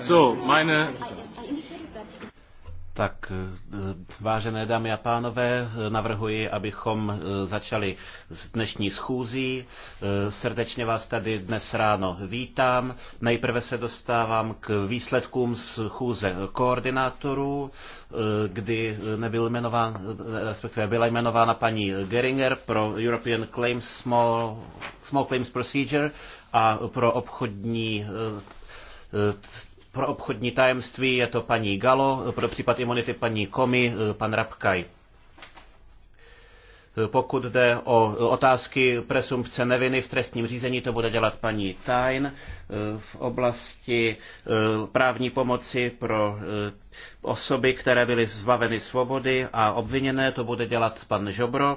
So, meine tak, eh, vážené dámy a pánové, navrhuji, abychom eh, začali s dnešní schůzí. Eh, srdečně vás tady dnes ráno vítám. Nejprve se dostávám k výsledkům schůze koordinátorů, kdy nebyl jmenován, respektive byla jmenována paní Geringer pro European Claims Small, Small Claims Procedure a pro obchodní pro obchodní tajemství je to paní Galo, pro případ imunity paní Komi, pan Rabkaj. Pokud jde o otázky presumpce neviny v trestním řízení, to bude dělat paní Tajn eh, v oblasti eh, právní pomoci pro eh, osoby, které byly zbaveny svobody a obviněné, to bude dělat pan Žobro.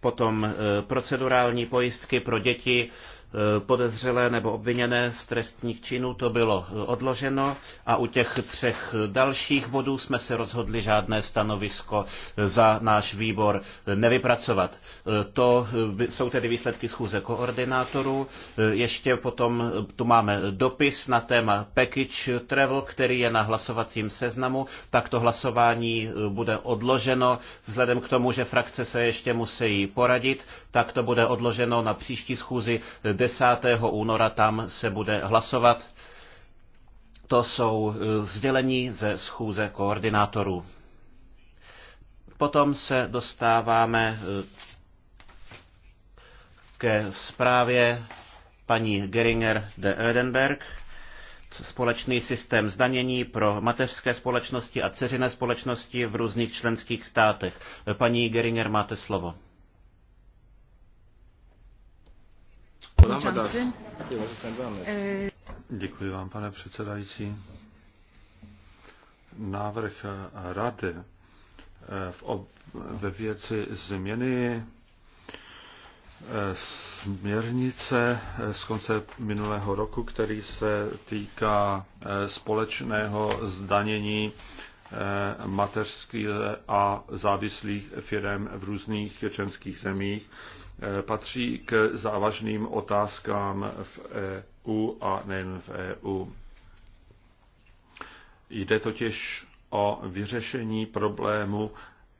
Potom procedurální pojistky pro děti Eh, podezřelé nebo obviněné z trestních činů to bylo eh, odloženo a u těch třech dalších bodů jsme se rozhodli žádné stanovisko eh, za náš výbor nevypracovat. To jsou tedy výsledky schůze koordinátorů. Ještě potom tu máme dopis na téma package travel, který je na hlasovacím seznamu. Tak to hlasování bude odloženo vzhledem k tomu, že frakce se ještě musí poradit, tak to bude odloženo na příští schůzi 10. února tam se bude hlasovat. To jsou eh, sdělení ze schůze koordinátorů. Potom se dostáváme eh, ke zprávě paní Geringer de Ödenberg, společný systém zdanění pro mateřské společnosti a ceřiné společnosti v různých členských státech. Paní Geringer, máte slovo. przewodniczący. Eh, Děkuji vám, pane předsedající. Návrh rady eh, v ob, ve věci změny eh, směrnice z konce minulého roku, který se týká společného zdanění mateřských a závislých firm v různých členských zemích Eh, patří k závažným otázkám v EU a nejen v EU. Jde totiž o vyřešení problému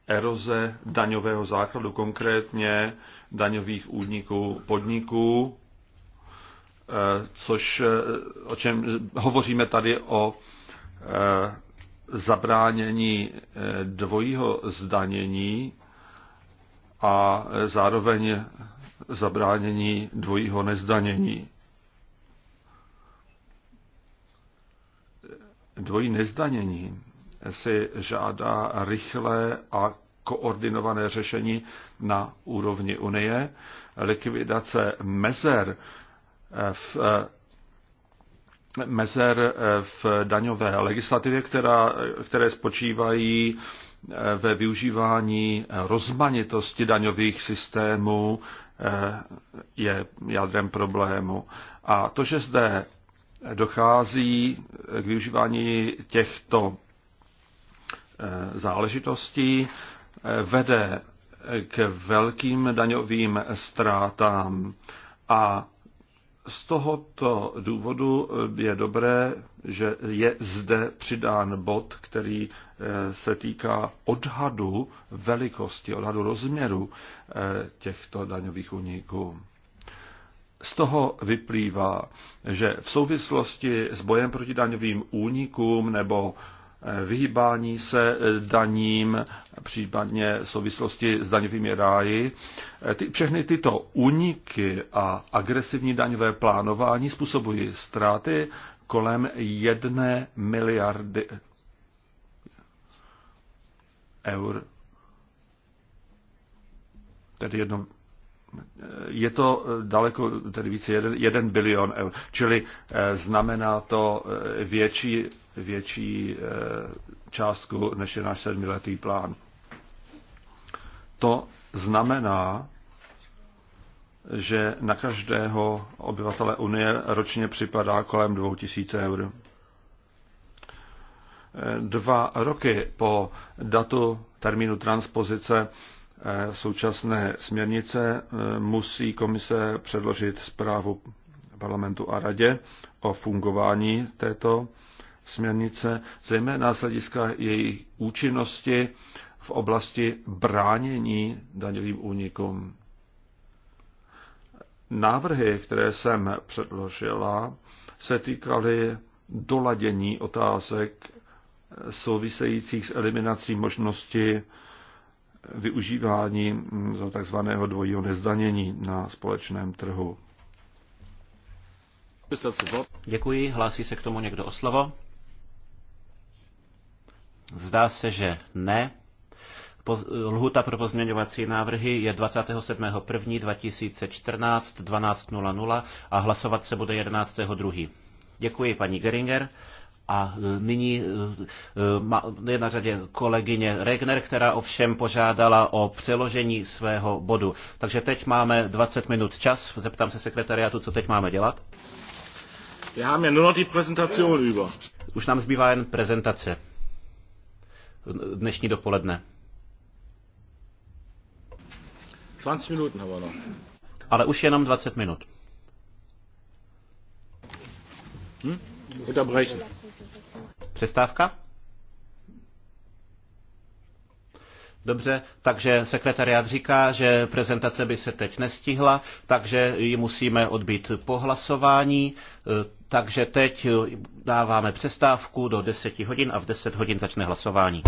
eroze daňového základu, konkrétně daňových úniků podniků, eh, což eh, o čem hovoříme tady o zabránění dvojího zdanění a zároveň zabránění dvojího nezdanění. Dvojí nezdanění si žádá rychlé a koordinované řešení na úrovni Unie, likvidace mezer v mezer v daňové legislativě, která, které spočívají ve využívání rozmanitosti daňových systémů eh, je jádrem problému. A to, že zde dochází k využívání těchto eh, záležitostí, eh, vede k velkým daňovým ztrátám a z tohoto důvodu je dobré, že je zde přidán bod, který eh, se týká odhadu velikosti, odhadu rozměru eh, těchto daňových úniků. Z toho vyplývá, že v souvislosti s bojem proti daňovým únikům nebo vyhýbání se daním, případně v souvislosti s daňovými ráji. Ty, všechny tyto úniky a agresivní daňové plánování způsobují ztráty kolem jedné miliardy eur. Tedy jedno, je to daleko, tedy více jeden, jeden bilion eur. Čili eh, znamená to eh, větší větší eh, částku, než je náš sedmiletý plán. To znamená, že na každého obyvatele Unie ročně připadá kolem 2000 eur. Eh, dva roky po datu termínu transpozice eh, současné směrnice musí komise předložit zprávu parlamentu a radě o fungování této směrnice, zejména z hlediska její účinnosti v oblasti bránění daňovým únikům. Návrhy, které jsem předložila, se týkaly doladění otázek souvisejících s eliminací možnosti využívání tzv. dvojího nezdanění na společném trhu. Děkuji. Hlásí se k tomu někdo o slovo? Zdá se, že ne. Lhuta pro pozměňovací návrhy je 27.1.2014 12.00 a hlasovat se bude 11.2. Děkuji paní Geringer. A e, nyní e, e, je na řadě kolegyně Regner, která ovšem požádala o přeložení svého bodu. Takže teď máme 20 minut čas. Zeptám se sekretariátu, co teď máme dělat. Já mám jen nur Už nám zbývá jen prezentace dnešní dopoledne. 20 minut nebo no. Ale už jenom 20 minut. Hm? Přestávka? Dobře, takže sekretariát říká, že prezentace by se teď nestihla, takže ji musíme odbít po hlasování. Takže teď dáváme přestávku do 10 hodin a v 10 hodin začne hlasování.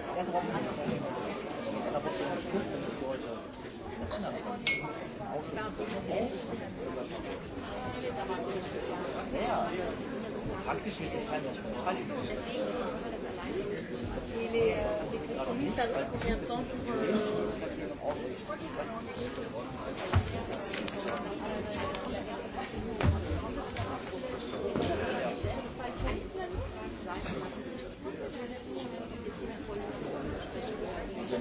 der darauf ankommt. Aber wenn man nicht wissen sollte, das ändert man nicht. Ja, praktisch wird sich keiner les, euh, les compromis, ça prend combien de temps pour. Euh...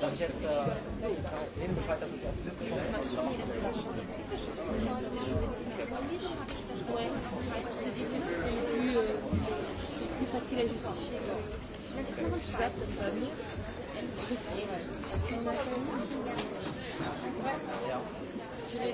Darf ich jetzt äh, Ihnen Bescheid, dass ich erst Liste von plus facile à justifier. Tout ça pour famille. Ouais. Je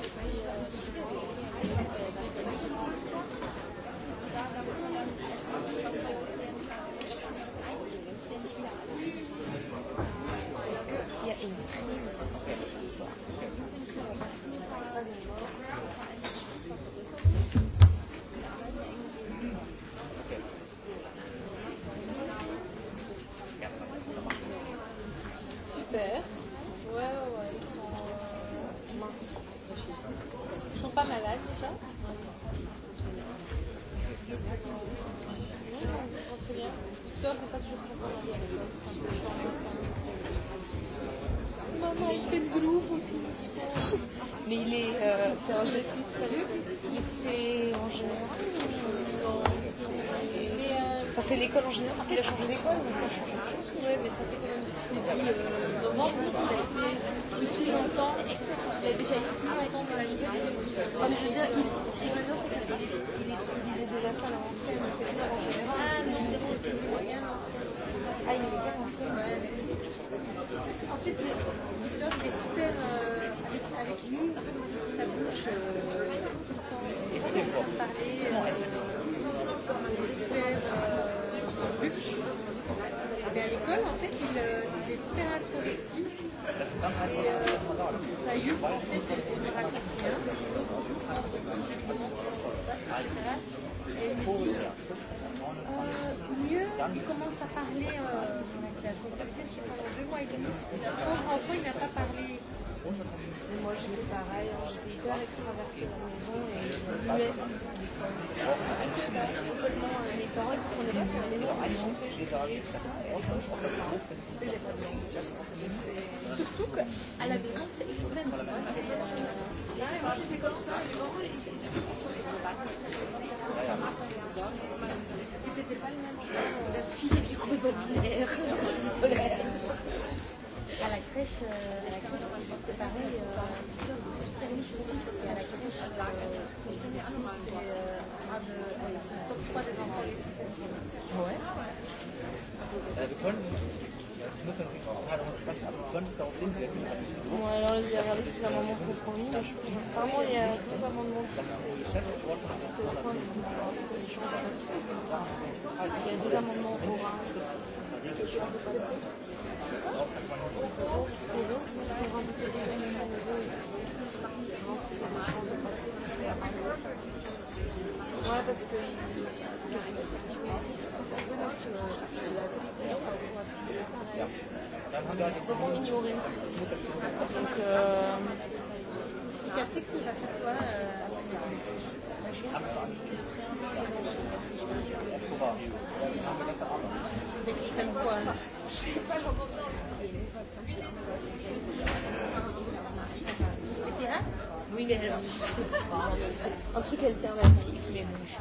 Un truc alternatif, mais bon, je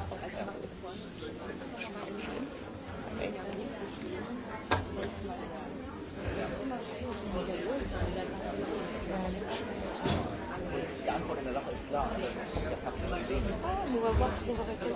On va voir va répéter.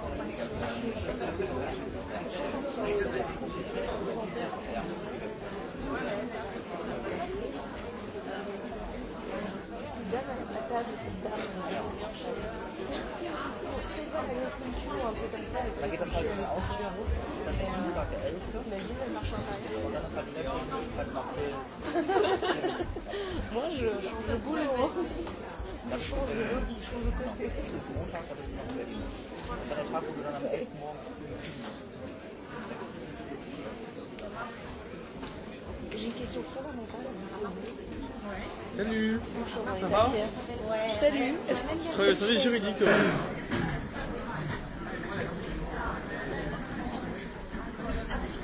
Moi, je change le boulot. Dann change le lobby, change le côté. J'ai une question fondamentale. Salut. Bonjour. Ça va Salut. Est-ce que juridique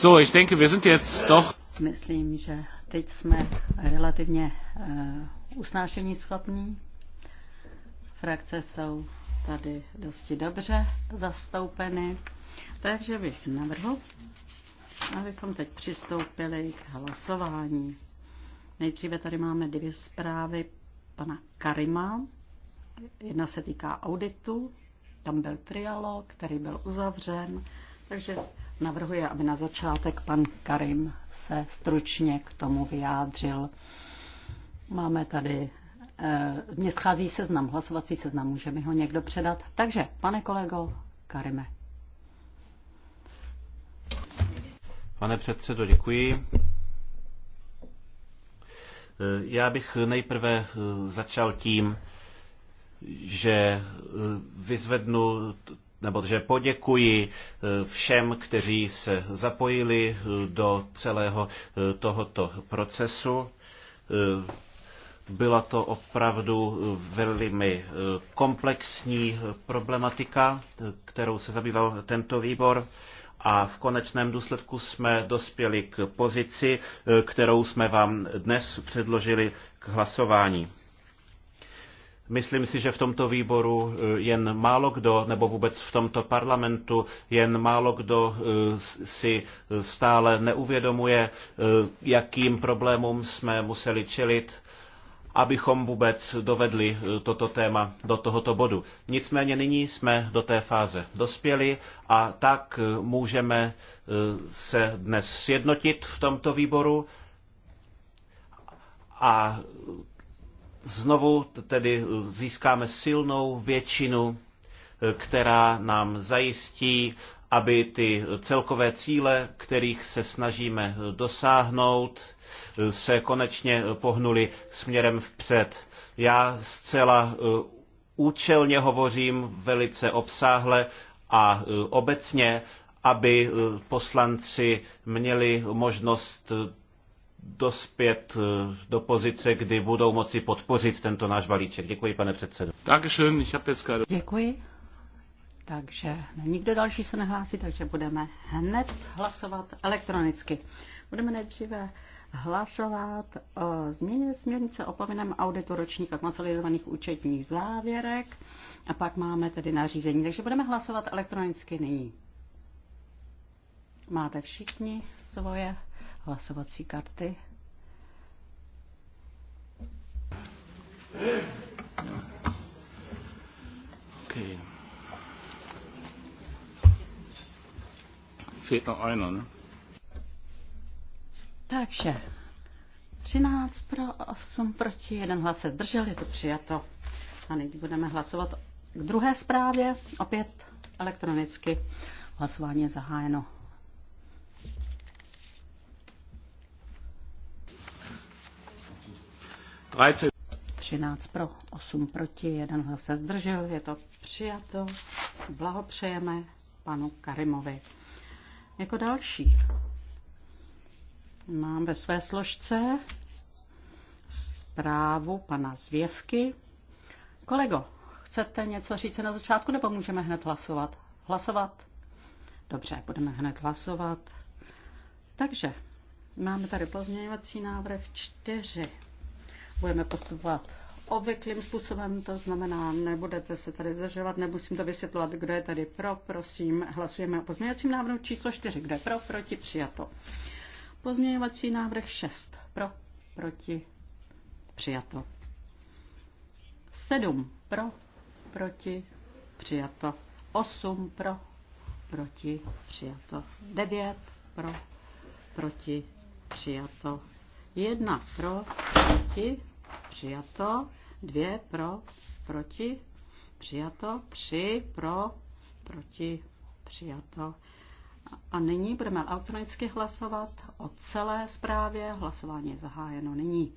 So, ich denke, wir sind jetzt doch... Myslím, že teď jsme relativně uh, eh, usnášení schopní. Frakce jsou tady dosti dobře zastoupeny. Takže bych navrhl, abychom teď přistoupili k hlasování. Nejdříve tady máme dvě zprávy pana Karima. Jedna se týká auditu, tam byl trialog, který byl uzavřen, takže Navrhuji, aby na začátek pan Karim se stručně k tomu vyjádřil. Máme tady, mně eh, schází seznam, hlasovací seznam, může mi ho někdo předat. Takže, pane kolego Karime. Pane předsedo, děkuji. Eh, já bych nejprve eh, začal tím, že vyzvednu nebo že poděkuji eh, všem, kteří se zapojili eh, do celého eh, tohoto procesu. Byla to opravdu velmi komplexní problematika, kterou se zabýval tento výbor a v konečném důsledku jsme dospěli k pozici, kterou jsme vám dnes předložili k hlasování. Myslím si, že v tomto výboru eh, jen málo kdo, nebo vůbec v tomto parlamentu, jen málo kdo eh, si eh, stále neuvědomuje, jakým problémům jsme museli čelit, abychom vůbec dovedli toto téma do tohoto bodu. Nicméně nyní jsme do té fáze dospěli a tak můžeme se dnes sjednotit v tomto výboru a Znovu tedy získáme silnou většinu, která nám zajistí, aby ty celkové cíle, kterých se snažíme dosáhnout, se konečně pohnuli směrem vpřed. Já zcela uh, účelně hovořím velice obsáhle a uh, obecně, aby uh, poslanci měli možnost dospět eh, do pozice, kdy budou moci podpořit tento náš balíček. Děkuji, pane předsedo. Děkuji. Takže nikdo další se nehlásí, takže budeme hned hlasovat elektronicky. Budeme nejdříve hlasovat o změně směrnice o povinném auditu ročních a konsolidovaných účetních závěrek a pak máme tedy nařízení. Takže budeme hlasovat elektronicky nyní. Máte všichni svoje hlasovací karty. Okay. Takže 13 pro 8 proti, 1 hlas se zdržel, je to přijato. A nyní budeme hlasovat k druhé zprávě, opět elektronicky. Hlasování je zahájeno. 13. 13 pro, 8 proti, jeden hlas se zdržel, je to přijato. Blahopřejeme panu Karimovi. Jako další mám ve své složce zprávu pana Zvěvky. Kolego, chcete něco říct na začátku, nebo můžeme hned hlasovat? Hlasovat? Dobře, budeme hned hlasovat. Takže máme tady pozměňovací návrh 4. Budeme postupovat obvyklým způsobem, to znamená, nebudete se tady zdržovat, nemusím to vysvětlovat, kdo je tady pro, prosím, hlasujeme o pozměňovacím návrhu číslo 4, kdo je pro, proti, přijato. Pozměňovací návrh 6, pro, proti, přijato. 7, pro, proti, přijato. 8, pro, proti, přijato. 9, pro, proti, přijato. 1, pro, proti, přijato, dvě pro, proti, přijato, tři pro, proti, přijato. A nyní budeme elektronicky hlasovat o celé zprávě. Hlasování je zahájeno nyní.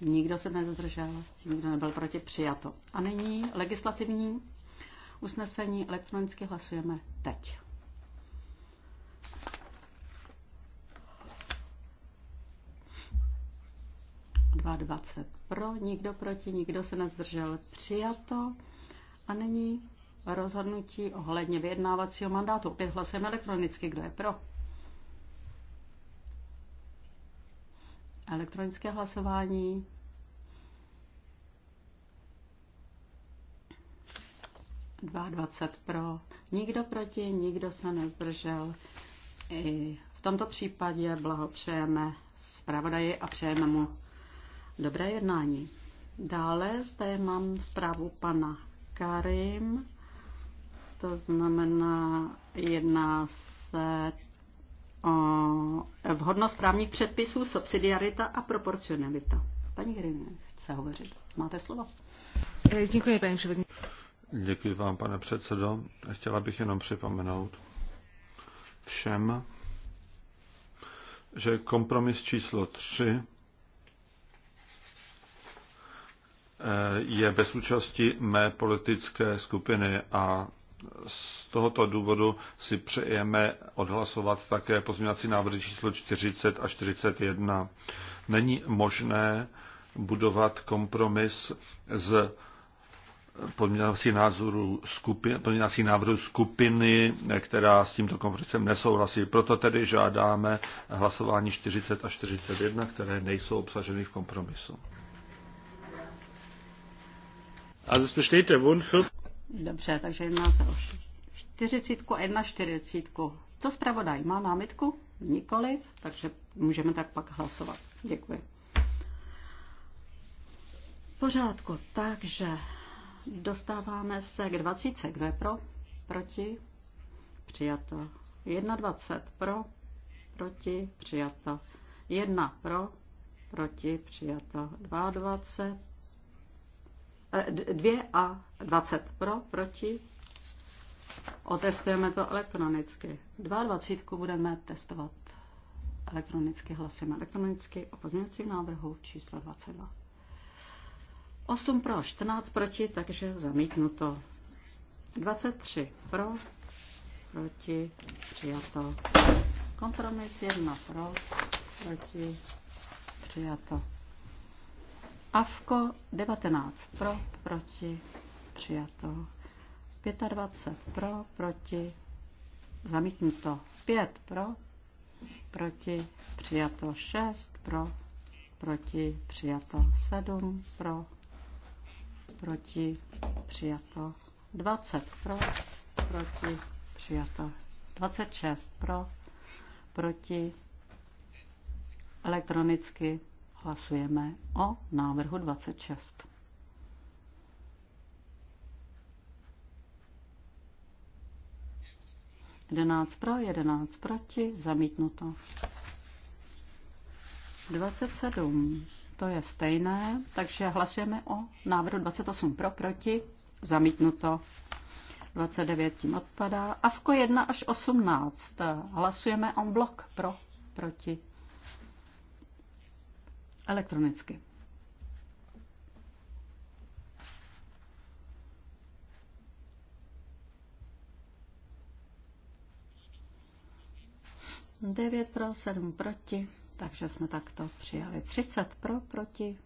Nikdo se nezdržel, nikdo nebyl proti přijato. A nyní legislativní usnesení elektronicky hlasujeme teď. 22 pro, nikdo proti, nikdo se nezdržel. Přijato. A nyní rozhodnutí ohledně vyjednávacího mandátu. Opět hlasujeme elektronicky. Kdo je pro? Elektronické hlasování. Dva dvacet pro, nikdo proti, nikdo se nezdržel. I v tomto případě blahopřejeme zpravodaji a přejeme mu dobré jednání. Dále zde mám zprávu pana Karim, to znamená, jedná se o vhodnost právních předpisů, subsidiarita a proporcionalita. Paní Karim, chce hovořit. Máte slovo. Eh, děkuji, paní předsedo. Děkuji vám, pane předsedo. Chtěla bych jenom připomenout všem, že kompromis číslo 3 je bez účasti mé politické skupiny a z tohoto důvodu si přejeme odhlasovat také pozměňovací návrhy číslo 40 a 41. Není možné budovat kompromis z pozměňovací pozměňovací návrhu skupiny, která s tímto kompromisem nesouhlasí. Proto tedy žádáme hlasování 40 a 41, které nejsou obsaženy v kompromisu. Also es besteht der Wunsch für... Dobře, takže jedná se o 40 a 41. Co zpravodaj? Má námitku? Nikoliv, takže můžeme tak pak hlasovat. Děkuji. Pořádku, takže dostáváme se k 20. Kdo je pro? Proti? Přijato. 21 pro? Proti? Přijato. 1 pro? Proti? Přijato. 22 2 a 20 pro, proti. Otestujeme to elektronicky. 22 budeme testovat elektronicky, hlasujeme elektronicky o pozměňovacím návrhu číslo 22. 8 pro, 14 proti, takže zamítnuto. 23 pro, proti, přijato. Kompromis 1 pro, proti, přijato. AFKO 19 pro, proti, přijato. 25 pro, proti, zamítnuto. 5 pro, proti, přijato. 6 pro, proti, přijato. 7 pro, proti, přijato. 20 pro, proti, přijato. 26 pro, proti, elektronicky Hlasujeme o návrhu 26. Jedenáct pro, jedenáct proti, zamítnuto. 27, to je stejné, takže hlasujeme o návrhu 28 pro, proti, zamítnuto. 29 tím odpadá. AVKO 1 až 18, hlasujeme o blok pro, proti, elektronicky. Devět pro, sedm proti, takže jsme takto přijali. Třicet pro, proti,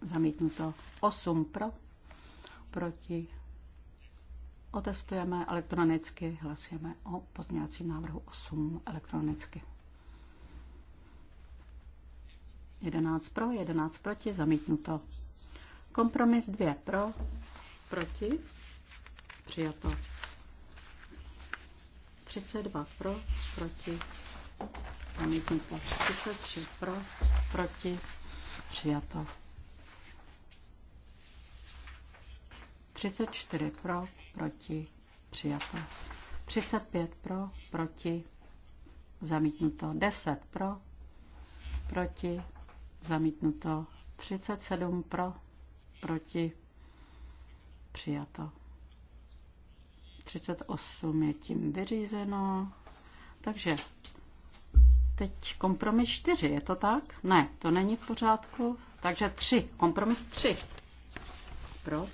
zamítnuto osm pro, proti. Otestujeme elektronicky, hlasujeme o pozměňovacím návrhu 8 elektronicky. 11 pro, 11 proti, zamítnuto. Kompromis 2 pro, proti, přijato. 32 pro, proti, zamítnuto. 33 pro, proti, přijato. 34 pro, proti, přijato. 35 pro, proti, zamítnuto. 10 pro, proti, Zamítnuto 37 pro, proti, přijato. 38 je tím vyřízeno. Takže teď kompromis 4, je to tak? Ne, to není v pořádku. Takže 3, kompromis 3. Pro,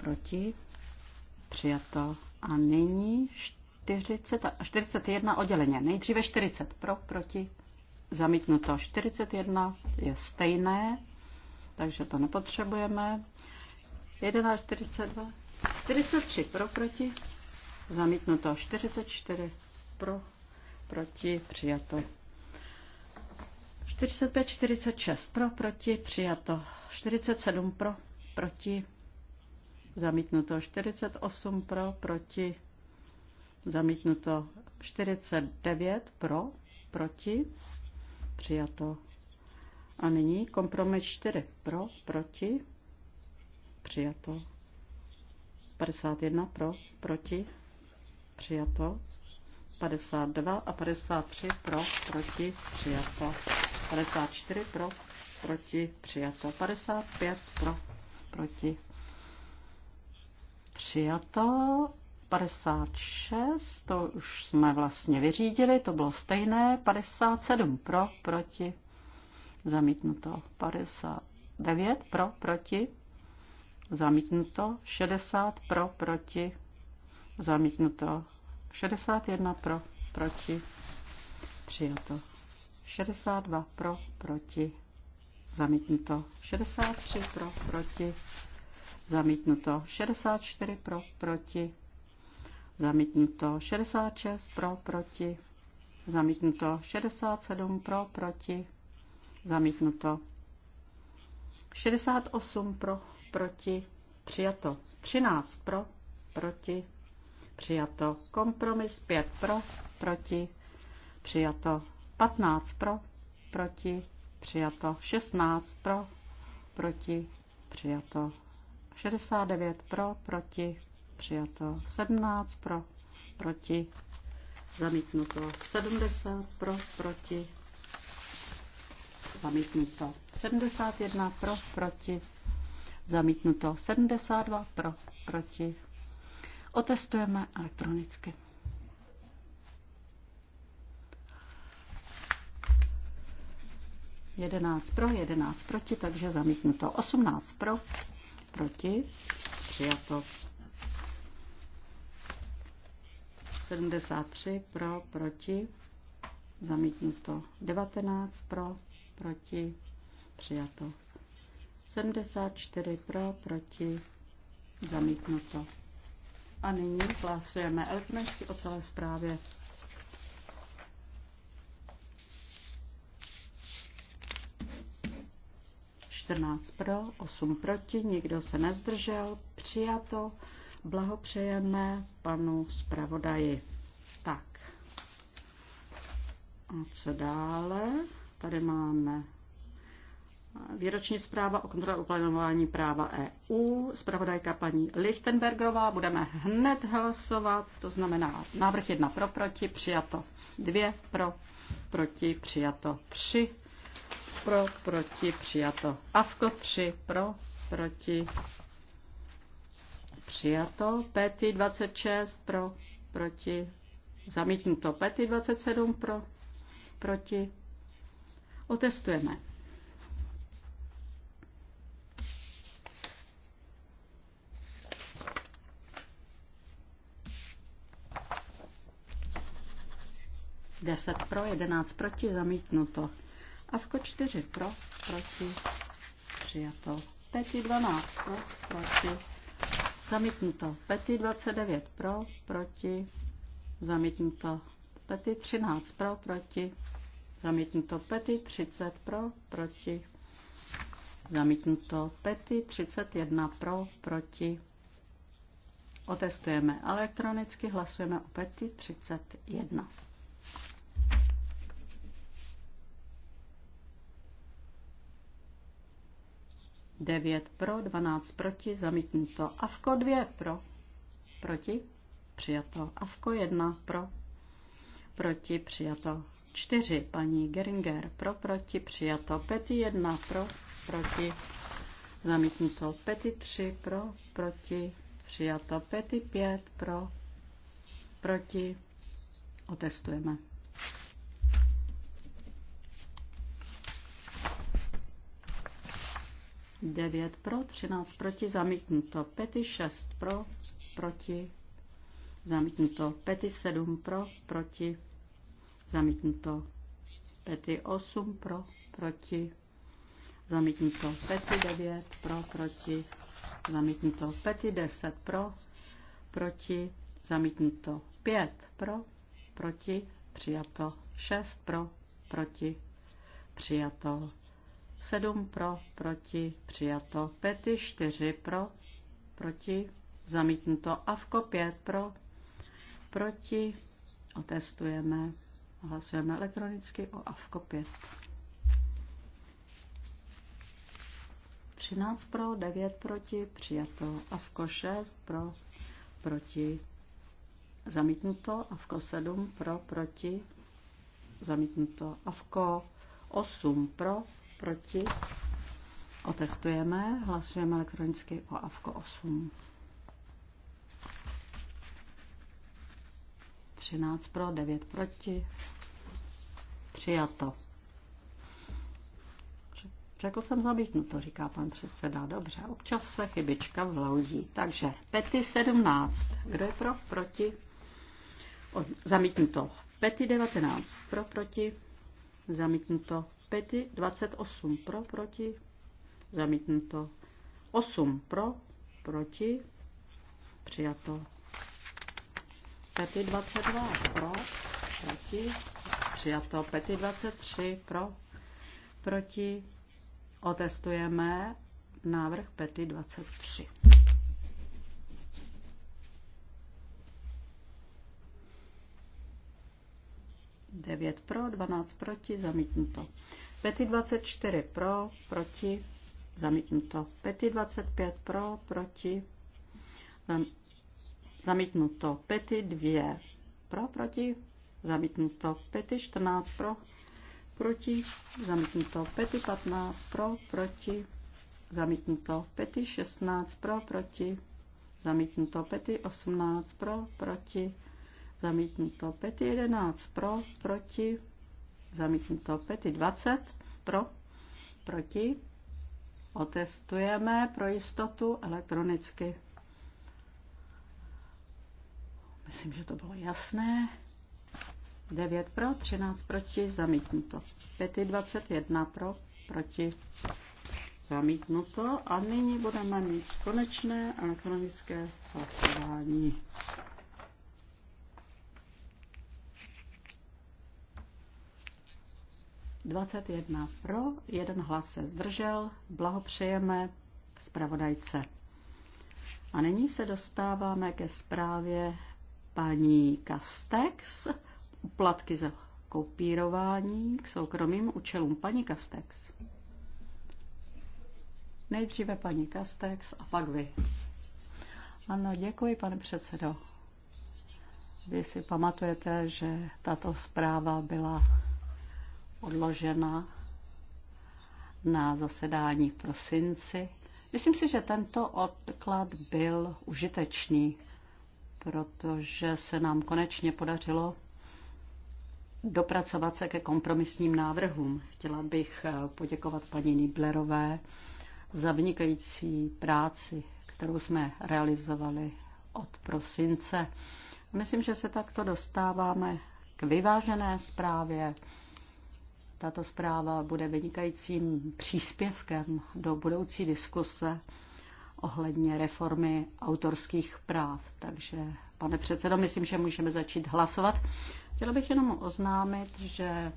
proti, přijato. A nyní 40, 41 odděleně. Nejdříve 40 pro, proti, zamítnuto 41 je stejné, takže to nepotřebujeme. 11, 42, 43 pro, proti, zamítnuto 44 pro, proti, přijato. 45, 46 pro, proti, přijato. 47 pro, proti, zamítnuto. 48 pro, proti, zamítnuto. 49 pro, proti, Přijato. A nyní kompromis 4 pro, proti. Přijato. 51 pro, proti. Přijato. 52 a 53 pro, proti. Přijato. 54 pro, proti. Přijato. 55 pro, proti. Přijato 56, to už jsme vlastně vyřídili, to bylo stejné. 57 pro, proti, zamítnuto. 59 pro, proti, zamítnuto. 60 pro, proti, zamítnuto. 61 pro, proti, přijato. 62 pro, proti, zamítnuto. 63 pro, proti, zamítnuto. 64 pro, proti, zamítnuto 66 pro, proti, zamítnuto 67 pro, proti, zamítnuto 68 pro, proti, přijato 13 pro, proti, přijato kompromis 5 pro, proti, přijato 15 pro, proti, přijato 16 pro, proti, přijato 69 pro, proti, přijato 17 pro, proti, zamítnuto 70 pro, proti, zamítnuto 71 pro, proti, zamítnuto 72 pro, proti. Otestujeme elektronicky. Jedenáct pro, jedenáct proti, takže zamítnuto. Osmnáct pro, proti, přijato. 73 pro, proti, zamítnuto. 19 pro, proti, přijato. 74 pro, proti, zamítnuto. A nyní hlasujeme elektronicky o celé zprávě. pro, 8 proti, nikdo se nezdržel, přijato. Blahopřejeme panu zpravodaji. Tak. A co dále? Tady máme Výroční zpráva o kontrole uplatňování práva EU, zpravodajka paní Lichtenbergerová, budeme hned hlasovat, to znamená návrh jedna pro, proti, přijato dvě pro, proti, přijato tři pro, proti, přijato avko tři pro, proti, Přijato. Pety 26 pro, proti. Zamítnuto. Pety 27 pro, proti. Otestujeme. Deset pro, jedenáct proti, zamítnuto. A vko čtyři pro, proti, přijato. Pěti dvanáct pro, proti, Zamítnuto. Pety 29 pro, proti. Zamítnuto. Pety 13 pro, proti. Zamítnuto. Pety 30 pro, proti. Zamítnuto. Pety 31 pro, proti. Otestujeme elektronicky, hlasujeme o pety 31. 9 pro, 12 proti, zamítnuto. Avko 2 pro, proti, přijato. Avko 1 pro, proti, přijato. 4 paní Geringer pro, proti, přijato. PETI 1 pro, proti, zamítnuto. PETI 3 pro, proti, přijato. PETI 5 pro, proti, otestujeme. 9 pro, 13 proti, zamítnuto. Pety 6 pro, proti, zamítnuto. Pety 7 pro, proti, zamítnuto. Pety 8 pro, proti, zamítnuto. Pety 9 pro, proti, zamítnuto. Pety 10 pro, proti, zamítnuto. 5 pro, proti, přijato. 6 pro, proti, přijato. 7 pro, proti, přijato. Pety 4 pro, proti, zamítnuto. Avko 5 pro, proti, otestujeme, hlasujeme elektronicky o Avko 5. 13 pro, 9 proti, přijato. Avko 6 pro, proti, zamítnuto. Avko 7 pro, proti, zamítnuto. Avko 8 pro, proti. Otestujeme, hlasujeme elektronicky o AVKO 8. 13 pro, 9 proti. Přijato. Řekl jsem zamítnuto, říká pan předseda. Dobře, občas se chybička vloudí. Takže pety 17. Kdo je pro? Proti? O, zamítnuto. Pety 19. Pro? Proti? zamítnuto. Pety 28 pro, proti, zamítnuto. 8 pro, proti, přijato. Pety 22 pro, proti, přijato. Pety 23 pro, proti, otestujeme návrh Pety 23. 9 pro, 12 proti, zamítnuto. Pety 24 pro, proti, zamítnuto. Pety 25 pro, proti, zamítnuto. Pety 2 pro, proti, zamítnuto. Pety 14 pro, proti, zamítnuto. Pety 15 pro, proti, zamítnuto. Pety 16 pro, proti, zamítnuto. Pety 18 pro, proti, zamítnuto. Pety 11 pro, proti, zamítnuto. Pety 20 pro, proti. Otestujeme pro jistotu elektronicky. Myslím, že to bylo jasné. 9 pro, 13 proti, zamítnuto. 5 21 pro, proti, zamítnuto. A nyní budeme mít konečné elektronické hlasování. 21 pro, jeden hlas se zdržel. Blahopřejeme zpravodajce. A nyní se dostáváme ke zprávě paní Kastex. Uplatky za kopírování k soukromým účelům paní Kastex. Nejdříve paní Kastex a pak vy. Ano, děkuji, pane předsedo. Vy si pamatujete, že tato zpráva byla odložena na zasedání v prosinci. Myslím si, že tento odklad byl užitečný, protože se nám konečně podařilo dopracovat se ke kompromisním návrhům. Chtěla bych poděkovat paní Niblerové za vynikající práci, kterou jsme realizovali od prosince. Myslím, že se takto dostáváme k vyvážené zprávě, tato zpráva bude vynikajícím příspěvkem do budoucí diskuse ohledně reformy autorských práv. Takže, pane předsedo, myslím, že můžeme začít hlasovat. Chtěla bych jenom oznámit, že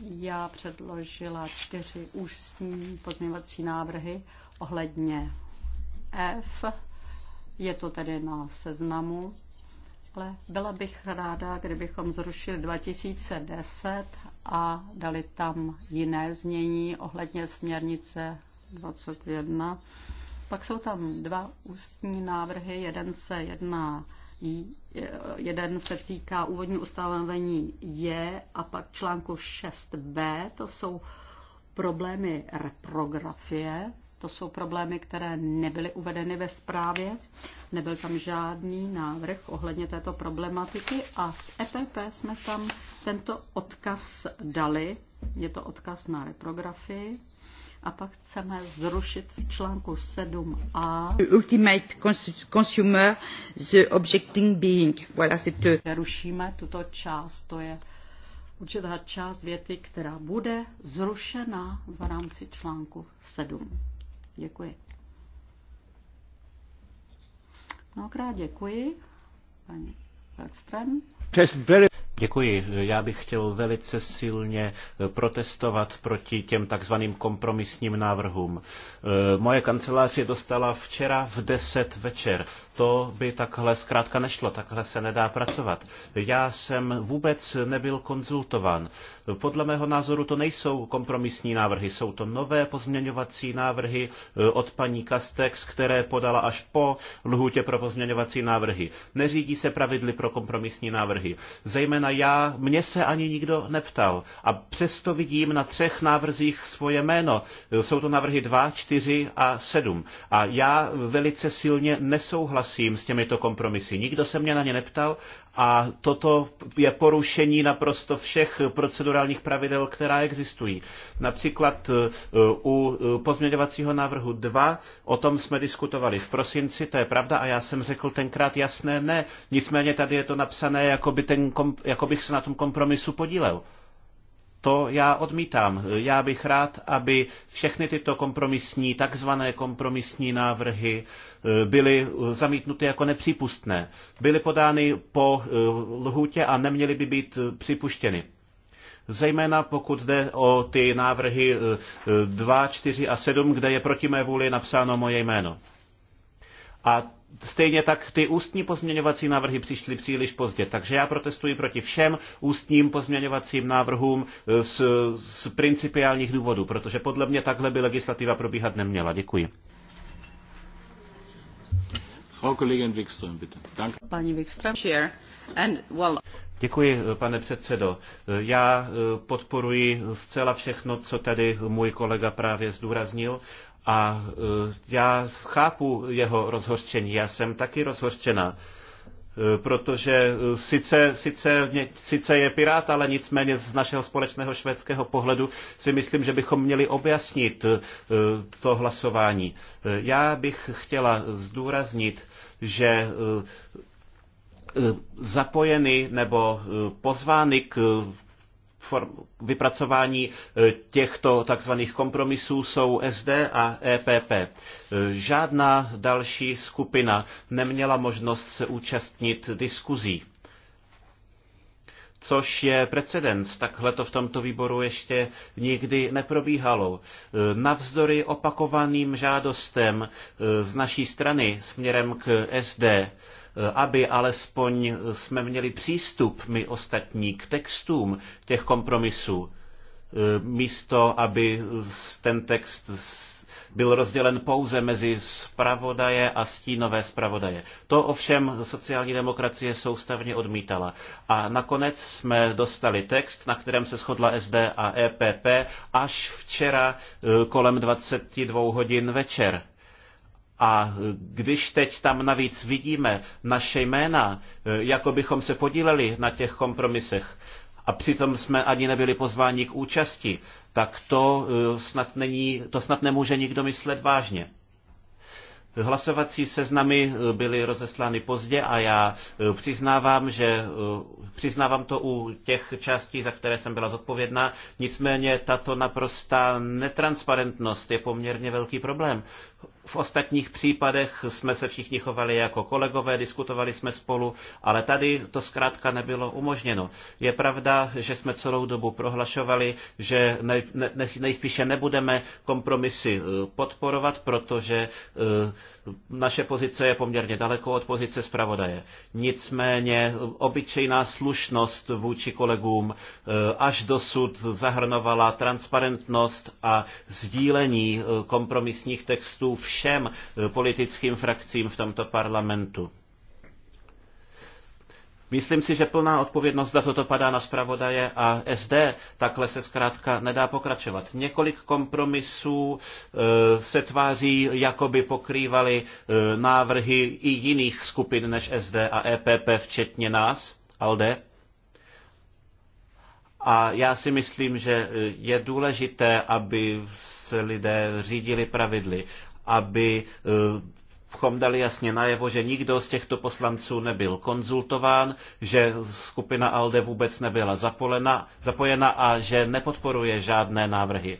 já předložila čtyři ústní pozměňovací návrhy ohledně F. Je to tedy na seznamu takhle. byla bych ráda, kdybychom zrušili 2010 a dali tam jiné znění ohledně směrnice 21. Pak jsou tam dva ústní návrhy, jeden se jedná Jeden se týká úvodní ustanovení J a pak článku 6b, to jsou problémy reprografie to jsou problémy, které nebyly uvedeny ve zprávě. Nebyl tam žádný návrh ohledně této problematiky a z EPP jsme tam tento odkaz dali. Je to odkaz na reprografii. A pak chceme zrušit v článku 7a Ultimate Consumer the Objecting Being. Voilà, Rušíme tuto část, to je určitá část věty, která bude zrušena v rámci článku 7. Děkuji. Mnohokrát děkuji, paní Bergström. Děkuji. Já bych chtěl velice silně protestovat proti těm takzvaným kompromisním návrhům. Eh, moje kancelář je dostala včera v 10 večer to by takhle zkrátka nešlo, takhle se nedá pracovat. Já jsem vůbec nebyl konzultovan. Podle mého názoru to nejsou kompromisní návrhy, jsou to nové pozměňovací návrhy eh, od paní Kastex, které podala až po lhůtě pro pozměňovací návrhy. Neřídí se pravidly pro kompromisní návrhy. Zejména já, mě se ani nikdo neptal. A přesto vidím na třech návrzích svoje jméno. Eh, jsou to návrhy 2, 4 a 7. A já velice silně nesouhlasím souhlasím s těmito kompromisy. Nikdo se mě na ně neptal a toto je porušení naprosto všech procedurálních pravidel, která existují. Například e, u e, pozměňovacího návrhu 2, o tom jsme diskutovali v prosinci, to je pravda a já jsem řekl tenkrát jasné ne, nicméně tady je to napsané, jako, by ten, jako bych se na tom kompromisu podílel to já odmítám. Já bych rád, aby všechny tyto kompromisní, takzvané kompromisní návrhy eh, byly zamítnuty jako nepřípustné. Byly podány po eh, lhůtě a neměly by být eh, připuštěny zejména pokud jde o ty návrhy 2, 4 a 7, kde je proti mé vůli napsáno moje jméno. A Stejně tak ty ústní pozměňovací návrhy přišly příliš pozdě, takže já protestuji proti všem ústním pozměňovacím návrhům z, z principiálních důvodů, protože podle mě takhle by legislativa probíhat neměla. Děkuji. Paní Wikström. Děkuji, pane předsedo. Já eh, podporuji zcela všechno, co tady můj kolega právě zdůraznil a e, já chápu jeho rozhořčení, já jsem taky rozhořčená, e, protože e, sice, sice, sice je pirát, ale nicméně z našeho společného švédského pohledu si myslím, že bychom měli objasnit to hlasování. Já bych chtěla zdůraznit, že zapojeny nebo pozvány k vypracování e, těchto takzvaných kompromisů jsou SD a EPP. E, žádná další skupina neměla možnost se účastnit diskuzí což je precedens. Takhle to v tomto výboru ještě nikdy neprobíhalo. E, navzdory opakovaným žádostem z naší strany směrem k SD aby alespoň jsme měli přístup my ostatní k textům těch kompromisů, e, místo aby ten text byl rozdělen pouze mezi spravodaje a stínové spravodaje. To ovšem sociální demokracie soustavně odmítala. A nakonec jsme dostali text, na kterém se shodla SD a EPP až včera e, kolem 22 hodin večer. A když teď tam navíc vidíme naše jména, eh, jako bychom se podíleli na těch kompromisech, a přitom jsme ani nebyli pozváni k účasti, tak to eh, snad, není, to snad nemůže nikdo myslet vážně. Hlasovací seznamy eh, byly rozeslány pozdě a já přiznávám, že přiznávám to u těch částí, za které jsem byla zodpovědná. Nicméně tato naprostá netransparentnost je poměrně velký problém, v ostatních případech jsme se všichni chovali jako kolegové, diskutovali jsme spolu, ale tady to zkrátka nebylo umožněno. Je pravda, že jsme celou dobu prohlašovali, že nejspíše nebudeme kompromisy eh, podporovat, protože eh, naše pozice je poměrně daleko od pozice zpravodaje. Nicméně eh, obyčejná slušnost vůči kolegům až dosud zahrnovala transparentnost a sdílení kompromisních textů limitů všem eh, politickým frakcím v tomto parlamentu. Myslím si, že plná odpovědnost za toto padá na zpravodaje a SD, takhle se zkrátka nedá pokračovat. Několik kompromisů eh, se tváří, jako by pokrývaly eh, návrhy i jiných skupin než SD a EPP, včetně nás, ALDE. A já si myslím, že je důležité, aby se lidé řídili pravidly aby abychom eh, dali jasně najevo, že nikdo z těchto poslanců nebyl konzultován, že skupina ALDE vůbec nebyla zapojena a že nepodporuje žádné návrhy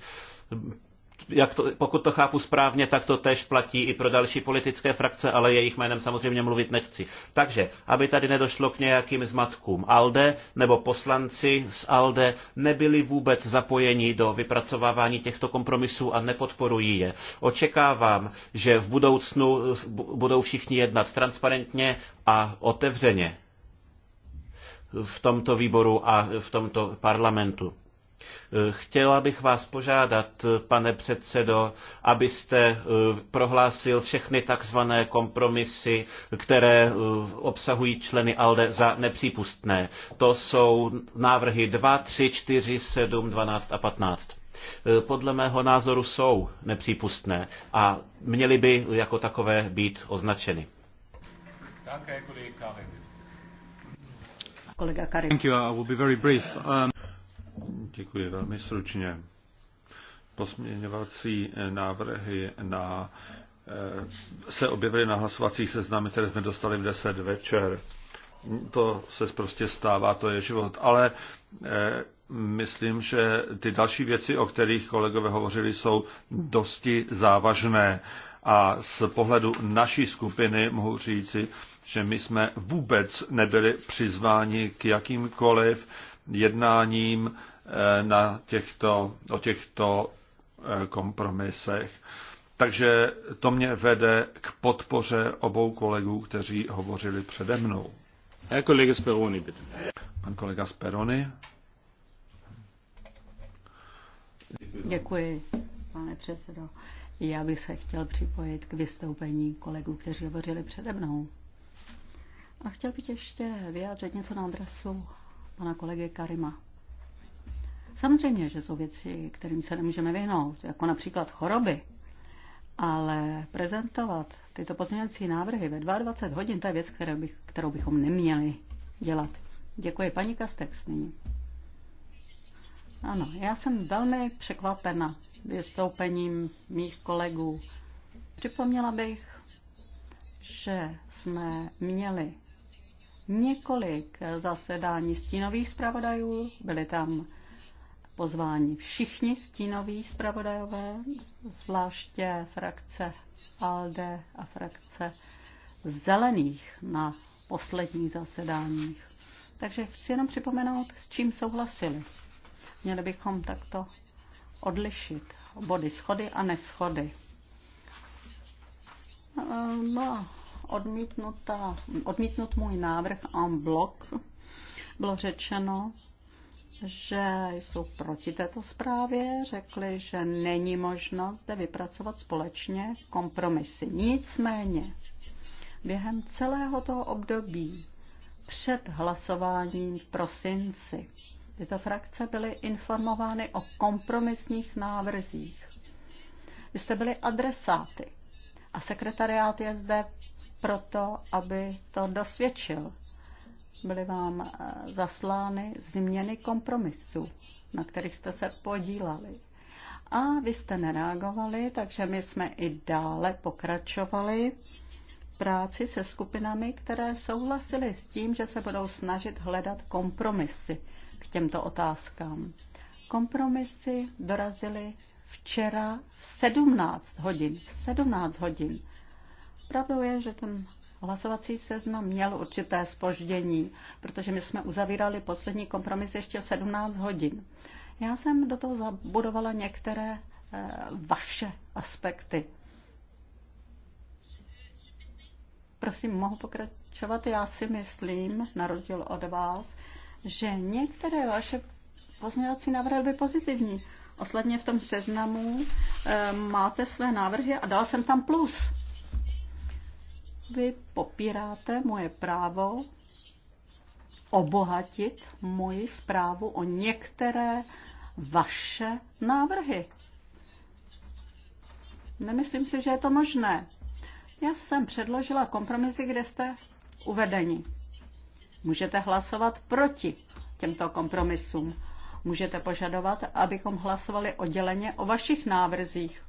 jak to, pokud to chápu správně, tak to tež platí i pro další politické frakce, ale jejich jménem samozřejmě mluvit nechci. Takže, aby tady nedošlo k nějakým zmatkům, ALDE nebo poslanci z ALDE nebyli vůbec zapojeni do vypracovávání těchto kompromisů a nepodporují je. Očekávám, že v budoucnu budou všichni jednat transparentně a otevřeně v tomto výboru a v tomto parlamentu. Chtěla bych vás požádat, pane předsedo, abyste eh, prohlásil všechny takzvané kompromisy, které eh, obsahují členy ALDE za nepřípustné. To jsou návrhy 2, 3, 4, 7, 12 a 15 eh, podle mého názoru jsou nepřípustné a měly by jako takové být označeny. Kolega Karim. Thank you, I will be very brief. Um... Děkuji velmi stručně. Posměňovací návrhy na, eh, se objevily na hlasovacích seznamech, které jsme dostali v 10 večer. To se prostě stává, to je život. Ale eh, myslím, že ty další věci, o kterých kolegové hovořili, jsou dosti závažné. A z pohledu naší skupiny mohu říci, že my jsme vůbec nebyli přizváni k jakýmkoliv jednáním eh, na těchto, o těchto eh, kompromisech. Takže to mě vede k podpoře obou kolegů, kteří hovořili přede mnou. Herr Kollege Speroni, bitte. Pan kolega Speroni. Děkuji, pane předsedo. Já bych se chtěl připojit k vystoupení kolegů, kteří hovořili přede mnou. A chtěl bych ještě vyjádřit něco na adresu pana kolegy Karima. Samozřejmě, že jsou věci, kterým se nemůžeme vyhnout, jako například choroby, ale prezentovat tyto pozměňovací návrhy ve 22 hodin, to je věc, kterou, bych, kterou bychom neměli dělat. Děkuji, paní Kastex, nyní. Ano, já jsem velmi překvapena vystoupením mých kolegů. Připomněla bych, že jsme měli několik zasedání stínových zpravodajů, byli tam pozváni všichni stínoví zpravodajové, zvláště frakce ALDE a frakce zelených na posledních zasedáních. Takže chci jenom připomenout, s čím souhlasili. Měli bychom takto odlišit body schody a neschody. No odmítnuta, odmítnut můj návrh en bloc. Bylo řečeno, že jsou proti této zprávě, řekli, že není možnost zde vypracovat společně kompromisy. Nicméně, během celého toho období před hlasováním v prosinci tyto frakce byly informovány o kompromisních návrzích. Vy jste byli adresáty a sekretariát je zde proto, aby to dosvědčil. Byly vám eh, zaslány změny kompromisů, na kterých jste se podílali. A vy jste nereagovali, takže my jsme i dále pokračovali práci se skupinami, které souhlasily s tím, že se budou snažit hledat kompromisy k těmto otázkám. Kompromisy dorazily včera v 17 hodin. V 17 hodin. Pravdou je, že ten hlasovací seznam měl určité spoždění, protože my jsme uzavírali poslední kompromis ještě v 17 hodin. Já jsem do toho zabudovala některé eh, vaše aspekty. Prosím, mohu pokračovat? Já si myslím, na rozdíl od vás, že některé vaše pozměňovací návrhy byly pozitivní. Osledně v tom seznamu e, máte své návrhy a dal jsem tam plus. Vy popíráte moje právo obohatit moji zprávu o některé vaše návrhy. Nemyslím si, že je to možné. Já jsem předložila kompromisy, kde jste uvedeni. Můžete hlasovat proti těmto kompromisům. Můžete požadovat, abychom hlasovali odděleně o vašich návrzích,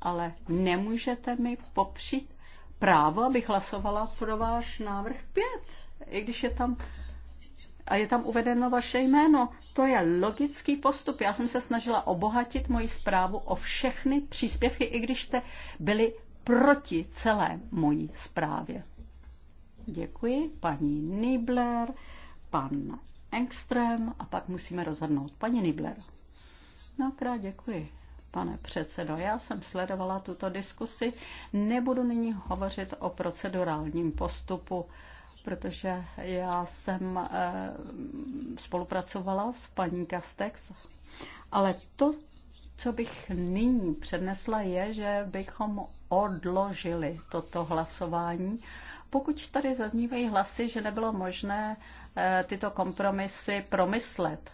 ale nemůžete mi popřít právo, abych hlasovala pro váš návrh 5, i když je tam a je tam uvedeno vaše jméno. To je logický postup. Já jsem se snažila obohatit moji zprávu o všechny příspěvky, i když jste byli proti celé mojí zprávě. Děkuji, paní Nibler, pan Engström a pak musíme rozhodnout. Paní Nibler. krát děkuji pane předsedo. Já jsem sledovala tuto diskusi. Nebudu nyní hovořit o procedurálním postupu, protože já jsem eh, spolupracovala s paní Kastex, ale to, co bych nyní přednesla, je, že bychom odložili toto hlasování, pokud tady zaznívají hlasy, že nebylo možné eh, tyto kompromisy promyslet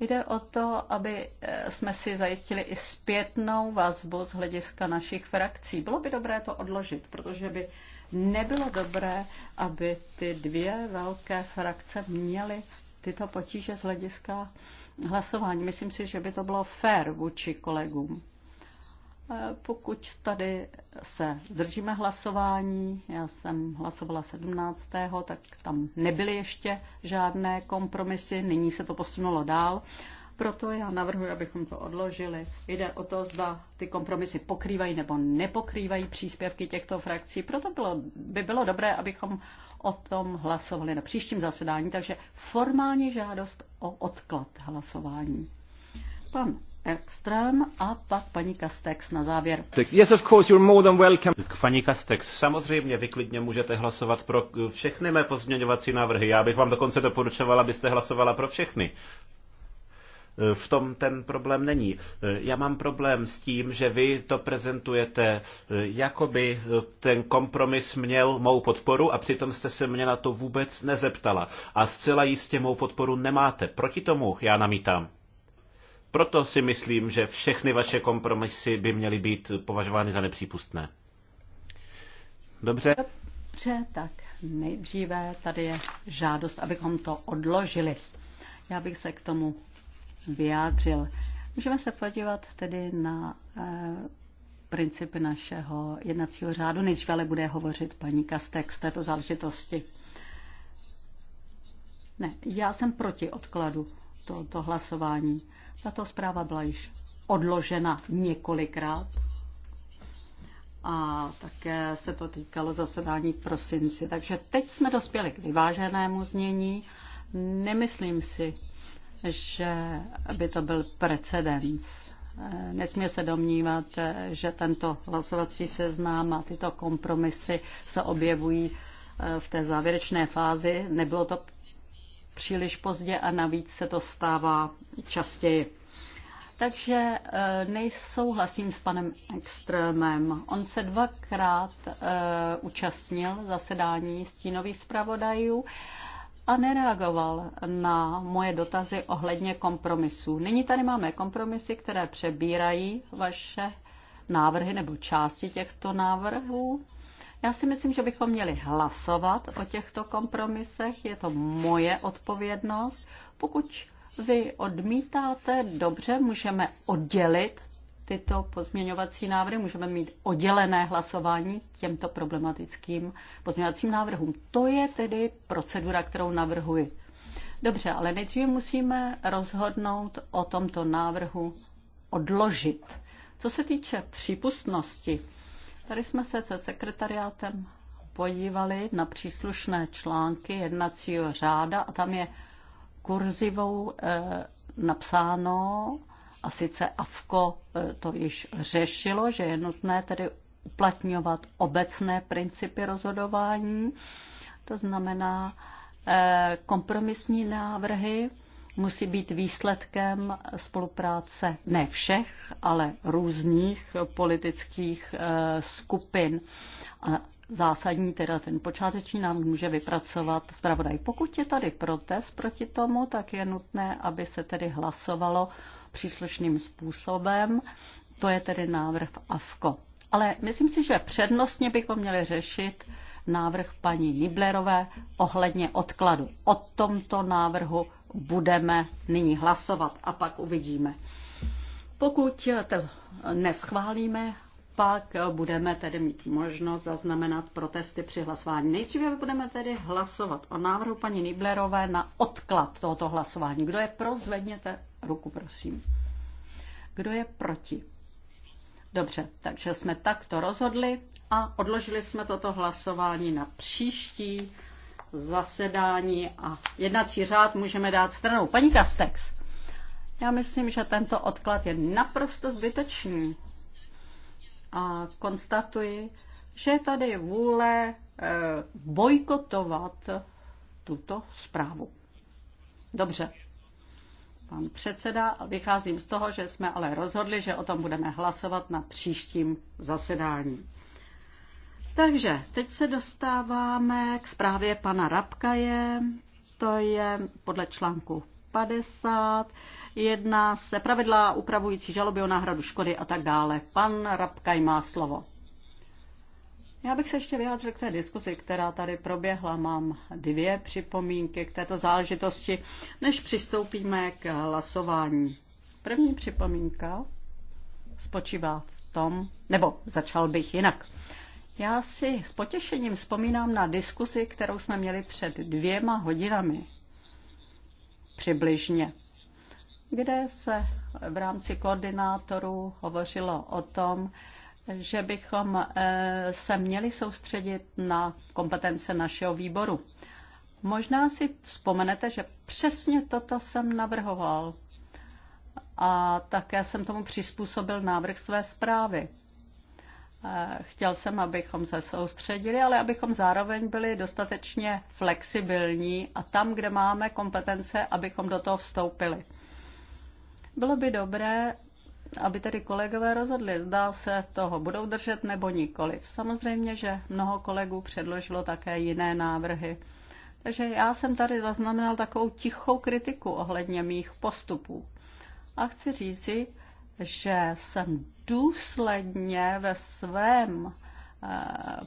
Jde o to, aby eh, jsme si zajistili i zpětnou vazbu z hlediska našich frakcí. Bylo by dobré to odložit, protože by nebylo dobré, aby ty dvě velké frakce měly tyto potíže z hlediska hlasování. Myslím si, že by to bylo fér vůči kolegům. Eh, pokud tady se držíme hlasování, já jsem hlasovala 17., tak tam nebyly ještě žádné kompromisy, nyní se to posunulo dál. Proto já navrhuji, abychom to odložili. Jde o to, zda ty kompromisy pokrývají nebo nepokrývají příspěvky těchto frakcí. Proto bylo, by bylo dobré, abychom o tom hlasovali na příštím zasedání. Takže formální žádost o odklad hlasování pan Ekström a pak paní Kastex na závěr. Yes, of course, you're more than welcome. K paní Kastex, samozřejmě vy klidně můžete hlasovat pro eh, všechny mé pozměňovací návrhy. Já bych vám dokonce doporučovala, abyste hlasovala pro všechny eh, v tom ten problém není. Eh, já mám problém s tím, že vy to prezentujete, jako by ten kompromis měl mou podporu a přitom jste se mě na to vůbec nezeptala. A zcela jistě mou podporu nemáte. Proti tomu já namítám. Proto si myslím, že všechny vaše kompromisy by měly být považovány za nepřípustné. Dobře? Dobře, tak nejdříve tady je žádost, abychom to odložili. Já bych se k tomu vyjádřil. Můžeme se podívat tedy na e, princip našeho jednacího řádu. Nejdříve ale bude hovořit paní Kastek z této záležitosti. Ne, já jsem proti odkladu tohoto hlasování. Tato zpráva byla již odložena několikrát a také se to týkalo zasedání v prosinci. Takže teď jsme dospěli k vyváženému znění. Nemyslím si, že by to byl precedens. Nesmí se domnívat, že tento hlasovací seznám a tyto kompromisy se objevují v té závěrečné fázi. Nebylo to příliš pozdě a navíc se to stává častěji. Takže eh, nejsouhlasím s panem Extrémem. On se dvakrát eh, účastnil zasedání stínových zpravodajů a nereagoval na moje dotazy ohledně kompromisů. Nyní tady máme kompromisy, které přebírají vaše návrhy nebo části těchto návrhů já si myslím, že bychom měli hlasovat o těchto kompromisech, je to moje odpovědnost. Pokud vy odmítáte, dobře, můžeme oddělit tyto pozměňovací návrhy, můžeme mít oddělené hlasování těmto problematickým pozměňovacím návrhům. To je tedy procedura, kterou navrhuji. Dobře, ale nejdříve musíme rozhodnout o tomto návrhu odložit. Co se týče přípustnosti, Tady jsme se se sekretariátem podívali na příslušné články jednacího řáda a tam je kurzivou e, napsáno, a sice AFKO e, eh, to již řešilo, že je nutné tedy uplatňovat obecné principy rozhodování, to znamená e, kompromisní návrhy musí být výsledkem spolupráce ne všech, ale různých politických eh, skupin. A zásadní, teda ten počáteční nám může vypracovat zpravodaj. Pokud je tady protest proti tomu, tak je nutné, aby se tedy hlasovalo příslušným způsobem. To je tedy návrh v AFKO. Ale myslím si, že přednostně bychom měli řešit uh, návrh paní Niblerové ohledně odkladu. O tomto návrhu budeme nyní hlasovat a pak uvidíme. Pokud to neschválíme, pak budeme tedy mít možnost zaznamenat protesty při hlasování. Nejdříve budeme tedy hlasovat o návrhu paní Niblerové na odklad tohoto hlasování. Kdo je pro, zvedněte ruku, prosím. Kdo je proti? Dobře, takže jsme takto rozhodli a odložili jsme toto hlasování na příští zasedání a jednací řád můžeme dát stranou. Paní Kastex, já myslím, že tento odklad je naprosto zbytečný a konstatuji, že je tady vůle eh, bojkotovat tuto zprávu. Dobře, pan předseda a vycházím z toho, že jsme ale rozhodli, že o tom budeme hlasovat na příštím zasedání. Takže teď se dostáváme k zprávě pana Rabkaje, to je podle článku 50, jedná se pravidla upravující žaloby o náhradu škody a tak dále. Pan Rabkaj má slovo. Já bych se ještě vyjádřil k té diskuzi, která tady proběhla. Mám dvě připomínky k této záležitosti, než přistoupíme k hlasování. První připomínka spočívá v tom, nebo začal bych jinak. Já si s potěšením vzpomínám na diskuzi, kterou jsme měli před dvěma hodinami přibližně, kde se v rámci koordinátorů hovořilo o tom, že bychom eh, se měli soustředit na kompetence našeho výboru. Možná si vzpomenete, že přesně toto jsem navrhoval a také jsem tomu přizpůsobil návrh své zprávy. Eh, chtěl jsem, abychom se soustředili, ale abychom zároveň byli dostatečně flexibilní a tam, kde máme kompetence, abychom do toho vstoupili. Bylo by dobré aby tedy kolegové rozhodli, zda se toho budou držet nebo nikoliv. Samozřejmě, že mnoho kolegů předložilo také jiné návrhy. Takže já jsem tady zaznamenal takovou tichou kritiku ohledně mých postupů. A chci říci, že jsem důsledně ve svém eh,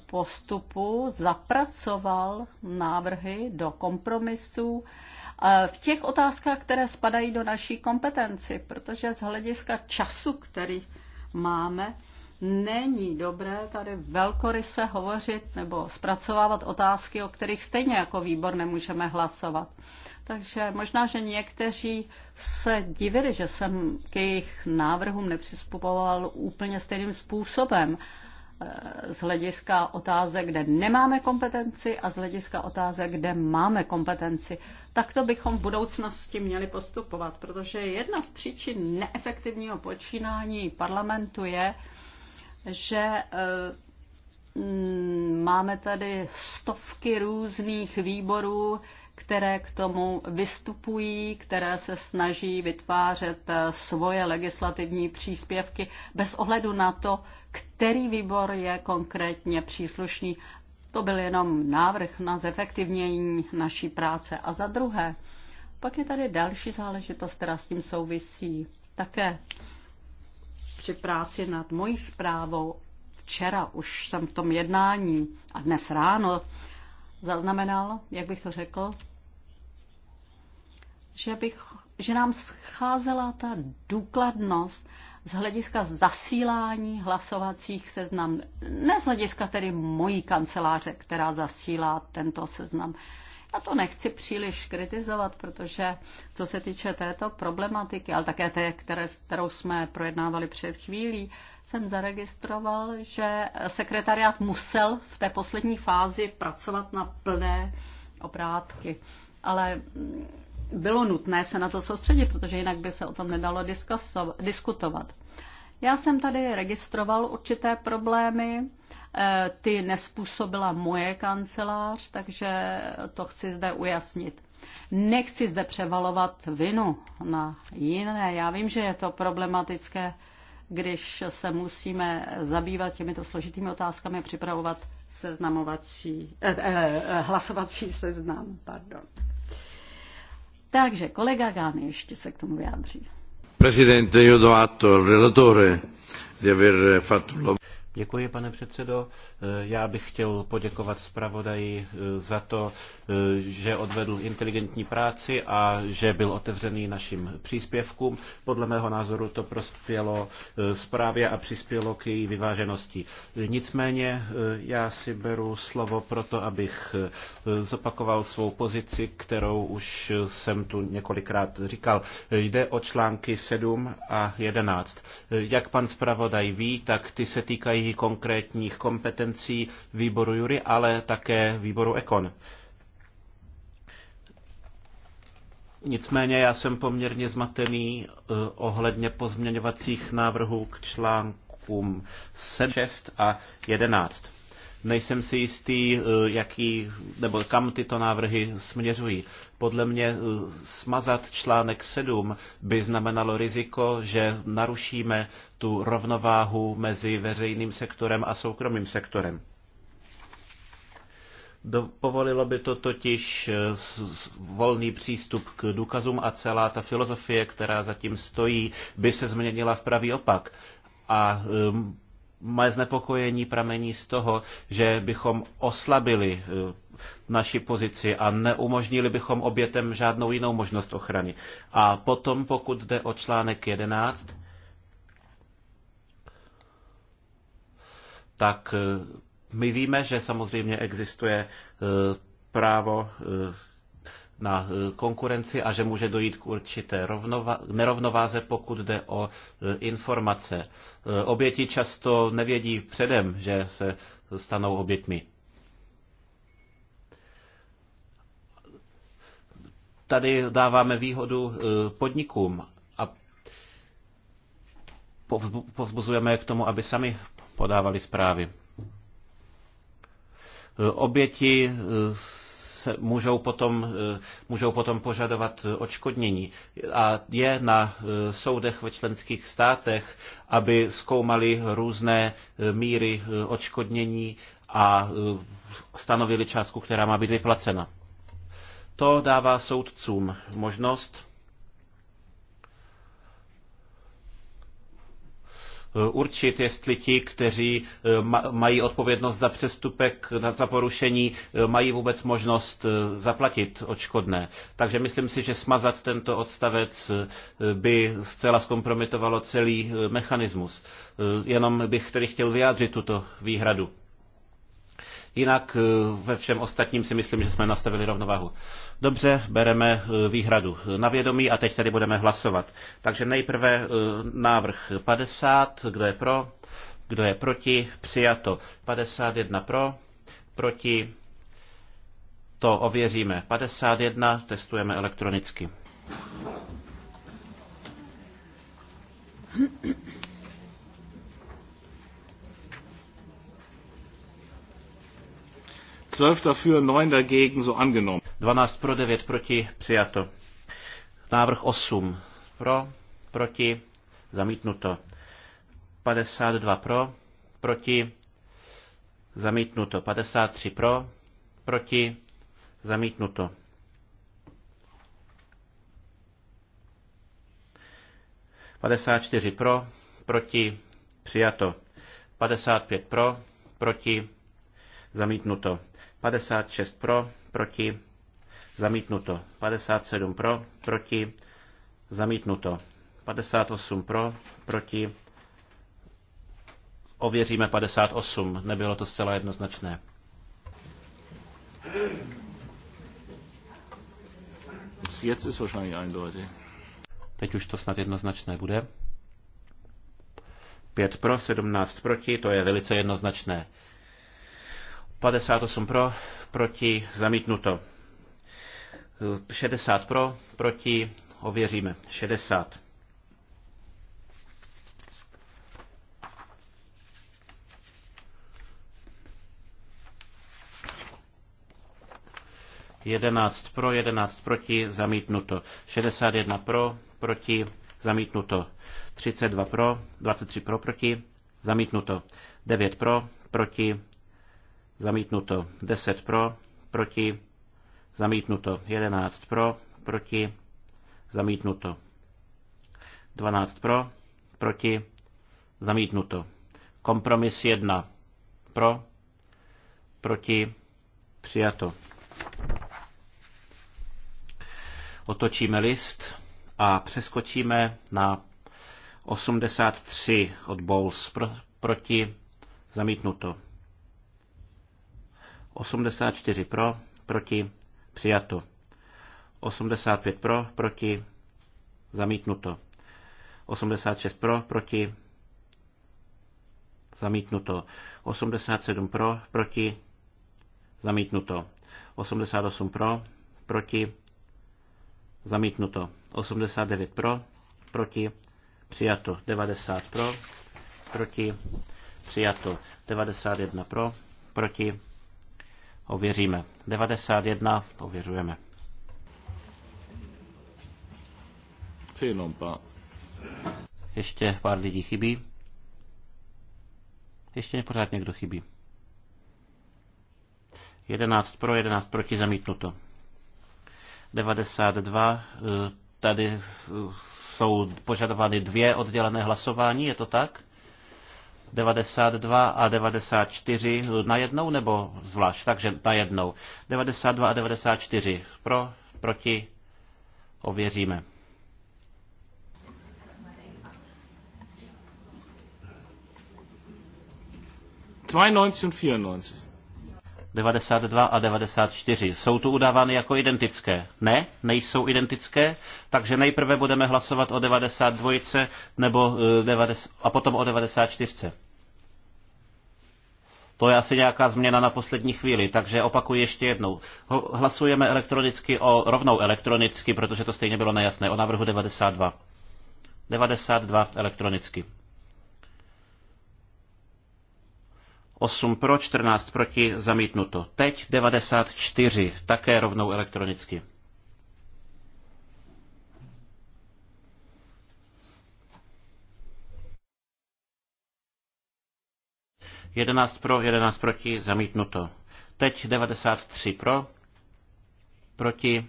postupu zapracoval návrhy do kompromisů, v těch otázkách, které spadají do naší kompetenci, protože z hlediska času, který máme, není dobré tady velkoryse hovořit nebo zpracovávat otázky, o kterých stejně jako výbor nemůžeme hlasovat. Takže možná, že někteří se divili, že jsem k jejich návrhům nepřistupoval úplně stejným způsobem z hlediska otázek, kde nemáme kompetenci a z hlediska otázek, kde máme kompetenci. to bychom v budoucnosti měli postupovat, protože jedna z příčin neefektivního počínání parlamentu je, že eh, máme tady stovky různých výborů, které k tomu vystupují, které se snaží vytvářet eh, svoje legislativní příspěvky bez ohledu na to, který výbor je konkrétně příslušný. To byl jenom návrh na zefektivnění naší práce. A za druhé, pak je tady další záležitost, která s tím souvisí. Také při práci nad mojí zprávou včera už jsem v tom jednání a dnes ráno zaznamenal, jak bych to řekl, že, bych, že nám scházela ta důkladnost z hlediska zasílání hlasovacích seznam. Ne z hlediska tedy mojí kanceláře, která zasílá tento seznam. Já to nechci příliš kritizovat, protože co se týče této problematiky, ale také té, které, kterou jsme projednávali před chvílí, jsem zaregistroval, že sekretariát musel v té poslední fázi pracovat na plné obrátky. Ale bylo nutné se na to soustředit, protože jinak by se o tom nedalo diskutovat. Já jsem tady registroval určité problémy, eh, ty nespůsobila moje kancelář, takže to chci zde ujasnit. Nechci zde převalovat vinu na jiné. Já vím, že je to problematické, když se musíme zabývat těmito složitými otázkami a připravovat seznamovací, eh, eh, eh, hlasovací seznam. Pardon. Takže kolega Gán ještě se k tomu vyjádří. Prezident, io do relatore di aver fatto Děkuji, pane předsedo. Eh, já bych chtěl poděkovat zpravodaji eh, za to, eh, že odvedl inteligentní práci a že byl otevřený našim příspěvkům. Podle mého názoru to prospělo zprávě a přispělo k její vyváženosti. Nicméně já si beru slovo proto, abych zopakoval svou pozici, kterou už jsem tu několikrát říkal. Jde o články 7 a 11. Jak pan zpravodaj ví, tak ty se týkají týkají konkrétních kompetencí výboru Jury, ale také výboru Ekon. Nicméně já jsem poměrně zmatený eh, ohledně pozměňovacích návrhů k článkům 7, 6 a 11. Nejsem si jistý, eh, jaký, nebo kam tyto návrhy směřují. Podle mě eh, smazat článek 7 by znamenalo riziko, že narušíme tu rovnováhu mezi veřejným sektorem a soukromým sektorem. Do, povolilo by to totiž eh, volný přístup k důkazům a celá ta filozofie, která zatím stojí, by se změnila v pravý opak. A um, Moje znepokojení pramení z toho, že bychom oslabili eh, naši pozici a neumožnili bychom obětem žádnou jinou možnost ochrany. A potom, pokud jde o článek 11, tak eh, my víme, že samozřejmě existuje eh, právo na eh, konkurenci a že může dojít k určité rovnova- nerovnováze, pokud jde o eh, informace. Eh, oběti často nevědí předem, že se stanou obětmi. Tady dáváme výhodu podnikům a povzbuzujeme k tomu, aby sami podávali zprávy. Oběti se můžou potom, eh, můžou potom požadovat očkodnění. A je na eh, soudech ve členských státech, aby zkoumali různé eh, míry očkodnění a stanovili částku, která má být vyplacena. To dává soudcům možnost Eh, určit, jestli ti, kteří eh, mají odpovědnost za přestupek, za porušení, eh, mají vůbec možnost zaplatit odškodné. Takže myslím si, že smazat tento odstavec by zcela zkompromitovalo celý mechanismus. Jenom bych tedy chtěl vyjádřit tuto výhradu. Jinak eh, ve všem ostatním si myslím, že jsme nastavili rovnováhu. Dobře, bereme eh, výhradu na vědomí a teď tady budeme hlasovat. Takže nejprve eh, návrh 50, kdo je pro, kdo je proti, přijato. 51 pro, proti, to ověříme. 51 testujeme elektronicky. 12 dafür, 9 dagegen, so angenommen. 12 pro 9 proti, přijato. Návrh 8 pro, proti, zamítnuto. 52 pro, proti, zamítnuto. 53 pro, proti, zamítnuto. Padesát čtyři pro, proti, přijato. Padesát pět pro, proti, zamítnuto. 56 pro, proti, zamítnuto. 57 pro, proti, zamítnuto. 58 pro, proti, ověříme 58, nebylo to zcela jednoznačné. Teď už to snad jednoznačné bude. 5 pro, 17 proti, to je velice jednoznačné. 58 pro, proti, zamítnuto. 60 pro, proti, ověříme. 60. Jedenáct pro, jedenáct proti, zamítnuto. 61 pro, proti, zamítnuto. 32 pro, 23 pro, proti, zamítnuto. 9 pro, proti, zamítnuto 10 pro, proti, zamítnuto 11 pro, proti, zamítnuto 12 pro, proti, zamítnuto. Kompromis 1 pro, proti, přijato. Otočíme list a přeskočíme na 83 od Bowles pro, proti, zamítnuto. 84 pro, proti, přijato. 85 pro, proti, zamítnuto. 86 pro, proti, zamítnuto. 87 pro, proti, zamítnuto. 88 pro, proti, zamítnuto. 89 pro, proti, přijato. 90 pro, proti, přijato. 91 pro, proti, Ověříme. 91 ověřujeme. Filompa. Ještě pár lidí chybí. Ještě pořád někdo chybí. 11 pro, 11 proti zamítnuto. 92. Eh, tady jsou požadovány dvě oddělené hlasování, je to tak? 92 a 94 najednou nebo zvlášť? Takže najednou. 92 a 94 pro, proti, ověříme. Zwei und 94. 92 a 94. Jsou tu udávány jako identické? Ne, nejsou identické, takže nejprve budeme hlasovat o 92 nebo eh, a potom o 94. To je asi nějaká změna na poslední chvíli, takže opakuji ještě jednou. Hlasujeme elektronicky o, rovnou elektronicky, protože to stejně bylo nejasné, o návrhu 92. 92 elektronicky. 8 pro, 14 proti, zamítnuto. Teď 94, také rovnou elektronicky. Jedenáct pro, jedenáct proti, zamítnuto. Teď 93 pro, proti.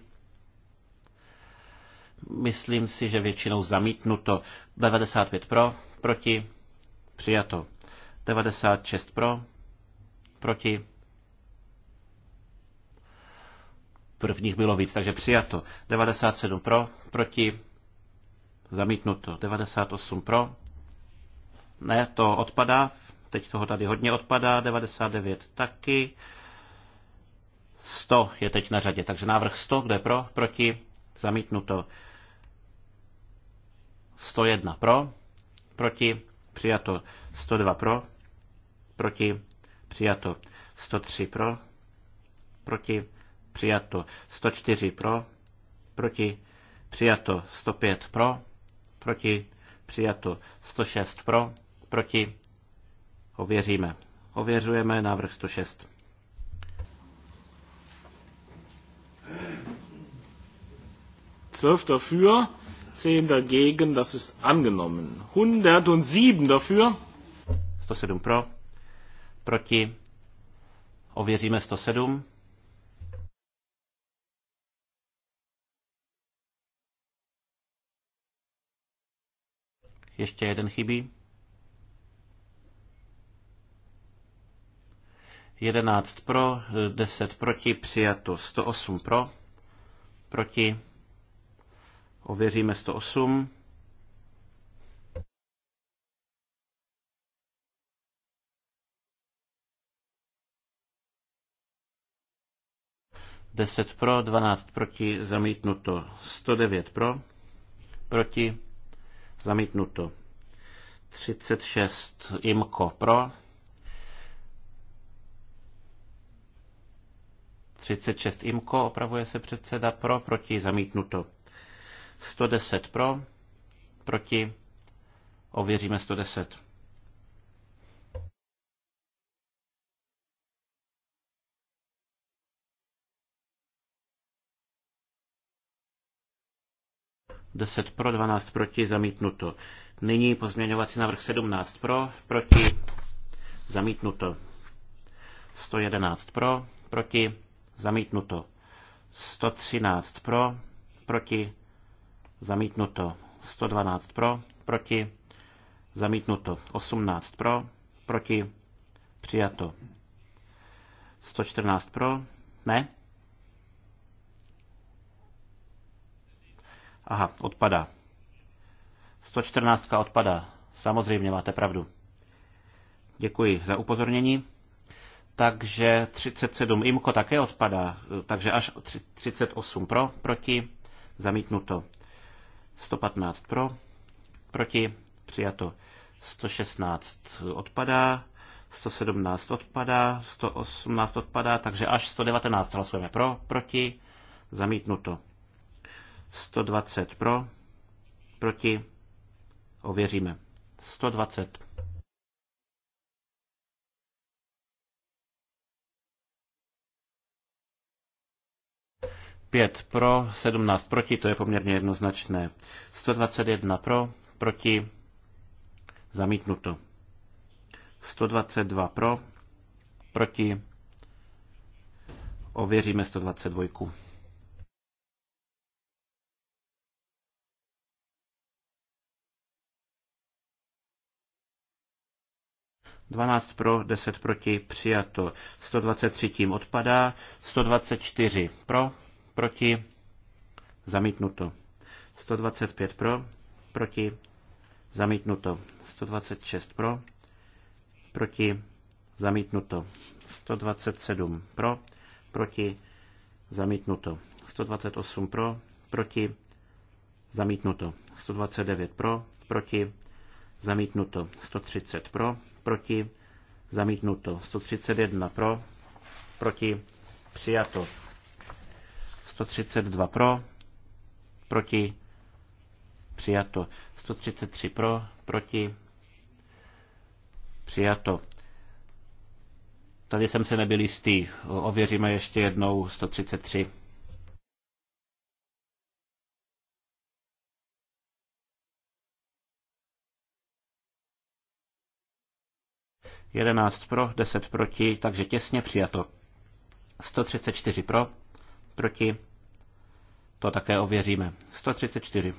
Myslím si, že většinou zamítnuto. 95 pro, proti, přijato. 96 pro, proti. Prvních bylo víc, takže přijato. 97 pro, proti. Zamítnuto. 98 pro. Ne, to odpadá. Teď toho tady hodně odpadá. 99 taky. 100 je teď na řadě. Takže návrh 100, kde pro, proti. Zamítnuto. 101 pro, proti. Přijato 102 pro, proti, přijato. 103 pro, proti, přijato. 104 pro, proti, přijato. 105 pro, proti, přijato. 106 pro, proti, ověříme. Ověřujeme návrh 106. Zwölf dafür, 10 dagegen, das ist angenommen. 107 dafür. 107 pro, proti, ověříme 107. Ještě jeden chybí. 11 pro, 10 proti, přijato 108 pro, proti, ověříme 108. 10 pro, 12 proti, zamítnuto. 109 pro, proti, zamítnuto. 36 imko pro, 36 imko, opravuje se předseda pro, proti, zamítnuto. 110 pro, proti, ověříme 110. 10 pro, 12 proti, zamítnuto. Nyní pozměňovací návrh 17 pro, proti, zamítnuto. 111 pro, proti, zamítnuto. 113 pro, proti, zamítnuto. 112 pro, proti, zamítnuto. 18 pro, proti, přijato. 114 pro, ne, Aha, odpadá. 114 odpadá. Samozřejmě máte pravdu. Děkuji za upozornění. Takže 37 IMKO také odpadá, takže až 38 pro, proti, zamítnuto. 115 pro, proti, přijato. 116 odpadá, 117 odpadá, 118 odpadá, takže až 119 hlasujeme pro, proti, zamítnuto. 120 pro, proti, ověříme. 120. Pět pro, 17 proti, to je poměrně jednoznačné. 121 pro, proti, zamítnuto. 122 pro, proti, ověříme 122. 12 pro, 10 proti, přijato. 123 tím odpadá. 124 pro, proti, zamítnuto. 125 pro, proti, zamítnuto. 126 pro, proti, zamítnuto. 127 pro, proti, zamítnuto. 128 pro, proti, zamítnuto. 129 pro, proti, zamítnuto. 130 pro, proti, zamítnuto. 131 pro, proti, přijato. 132 pro, proti, přijato. 133 pro, proti, přijato. Tady jsem se nebyl jistý. Ověříme ještě jednou 133. 11 pro, 10 proti, takže těsně přijato. 134 pro, proti, to také ověříme. 134.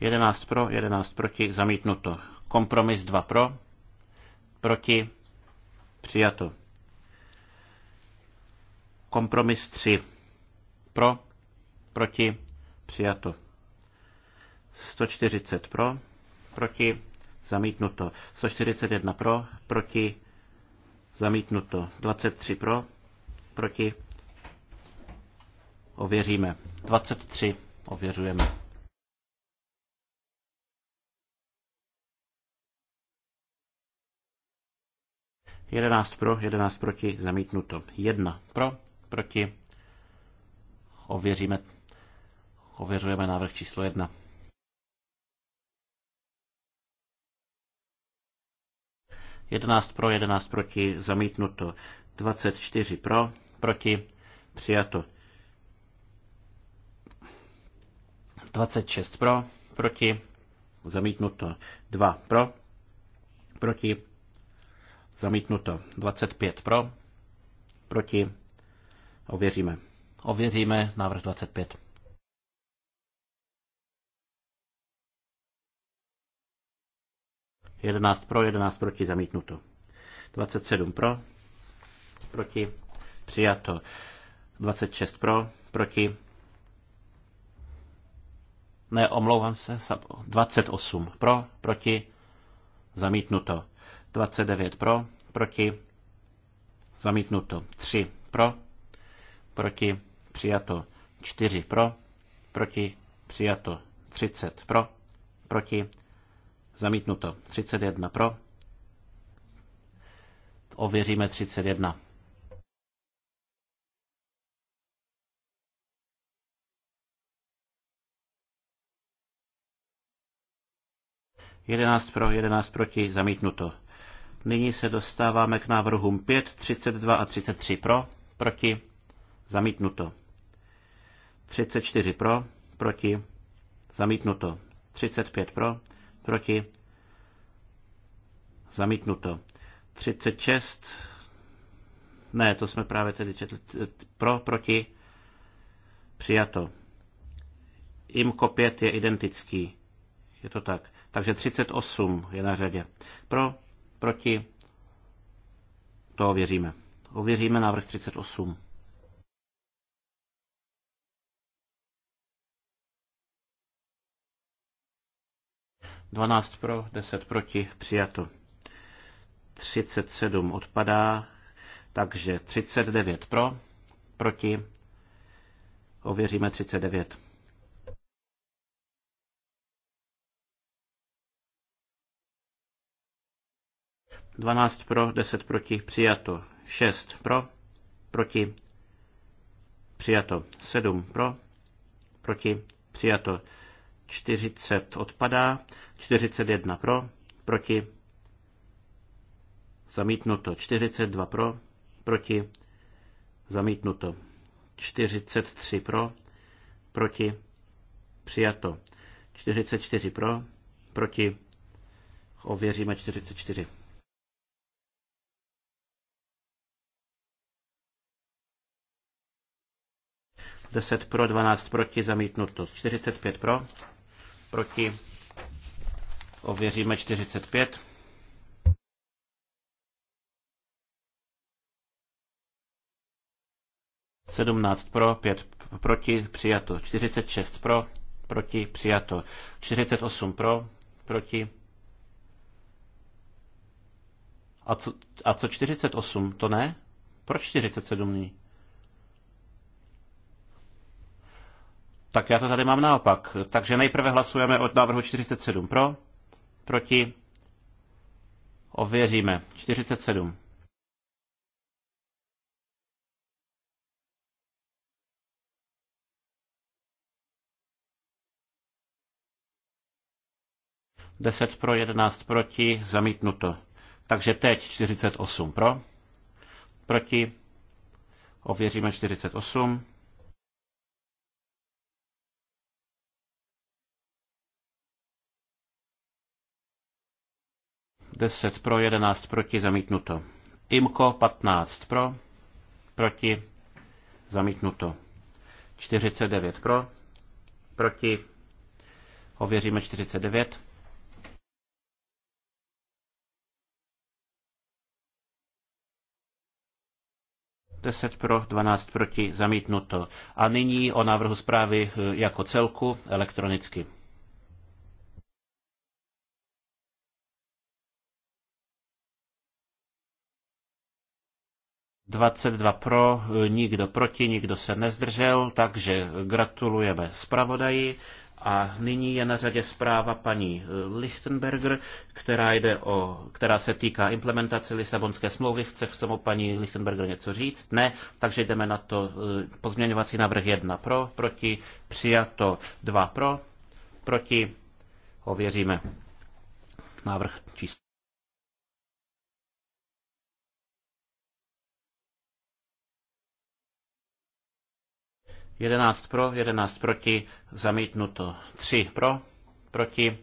Jedenáct pro, jedenáct proti, zamítnuto. Kompromis dva pro, proti, přijato. Kompromis tři pro, proti, Přijato. 140 pro, proti, zamítnuto. 141 pro, proti, zamítnuto. 23 pro, proti, ověříme. 23 ověřujeme. Jedenáct pro, jedenáct proti, zamítnuto. Jedna pro, proti, ověříme Ověřujeme návrh číslo jedna. Jedenáct pro, jedenáct proti, zamítnuto. 24 pro, proti, přijato. 26 pro, proti, zamítnuto. 2 pro, proti, zamítnuto. 25 pro, proti, ověříme. Ověříme návrh 25. 11 pro, 11 proti, zamítnuto. 27 pro, proti, přijato. 26 pro, proti, ne, omlouvám se, 28 pro, proti, zamítnuto. 29 pro, proti, zamítnuto. 3 pro, proti, přijato. 4 pro, proti, přijato. 30 pro, proti, Zamítnuto. 31 pro. Ověříme 31. Jedenáct pro, jedenáct proti, zamítnuto. Nyní se dostáváme k návrhům 5, 32 a 33 pro, proti, zamítnuto. 34 pro, proti, zamítnuto. 35 pro, Proti? Zamítnuto. 36. Ne, to jsme právě tedy četli. Pro, proti? Přijato. IMKO 5 je identický. Je to tak. Takže 38 je na řadě. Pro, proti? To ověříme. Ověříme návrh 38. 12 pro, 10 proti, přijato. 37 odpadá, takže 39 pro, proti, ověříme 39. Dvanáct pro, deset proti, přijato. Šest pro, proti, přijato. Sedm pro, proti, přijato. 40 odpadá, 41 pro, proti, zamítnuto, 42 pro, proti, zamítnuto, 43 pro, proti, přijato, 44 pro, proti, ověříme 44. Deset pro, 12 proti, zamítnuto. 45 pro, proti, ověříme 45. Sedmnáct pro, pět proti, přijato. 46 pro, proti, přijato. 48 pro, proti. A co, a co 48? To ne? Proč 47 není? Tak já to tady mám naopak. Takže nejprve hlasujeme od návrhu 47 pro, proti, ověříme 47. Deset pro, jedenáct proti, zamítnuto. Takže teď 48 pro, proti, ověříme 48. 10 pro, 11 proti, zamítnuto. IMKO 15 pro, proti, zamítnuto. 49 pro, proti, ověříme 49. Deset pro, 12 proti, zamítnuto. A nyní o návrhu zprávy eh, jako celku elektronicky. 22 pro, nikdo proti, nikdo se nezdržel, takže gratulujeme zpravodaji. A nyní je na řadě zpráva paní Lichtenberger, která, jde o, která se týká implementace Lisabonské smlouvy. Chce k tomu paní Lichtenberger něco říct? Ne, takže jdeme na to. Eh, pozměňovací návrh 1 pro, proti, přijato 2 pro, proti, ověříme. Návrh číslo. 11 pro, 11 proti, zamítnuto. 3 pro, proti,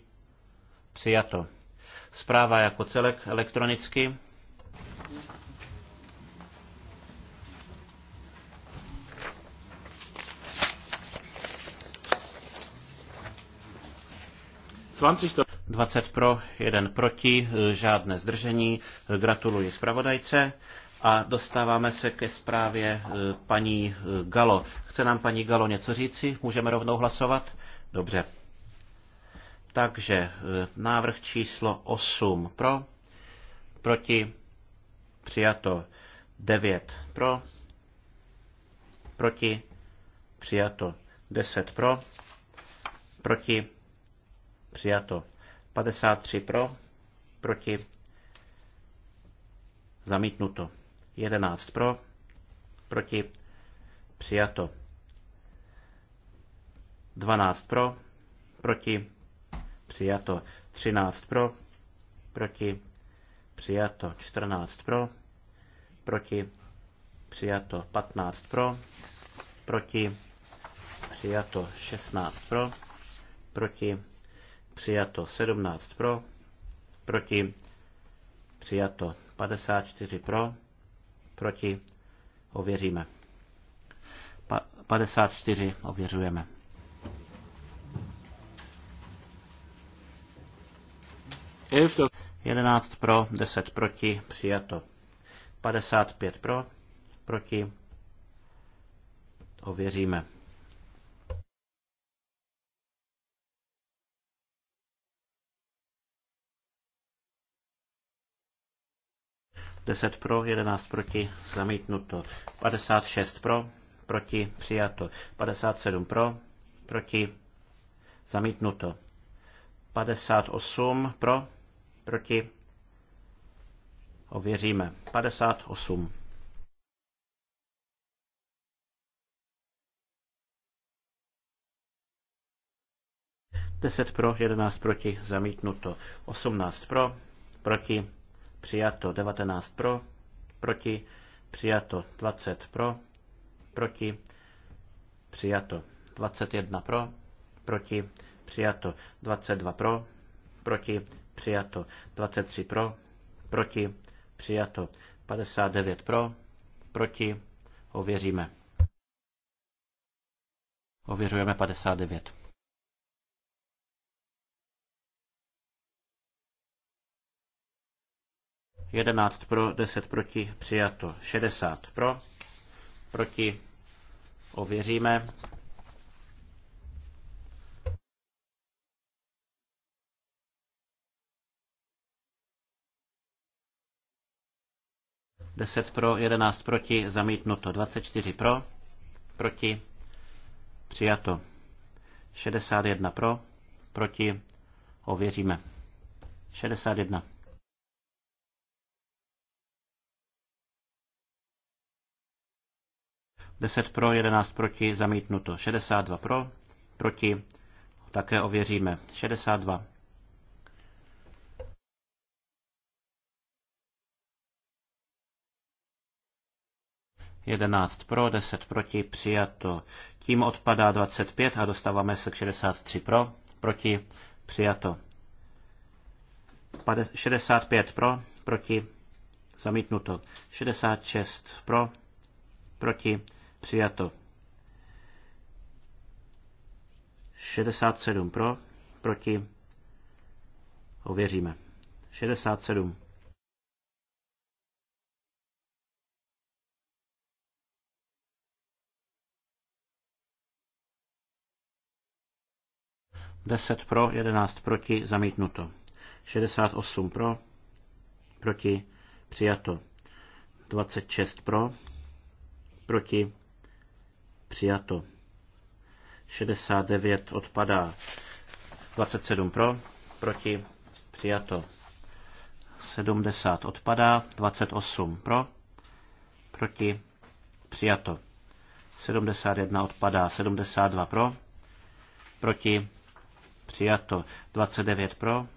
přijato. Zpráva jako celek elektronicky. Svancišto. 20 pro, 1 proti, žádné zdržení. Gratuluji zpravodajce. A dostáváme se ke zprávě eh, paní eh, Galo. Chce nám paní Galo něco říci? Můžeme rovnou hlasovat? Dobře. Takže eh, návrh číslo 8 pro, proti, přijato 9 pro, proti, přijato 10 pro, proti, přijato 53 pro, proti, zamítnuto. 11 pro, proti, přijato. 12 pro, proti, přijato. 13 pro, proti, přijato. 14 pro, proti, přijato. 15 pro, proti, přijato. 16 pro, proti, přijato. 17 pro, proti, přijato. 54 pro, proti, ověříme. Pa, 54 ověřujeme. Elfto. 11 pro, 10 proti, přijato. 55 pro, proti, ověříme. 10 pro, 11 proti, zamítnuto. 56 pro, proti, přijato. 57 pro, proti, zamítnuto. 58 pro, proti, ověříme. 58. Deset pro, jedenáct proti, zamítnuto. Osmnáct pro, proti, přijato 19 pro, proti, přijato 20 pro, proti, přijato 21 pro, proti, přijato 22 pro, proti, přijato 23 pro, proti, přijato 59 pro, proti, ověříme. Ověřujeme 59. 11 pro, 10 proti, přijato. 60 pro, proti, ověříme. Deset pro, jedenáct proti, zamítnuto. 24 pro, proti, přijato. 61 pro, proti, ověříme. 61. 10 pro, 11 proti, zamítnuto. 62 pro, proti, také ověříme. 62. Jedenáct pro, 10 proti, přijato. Tím odpadá 25 a dostáváme se k 63 pro, proti, přijato. 65 pro, proti, zamítnuto. 66 pro, proti, Přijato. 67 pro, proti. Ověříme. 67. Deset pro, jedenáct proti, zamítnuto. osm pro, proti, přijato. dvacet šest pro, proti, Přijato. 69 odpadá. 27 pro, proti, přijato. 70 odpadá, 28 pro, proti, přijato. 71 odpadá, 72 pro, proti, přijato. 29 pro,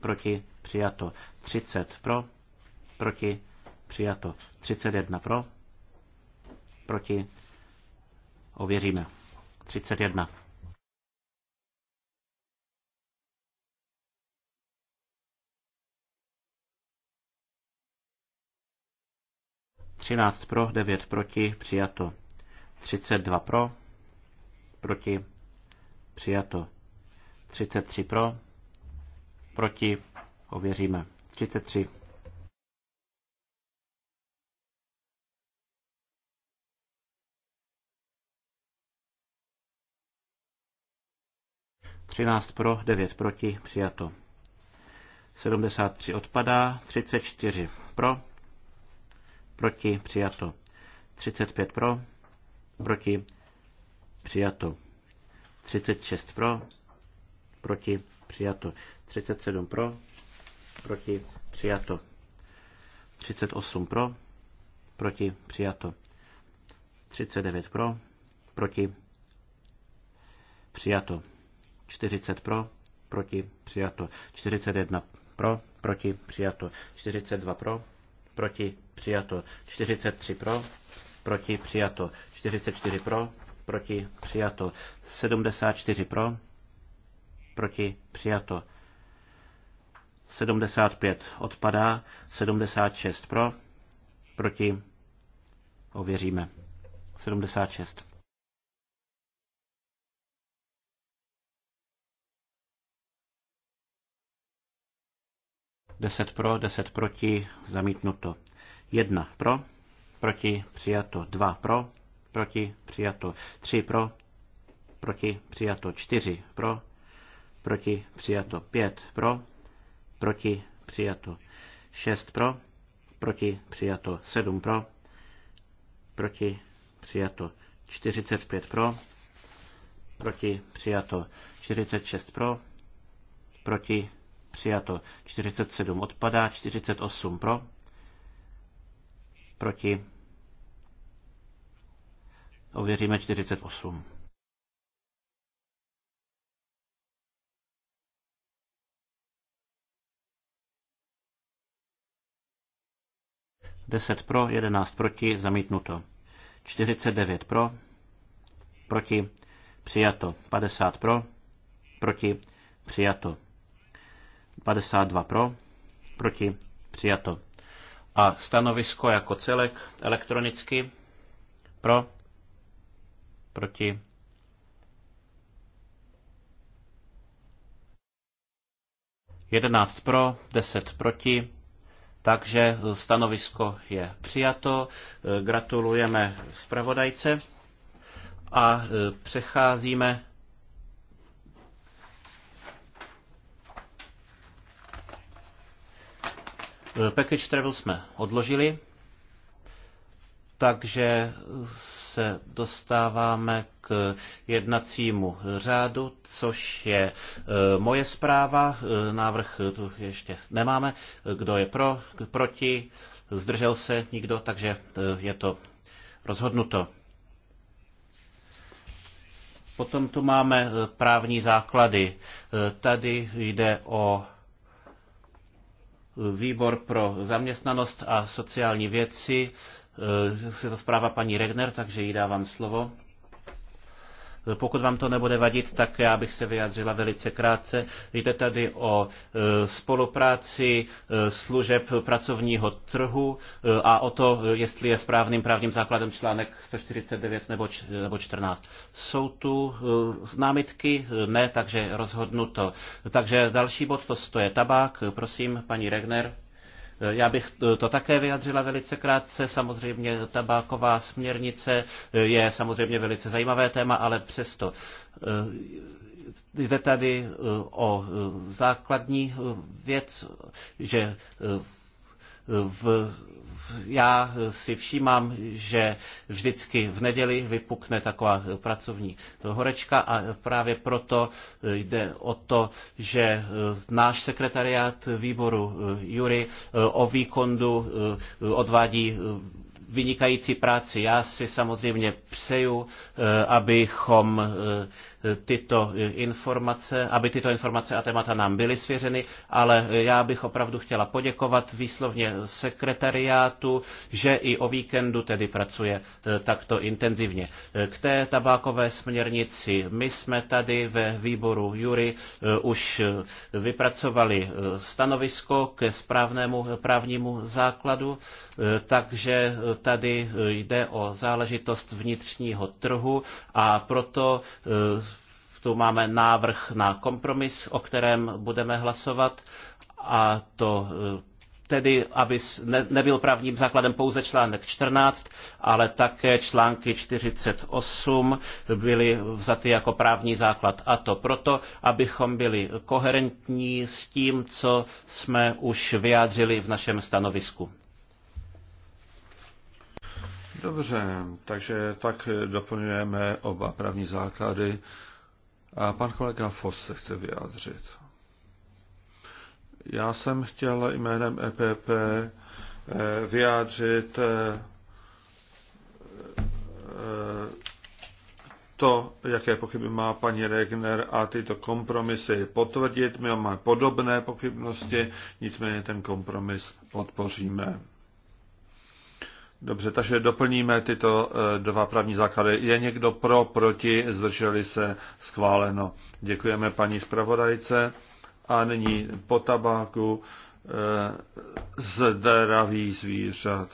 proti, přijato. 30 pro, proti, přijato. 31 pro, proti, Ověříme. 31. Třináct pro, devět proti, přijato. Třicet dva pro, proti, přijato. Třicet tři pro, proti, ověříme. Třicet tři. 13 pro, 9 proti, přijato. 73 odpadá, 34 pro, proti, přijato. 35 pro, proti, přijato. 36 pro, proti, přijato. 37 pro, proti, přijato. 38 pro, proti, přijato. 39 pro, proti, přijato. 40 pro, proti, přijato. 41 pro, proti, přijato. 42 pro, proti, přijato. 43 pro, proti, přijato. 44 pro, proti, přijato. 74 pro, proti, přijato. 75 odpadá, 76 pro, proti, ověříme. 76. 10 pro, 10 proti, zamítnuto. 1 pro, proti, přijato. 2 pro, proti, přijato. 3 pro, proti, přijato. 4 pro, proti, přijato. 5 pro, proti, přijato. 6 pro, proti, přijato. 7 pro, proti, přijato. 45 pro, proti, přijato. 46 pro, proti, Přijato. 47 odpadá. 48 pro. Proti. Ověříme 48. Deset pro, jedenáct proti, zamítnuto. 49 pro, proti, přijato. 50 pro, proti, přijato. 52 pro, proti, přijato. A stanovisko jako celek elektronicky pro, proti, Jedenáct pro, deset proti, takže stanovisko je přijato. Gratulujeme zpravodajce a e, přecházíme Eh, package travel jsme odložili, takže se dostáváme k jednacímu řádu, což je eh, moje zpráva. Eh, návrh tu ještě nemáme. Kdo je pro, proti, zdržel se nikdo, takže je to rozhodnuto. Potom tu máme právní základy. Tady jde o výbor pro zaměstnanost a sociální věci. Je eh, to zpráva paní Regner, takže jí dávám slovo. Pokud vám to nebude vadit, tak já bych se vyjádřila velice krátce. Jde tady o e, spolupráci e, služeb pracovního trhu e, a o to, jestli je správným právním základem článek 149 nebo 14. Jsou tu námitky? Ne, takže rozhodnu to. Takže další bod to je tabák. Prosím, paní Regner. Eh, já bych eh, to také vyjadřila velice krátce. Samozřejmě tabáková směrnice eh, je samozřejmě velice zajímavé téma, ale přesto jde tady o základní věc, že v já si všímám, že vždycky v neděli vypukne taková pracovní horečka a právě proto jde o to, že e, náš sekretariát výboru e, Jury e, o výkondu odvádí vynikající práci. Já si samozřejmě přeju, abychom tyto informace, aby tyto informace a témata nám byly svěřeny, ale já bych opravdu chtěla poděkovat výslovně sekretariátu, že i o víkendu tedy pracuje eh, takto intenzivně. Eh, k té tabákové směrnici my jsme tady ve výboru Jury eh, už vypracovali stanovisko ke správnému právnímu základu, takže tady jde o záležitost vnitřního trhu a proto tu máme návrh na kompromis, o kterém budeme hlasovat a to eh, tedy, aby nebyl právním základem pouze článek 14, ale také články 48 byly vzaty jako právní základ. A to proto, abychom byli koherentní s tím, co jsme už vyjádřili v našem stanovisku. Dobře, takže tak doplňujeme oba právní základy a pan kolega Fos se chce vyjádřit. Já jsem chtěl jménem EPP eh, vyjádřit eh, to, jaké pochyby má paní Regner a tyto kompromisy potvrdit. My máme podobné pochybnosti, nicméně ten kompromis podpoříme. Dobře, takže doplníme tyto eh, dva právní základy. Je někdo pro, proti, zdrželi se, schváleno. Děkujeme paní zpravodajce. A nyní po tabáku eh, zdraví zvířat.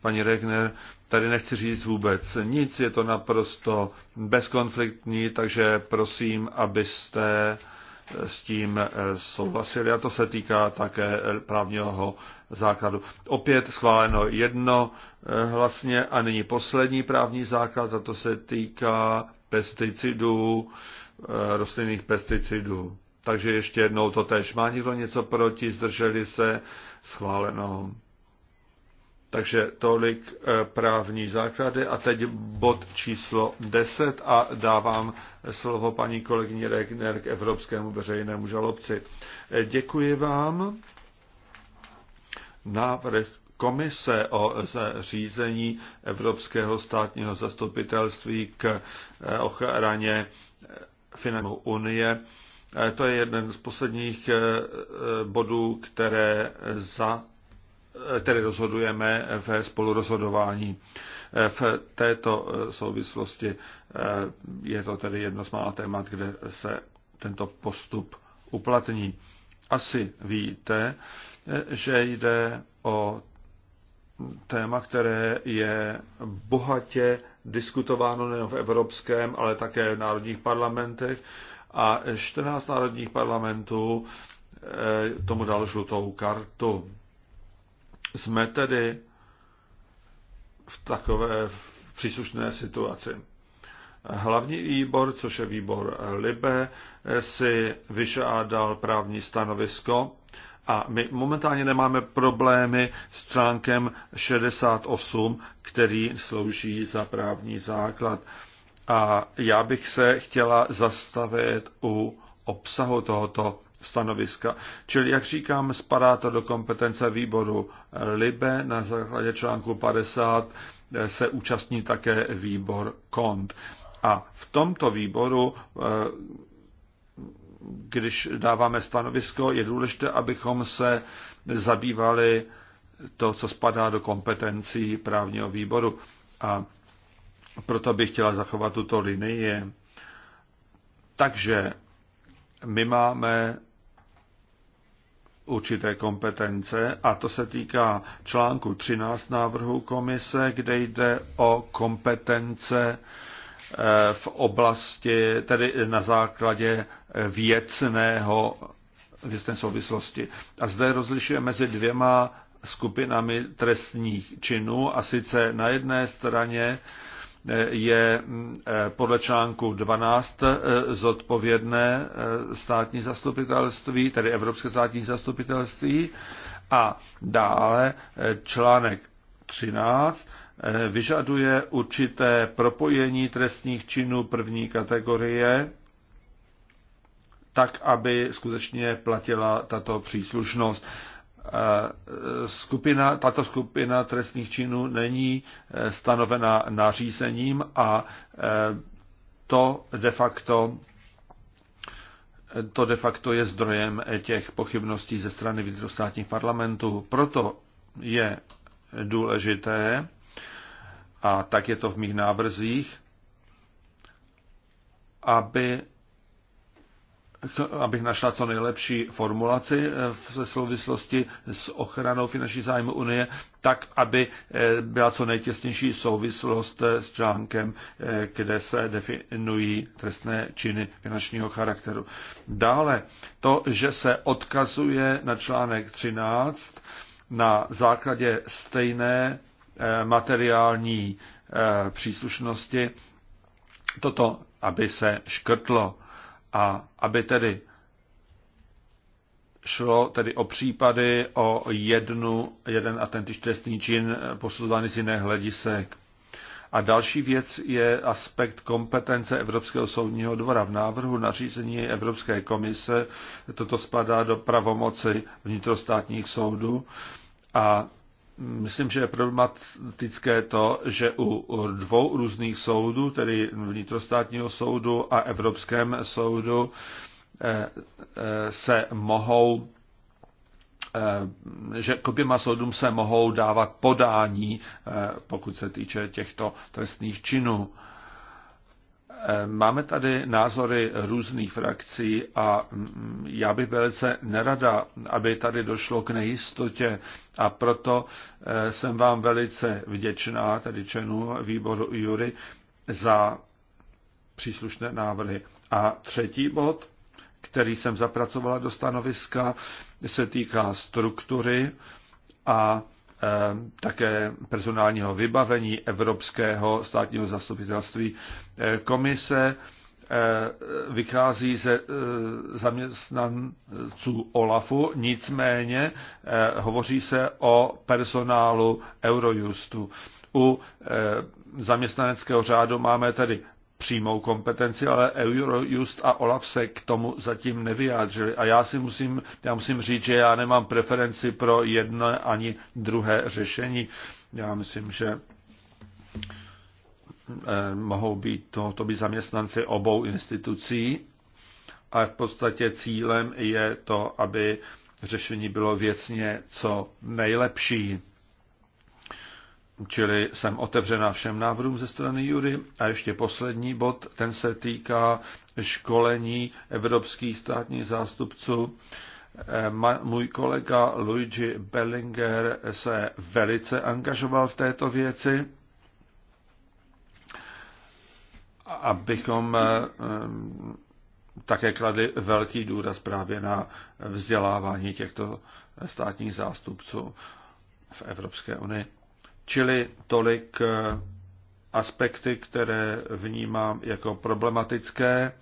Paní Regner, tady nechci říct vůbec nic, je to naprosto bezkonfliktní, takže prosím, abyste s tím eh, souhlasili a to se týká také eh, právního základu. Opět schváleno jedno eh, hlasně a nyní poslední právní základ a to se týká pesticidů, rostlinných pesticidů. Takže ještě jednou to tež. Má někdo něco proti? Zdrželi se? Schváleno. Takže tolik eh, právní základy a teď bod číslo 10 a dávám slovo paní kolegyni Regner k Evropskému veřejnému žalobci. Eh, děkuji vám. Návrh komise o zřízení Evropského státního zastupitelství k eh, ochraně finanční unie to je jeden z posledních bodů, které za tedy rozhodujeme ve spolurozhodování. V této eh, souvislosti eh, je to tedy jedno z mála témat, kde se tento postup uplatní. Asi víte, eh, že jde o téma, které je bohatě diskutováno nejen v evropském, ale také v národních parlamentech. A 14 národních parlamentů tomu dal žlutou kartu jsme tedy v takové příslušné situaci. Hlavní výbor, což je výbor Libe, si vyžádal právní stanovisko a my momentálně nemáme problémy s článkem 68, který slouží za právní základ. A já bych se chtěla zastavit u obsahu tohoto stanoviska. Čili, jak říkám, spadá to do kompetence výboru LIBE na základě článku 50 eh, se účastní také výbor KONT. A v tomto výboru eh, když dáváme stanovisko, je důležité, abychom se zabývali to, co spadá do kompetencí právního výboru. A proto bych chtěla zachovat tuto linii. Takže my máme určité kompetence a to se týká článku 13 návrhu komise, kde jde o kompetence eh, v oblasti, tedy na základě věcného, věcné souvislosti. A zde rozlišuje mezi dvěma skupinami trestních činů a sice na jedné straně je mm, eh, podle článku 12 eh, zodpovědné eh, státní zastupitelství, tedy Evropské státní zastupitelství, a dále článek 13 vyžaduje určité propojení trestních činů první kategorie, tak, aby skutečně platila tato příslušnost. E, skupina, tato skupina trestných činů není e, stanovena nařízením a e, to de facto to de facto je zdrojem těch pochybností ze strany vnitrostátních parlamentů. Proto je důležité, a tak je to v mých návrzích, aby abych našla co nejlepší formulaci eh, v souvislosti s ochranou finanční zájmu Unie, tak, aby eh, byla co nejtěsnější souvislost eh, s článkem, kde se definují trestné činy finančního charakteru. Dále to, že se odkazuje na článek 13 na základě stejné materiální příslušnosti, toto, aby se škrtlo a aby tedy šlo tedy o případy o jednu, jeden a ten trestný čin eh, posuzovaný z jiné hledisek. A další věc je aspekt kompetence Evropského soudního dvora. V návrhu nařízení Evropské komise toto spadá do pravomoci vnitrostátních soudů a Myslím, že je problematické to, že u dvou různých soudů, tedy vnitrostátního soudu a Evropském soudu, eh, eh, se mohou eh, že k oběma soudům se mohou dávat podání, pokud se týče těchto trestných činů. Máme tady názory různých frakcí a mm, já bych velice nerada, aby tady došlo k nejistotě a proto eh, jsem vám velice vděčná, tedy členů výboru Jury, za příslušné návrhy. A třetí bod, který jsem zapracovala do stanoviska, se týká struktury a Eh, také personálního vybavení Evropského státního zastupitelství. Eh, komise eh, vychází ze zaměstnanců OLAFu, nicméně hovoří se o personálu Eurojustu. U zaměstnaneckého řádu máme tedy přímou kompetenci, ale Eurojust a Olaf se k tomu zatím nevyjádřili. A já si musím, já musím říct, že já nemám preferenci pro jedno ani druhé řešení. Já myslím, že eh, mohou být to, to být zaměstnanci obou institucí, a v podstatě cílem je to, aby řešení bylo věcně co nejlepší. Čili jsem otevřena všem návrhům ze strany Jury. A ještě poslední bod, ten se týká školení evropských státních zástupců. Eh, můj kolega Luigi Bellinger se velice angažoval v této věci, abychom eh, eh, také kladli velký důraz právě na vzdělávání těchto státních zástupců v Evropské unii. Čili tolik eh, aspekty, které vnímám jako problematické,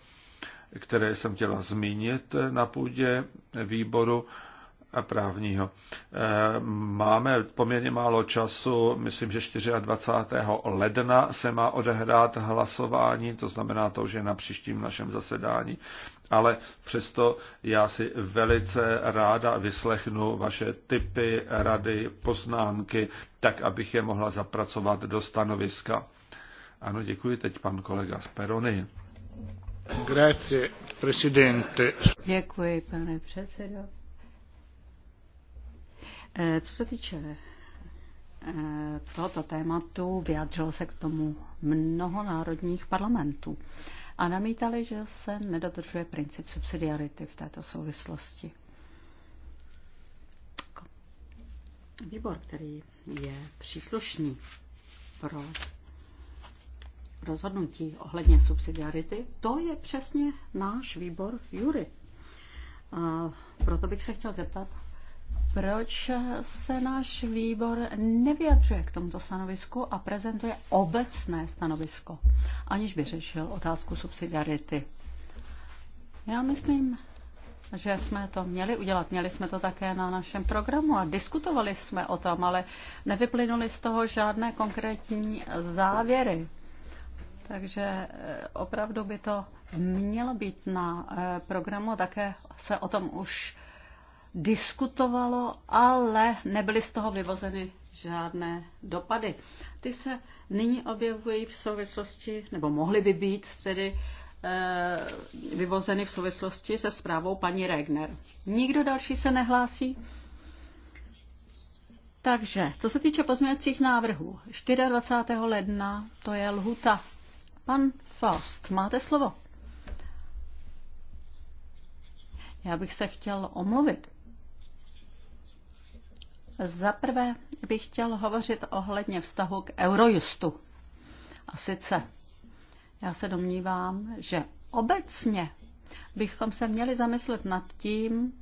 které jsem chtěla zmínit eh, na půdě eh, výboru právního. Eh, máme poměrně málo času, myslím, že 24. ledna se má odehrát hlasování, to znamená to, že na příštím našem zasedání. Ale přesto já si velice ráda vyslechnu vaše typy, rady, poznámky, tak abych je mohla zapracovat do stanoviska. Ano, děkuji teď pan kolega Sperony. Grazie, presidente. Děkuji, pane předsedo. Eh, co se týče eh, tohoto tématu, vyjádřilo se k tomu mnoho národních parlamentů a namítali, že se nedodržuje princip subsidiarity v této souvislosti. Výbor, který je příslušný pro rozhodnutí ohledně subsidiarity, to je přesně náš výbor Jury. A proto bych se chtěl zeptat, proč se náš výbor nevyjadřuje k tomuto stanovisku a prezentuje obecné stanovisko, aniž by řešil otázku subsidiarity. Já myslím, že jsme to měli udělat. Měli jsme to také na našem programu a diskutovali jsme o tom, ale nevyplynuli z toho žádné konkrétní závěry. Takže eh, opravdu by to mělo být na eh, programu, také se o tom už diskutovalo, ale nebyly z toho vyvozeny žádné dopady. Ty se nyní objevují v souvislosti, nebo mohly by být tedy eh, vyvozeny v souvislosti se zprávou paní Regner. Nikdo další se nehlásí? Takže, co se týče pozměňovacích návrhů, 24. ledna to je lhuta. Pan Faust, máte slovo? Já bych se chtěl omluvit. Za prvé bych chtěl hovořit ohledně vztahu k Eurojustu. A sice já se domnívám, že obecně bychom se měli zamyslet nad tím,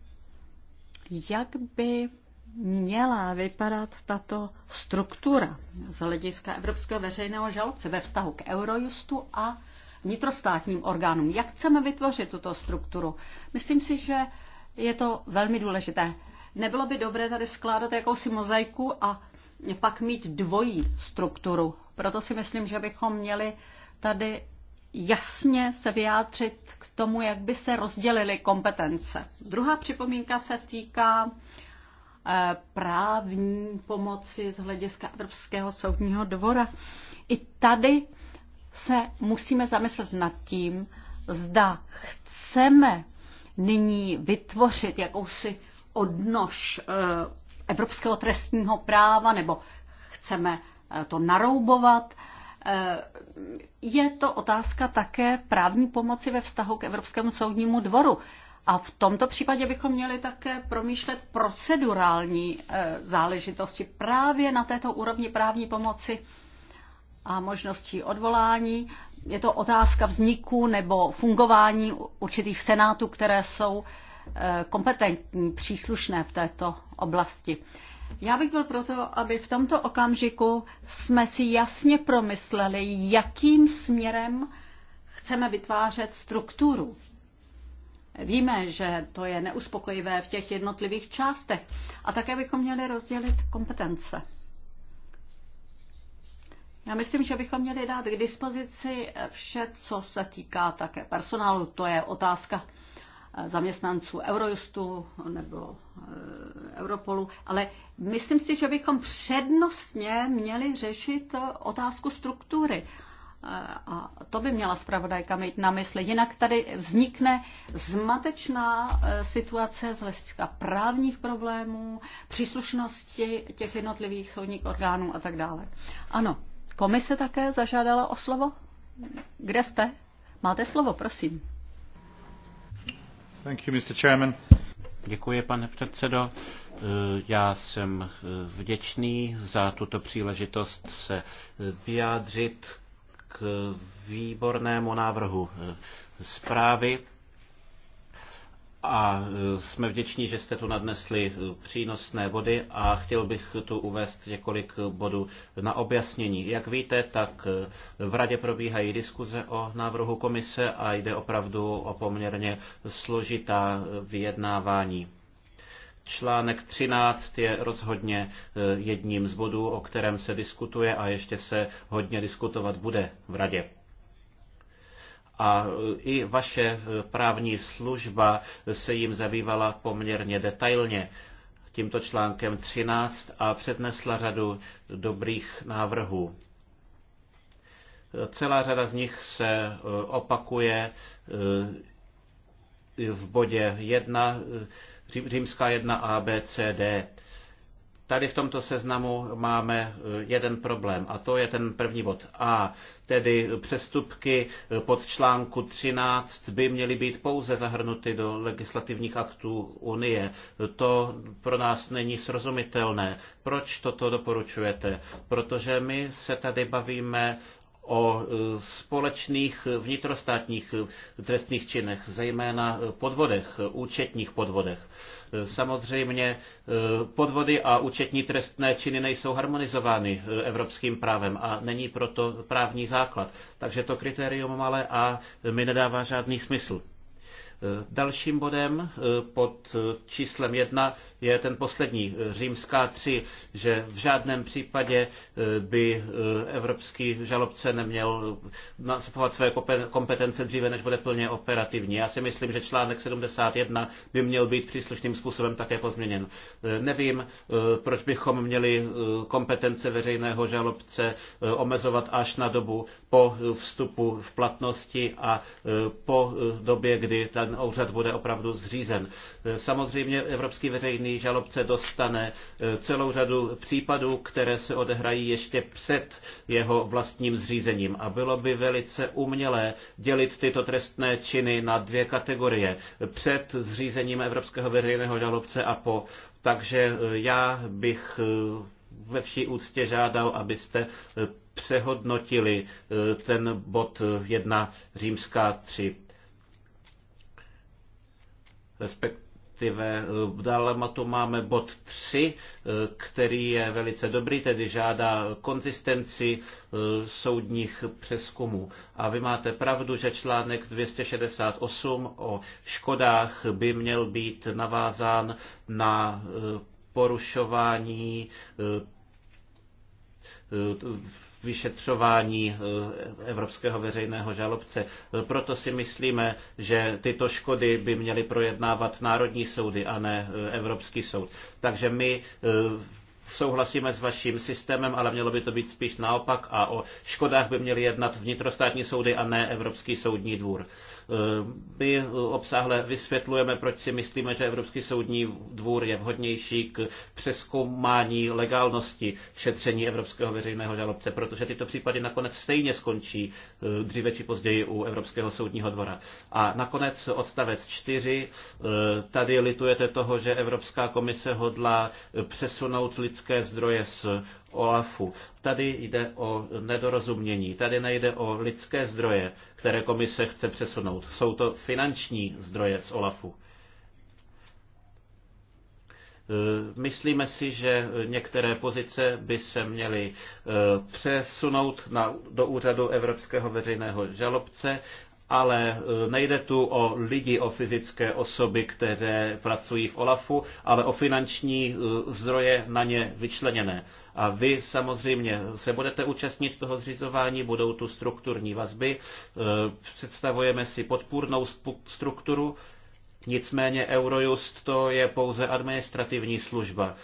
jak by měla vypadat tato struktura z hlediska Evropského veřejného žalobce ve vztahu k Eurojustu a vnitrostátním orgánům. Jak chceme vytvořit tuto strukturu? Myslím si, že je to velmi důležité. Nebylo by dobré tady skládat jakousi mozaiku a pak mít dvojí strukturu. Proto si myslím, že bychom měli tady jasně se vyjádřit k tomu, jak by se rozdělily kompetence. Druhá připomínka se týká eh, právní pomoci z hlediska Evropského soudního dvora. I tady se musíme zamyslet nad tím, zda chceme nyní vytvořit jakousi odnož eh, evropského trestního práva, nebo chceme eh, to naroubovat. Eh, je to otázka také právní pomoci ve vztahu k Evropskému soudnímu dvoru. A v tomto případě bychom měli také promýšlet procedurální záležitosti právě na této úrovni právní pomoci a možností odvolání. Je to otázka vzniku nebo fungování určitých senátů, které jsou kompetentní, příslušné v této oblasti. Já bych byl proto, aby v tomto okamžiku jsme si jasně promysleli, jakým směrem chceme vytvářet strukturu. Víme, že to je neuspokojivé v těch jednotlivých částech a také bychom měli rozdělit kompetence. Já myslím, že bychom měli dát k dispozici vše, co se týká také personálu. To je otázka zaměstnanců Eurojustu nebo eh, Europolu, ale myslím si, že bychom přednostně měli řešit eh, otázku struktury. Eh, a to by měla zpravodajka mít na mysli. Jinak tady vznikne zmatečná situace z hlediska právních problémů, příslušnosti těch jednotlivých soudních orgánů a tak dále. Ano, komise také zažádala o slovo. Kde jste? Máte slovo, prosím. Děkuji, pane předsedo. Eh, já jsem eh, vděčný za tuto příležitost se eh, vyjádřit k výbornému návrhu zprávy a e, jsme vděční, že jste tu nadnesli e, přínosné body a chtěl bych tu uvést několik bodů na objasnění. Jak víte, tak e, v Radě probíhají diskuze o návrhu komise a jde opravdu o poměrně složitá vyjednávání. Článek 13 je rozhodně jedním z bodů, o kterém se diskutuje a ještě se hodně diskutovat bude v Radě. A i vaše právní služba se jim zabývala poměrně detailně tímto článkem 13 a přednesla řadu dobrých návrhů. Celá řada z nich se eh, opakuje eh, v bodě 1, eh, římská 1 A, B, C, D. Tady v tomto seznamu máme eh, jeden problém a to je ten první bod A, tedy přestupky eh, pod článku 13 by měly být pouze zahrnuty do legislativních aktů Unie. To pro nás není srozumitelné. Proč toto doporučujete? Protože my se tady bavíme o e, společných vnitrostátních trestných činech, zejména podvodech, účetních podvodech. E, samozřejmě e, podvody a účetní trestné činy nejsou harmonizovány evropským právem a není proto právní základ. Takže to kritérium malé a mi nedává žádný smysl. Eh, dalším bodem eh, pod eh, číslem 1 je ten poslední, římská 3, že v žádném případě by evropský žalobce neměl nastupovat své kompetence dříve, než bude plně operativní. Já si myslím, že článek 71 by měl být příslušným způsobem také pozměněn. Nevím, proč bychom měli kompetence veřejného žalobce omezovat až na dobu po vstupu v platnosti a po době, kdy ta ten úřad bude opravdu zřízen. Samozřejmě Evropský veřejný žalobce dostane eh, celou řadu případů, které se odehrají ještě před jeho vlastním zřízením. A bylo by velice umělé dělit tyto trestné činy na dvě kategorie. Před zřízením Evropského veřejného žalobce a po. Takže eh, já bych eh, ve vší úctě žádal, abyste přehodnotili ten bod 1 římská 3 respektive eh, dále tu máme bod 3, eh, který je velice dobrý, tedy žádá konzistenci eh, soudních přeskumů. A vy máte pravdu, že článek 268 o škodách by měl být navázán na porušování Eh, vyšetřování eh, Evropského veřejného žalobce. Eh, proto si myslíme, že tyto škody by měly projednávat národní soudy a ne Evropský soud. Takže my souhlasíme s vaším systémem, ale mělo by to být spíš naopak a o škodách by měly jednat vnitrostátní soudy a ne Evropský soudní dvůr. Eh, my obsáhle vysvětlujeme, proč si myslíme, že Evropský soudní dvůr je vhodnější k přeskoumání legálnosti šetření Evropského veřejného žalobce, protože tyto případy nakonec stejně skončí eh, dříve či později u Evropského soudního dvora. A nakonec odstavec 4. Eh, tady litujete toho, že Evropská komise hodlá přesunout lidské lidské zdroje z OAFu. Tady jde o nedorozumění, tady nejde o lidské zdroje, které komise chce přesunout. Jsou to finanční zdroje z OLAFu. E, myslíme si, že některé pozice by se měly e, přesunout na, do úřadu Evropského veřejného žalobce ale e, nejde tu o lidi, o fyzické osoby, které pracují v OLAFu, ale o finanční e, zdroje na ně vyčleněné. A vy samozřejmě se budete účastnit toho zřizování, budou tu strukturní vazby, e, představujeme si podpůrnou strukturu, Nicméně Eurojust to je pouze administrativní služba.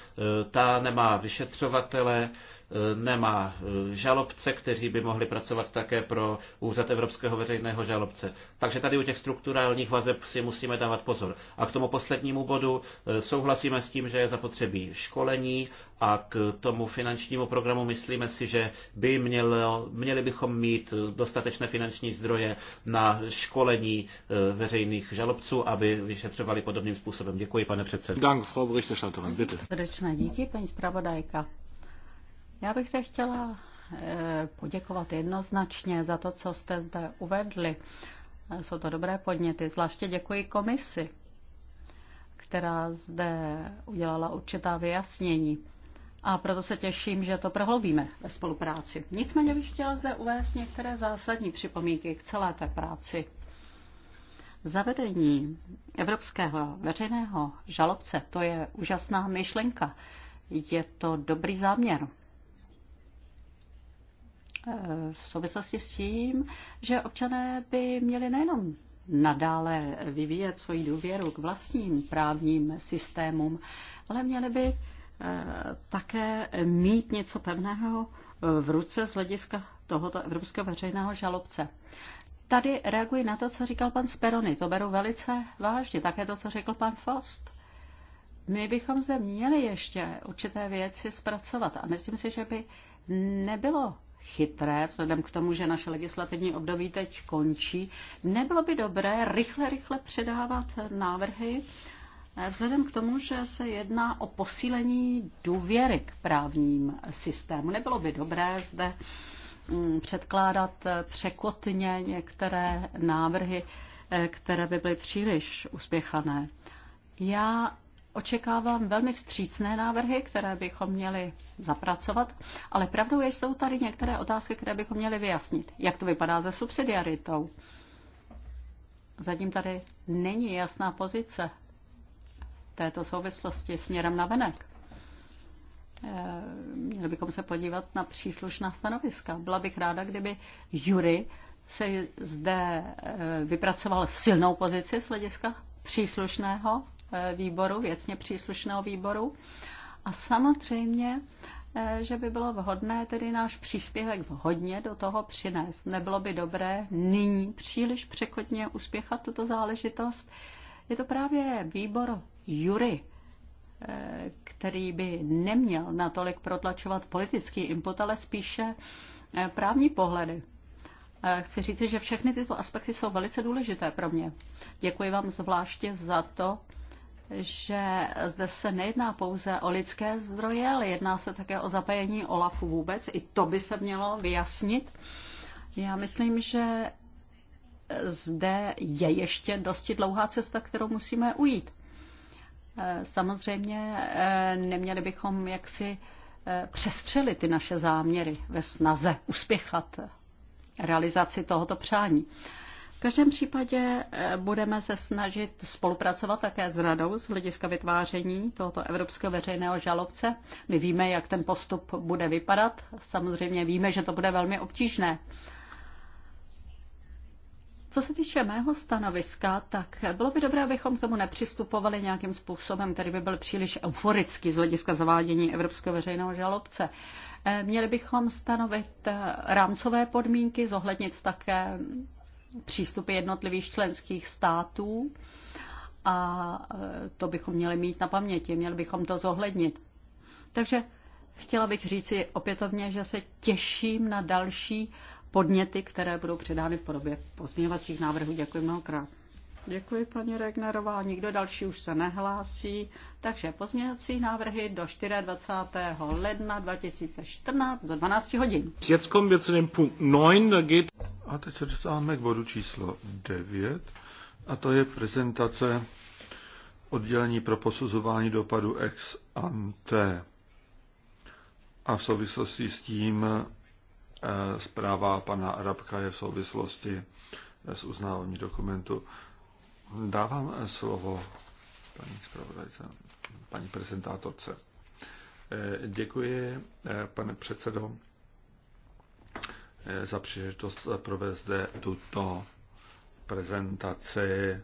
Ta nemá vyšetřovatele, Eh, nemá eh, žalobce, kteří by mohli pracovat také pro úřad Evropského veřejného žalobce. Takže tady u těch strukturálních vazeb si musíme dávat pozor. A k tomu poslednímu bodu eh, souhlasíme s tím, že je zapotřebí školení a k tomu finančnímu programu myslíme si, že by mělo, měli bychom mít dostatečné finanční zdroje na školení veřejných žalobců, aby vyšetřovali podobným způsobem. Děkuji, pane předsedo. Dank, díky, paní zpravodajka. Já bych se chtěla eh, poděkovat jednoznačně za to, co jste zde uvedli. Jsou to dobré podněty. Zvláště děkuji komisi, která zde udělala určitá vyjasnění. A proto se těším, že to prohloubíme ve spolupráci. Nicméně bych chtěla zde uvést některé zásadní připomínky k celé té práci. Zavedení evropského veřejného žalobce, to je úžasná myšlenka. Je to dobrý záměr v souvislosti s tím, že občané by měli nejenom nadále vyvíjet svoji důvěru k vlastním právním systémům, ale měli by eh, také mít něco pevného eh, v ruce z hlediska tohoto evropského veřejného žalobce. Tady reaguji na to, co říkal pan Sperony. To beru velice vážně. Také to, co řekl pan Fost. My bychom zde měli ještě určité věci zpracovat a myslím si, že by nebylo chytré, vzhledem k tomu, že naše legislativní období teď končí, nebylo by dobré rychle, rychle předávat návrhy, eh, Vzhledem k tomu, že se jedná o posílení důvěry k právním systému, nebylo by dobré zde mm, předkládat eh, překotně některé návrhy, eh, které by byly příliš uspěchané. Já očekávám velmi vstřícné návrhy, které bychom měli zapracovat, ale pravdou je, že jsou tady některé otázky, které bychom měli vyjasnit. Jak to vypadá se subsidiaritou? Zatím tady není jasná pozice této souvislosti směrem na venek. Eh, měli bychom se podívat na příslušná stanoviska. Byla bych ráda, kdyby jury se zde eh, vypracoval silnou pozici z hlediska příslušného Eh, výboru, věcně příslušného výboru. A samozřejmě, eh, že by bylo vhodné tedy náš příspěvek vhodně do toho přinést. Nebylo by dobré nyní příliš překotně uspěchat tuto záležitost. Je to právě výbor jury, eh, který by neměl natolik protlačovat politický input, ale spíše právní pohledy. Chci říct, že všechny tyto aspekty jsou velice důležité pro mě. Děkuji vám zvláště za to, že zde se nejedná pouze o lidské zdroje, ale jedná se také o zapojení OLAFu vůbec. I to by se mělo vyjasnit. Já myslím, že zde je ještě dosti dlouhá cesta, kterou musíme ujít. Eh, samozřejmě eh, neměli bychom jaksi eh, přestřelit ty naše záměry ve snaze uspěchat realizaci tohoto přání každém případě eh, budeme se snažit spolupracovat také s radou z hlediska vytváření tohoto evropského veřejného žalobce. My víme, jak ten postup bude vypadat. Samozřejmě víme, že to bude velmi obtížné. Co se týče mého stanoviska, tak bylo by dobré, abychom k tomu nepřistupovali nějakým způsobem, který by byl příliš euforický z hlediska zavádění Evropského veřejného žalobce. Eh, měli bychom stanovit eh, rámcové podmínky, zohlednit také přístupy jednotlivých členských států a e, to bychom měli mít na paměti, měli bychom to zohlednit. Takže chtěla bych říci opětovně, že se těším na další podněty, které budou předány v podobě pozměňovacích návrhů. Děkuji mnohokrát. Děkuji, paní Regnerová. Nikdo další už se nehlásí. Takže pozměňovací návrhy do 24. ledna 2014 do 12 hodin. Jetzt kommen wir zu dem Punkt 9, da geht... A teď se dostáváme k bodu číslo 9, a to je prezentace oddělení pro posuzování dopadu ex ante. A v souvislosti s tím eh, zpráva pana Arabka je v souvislosti s uznávání dokumentu. Dávám slovo paní zpravodajce, paní prezentátorce. Eh, děkuji, eh, pane předsedo, eh, za příležitost provést zde tuto prezentaci.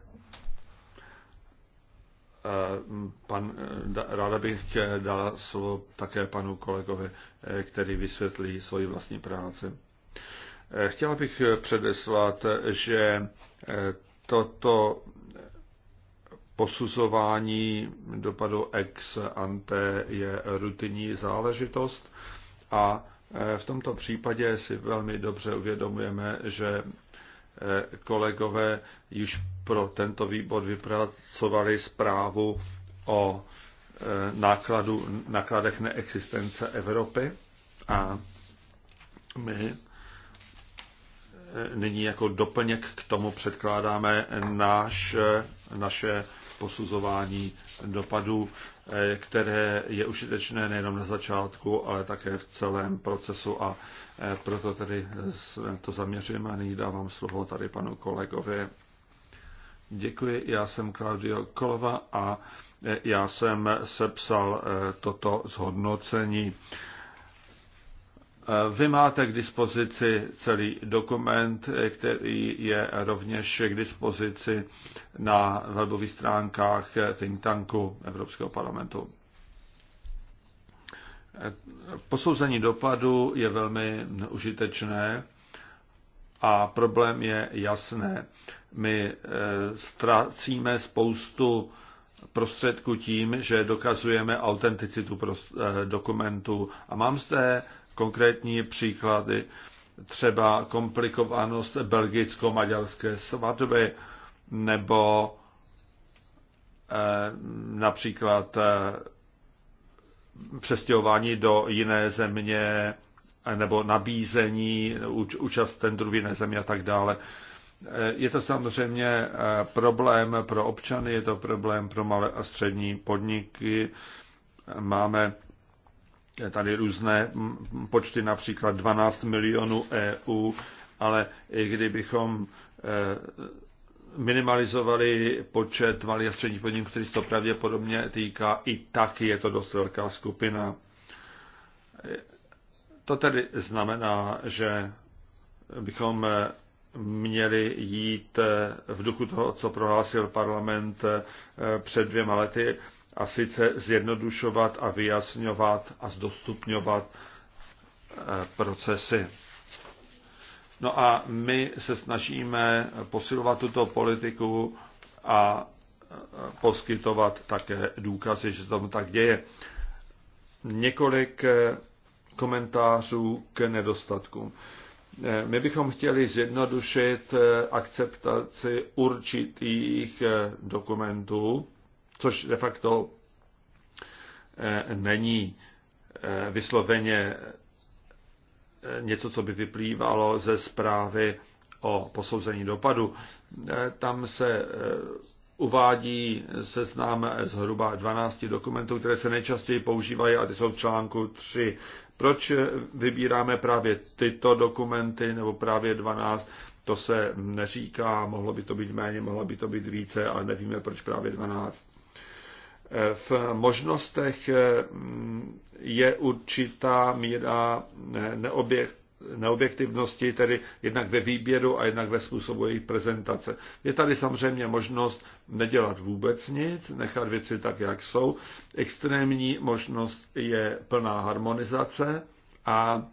Pan, ráda bych dala slovo také panu kolegovi, který vysvětlí svoji vlastní práci. Chtěla bych předeslat, že toto posuzování dopadu ex ante je rutinní záležitost a e, v tomto případě si velmi dobře uvědomujeme, že e, kolegové již pro tento výbor vypracovali zprávu o e, nákladu, nákladech neexistence Evropy a my nyní jako doplněk k tomu předkládáme náš, naše posuzování dopadů, které je užitečné nejenom na začátku, ale také v celém procesu a e, proto tedy to zaměřím a nyní dávám slovo tady panu kolegovi. Děkuji, já jsem Claudio Kolova a e, já jsem sepsal e, toto zhodnocení. Eh, vy máte k dispozici celý dokument, eh, který je rovněž k dispozici na webových stránkách think tanku Evropského parlamentu. Eh, posouzení dopadu je velmi užitečné a problém je jasné. My ztrácíme spoustu prostředku tím, že dokazujeme autenticitu dokumentu. A mám zde konkrétní příklady, třeba komplikovanost belgicko-maďarské svatby nebo eh, například eh, přestěhování do jiné země nebo nabízení, účast tendru v jiné země a tak dále. Eh, je to samozřejmě problém pro občany, je to problém pro malé a střední podniky. Máme tady různé počty, například 12 milionů EU, ale i kdybychom eh, minimalizovali počet malých a středních podniků, který se to pravděpodobně týká, i tak je to dost velká skupina. To tedy znamená, že bychom eh, měli jít eh, v duchu toho, co prohlásil parlament před dvěma lety, a sice zjednodušovat a vyjasňovat a zdostupňovat eh, procesy. No a my se snažíme posilovat tuto politiku a eh, poskytovat také důkazy, že tomu tak děje. Několik eh, komentářů k nedostatkům. My bychom chtěli zjednodušit akceptaci určitých dokumentů, což de facto eh, není eh, vysloveně eh, něco, co by vyplývalo ze zprávy o posouzení dopadu. Tam se uvádí seznám zhruba 12 dokumentů, které se nejčastěji používají a ty jsou v článku 3. Proč vybíráme právě tyto dokumenty nebo právě 12? To se neříká, mohlo by to být méně, mohlo by to být více, ale nevíme, proč právě 12 v možnostech eh, je určitá míra eh, neobjekt, neobjektivnosti, tedy jednak ve výběru a jednak ve způsobu jejich prezentace. Je tady samozřejmě možnost nedělat vůbec nic, nechat věci tak, jak jsou. Extrémní možnost je plná harmonizace a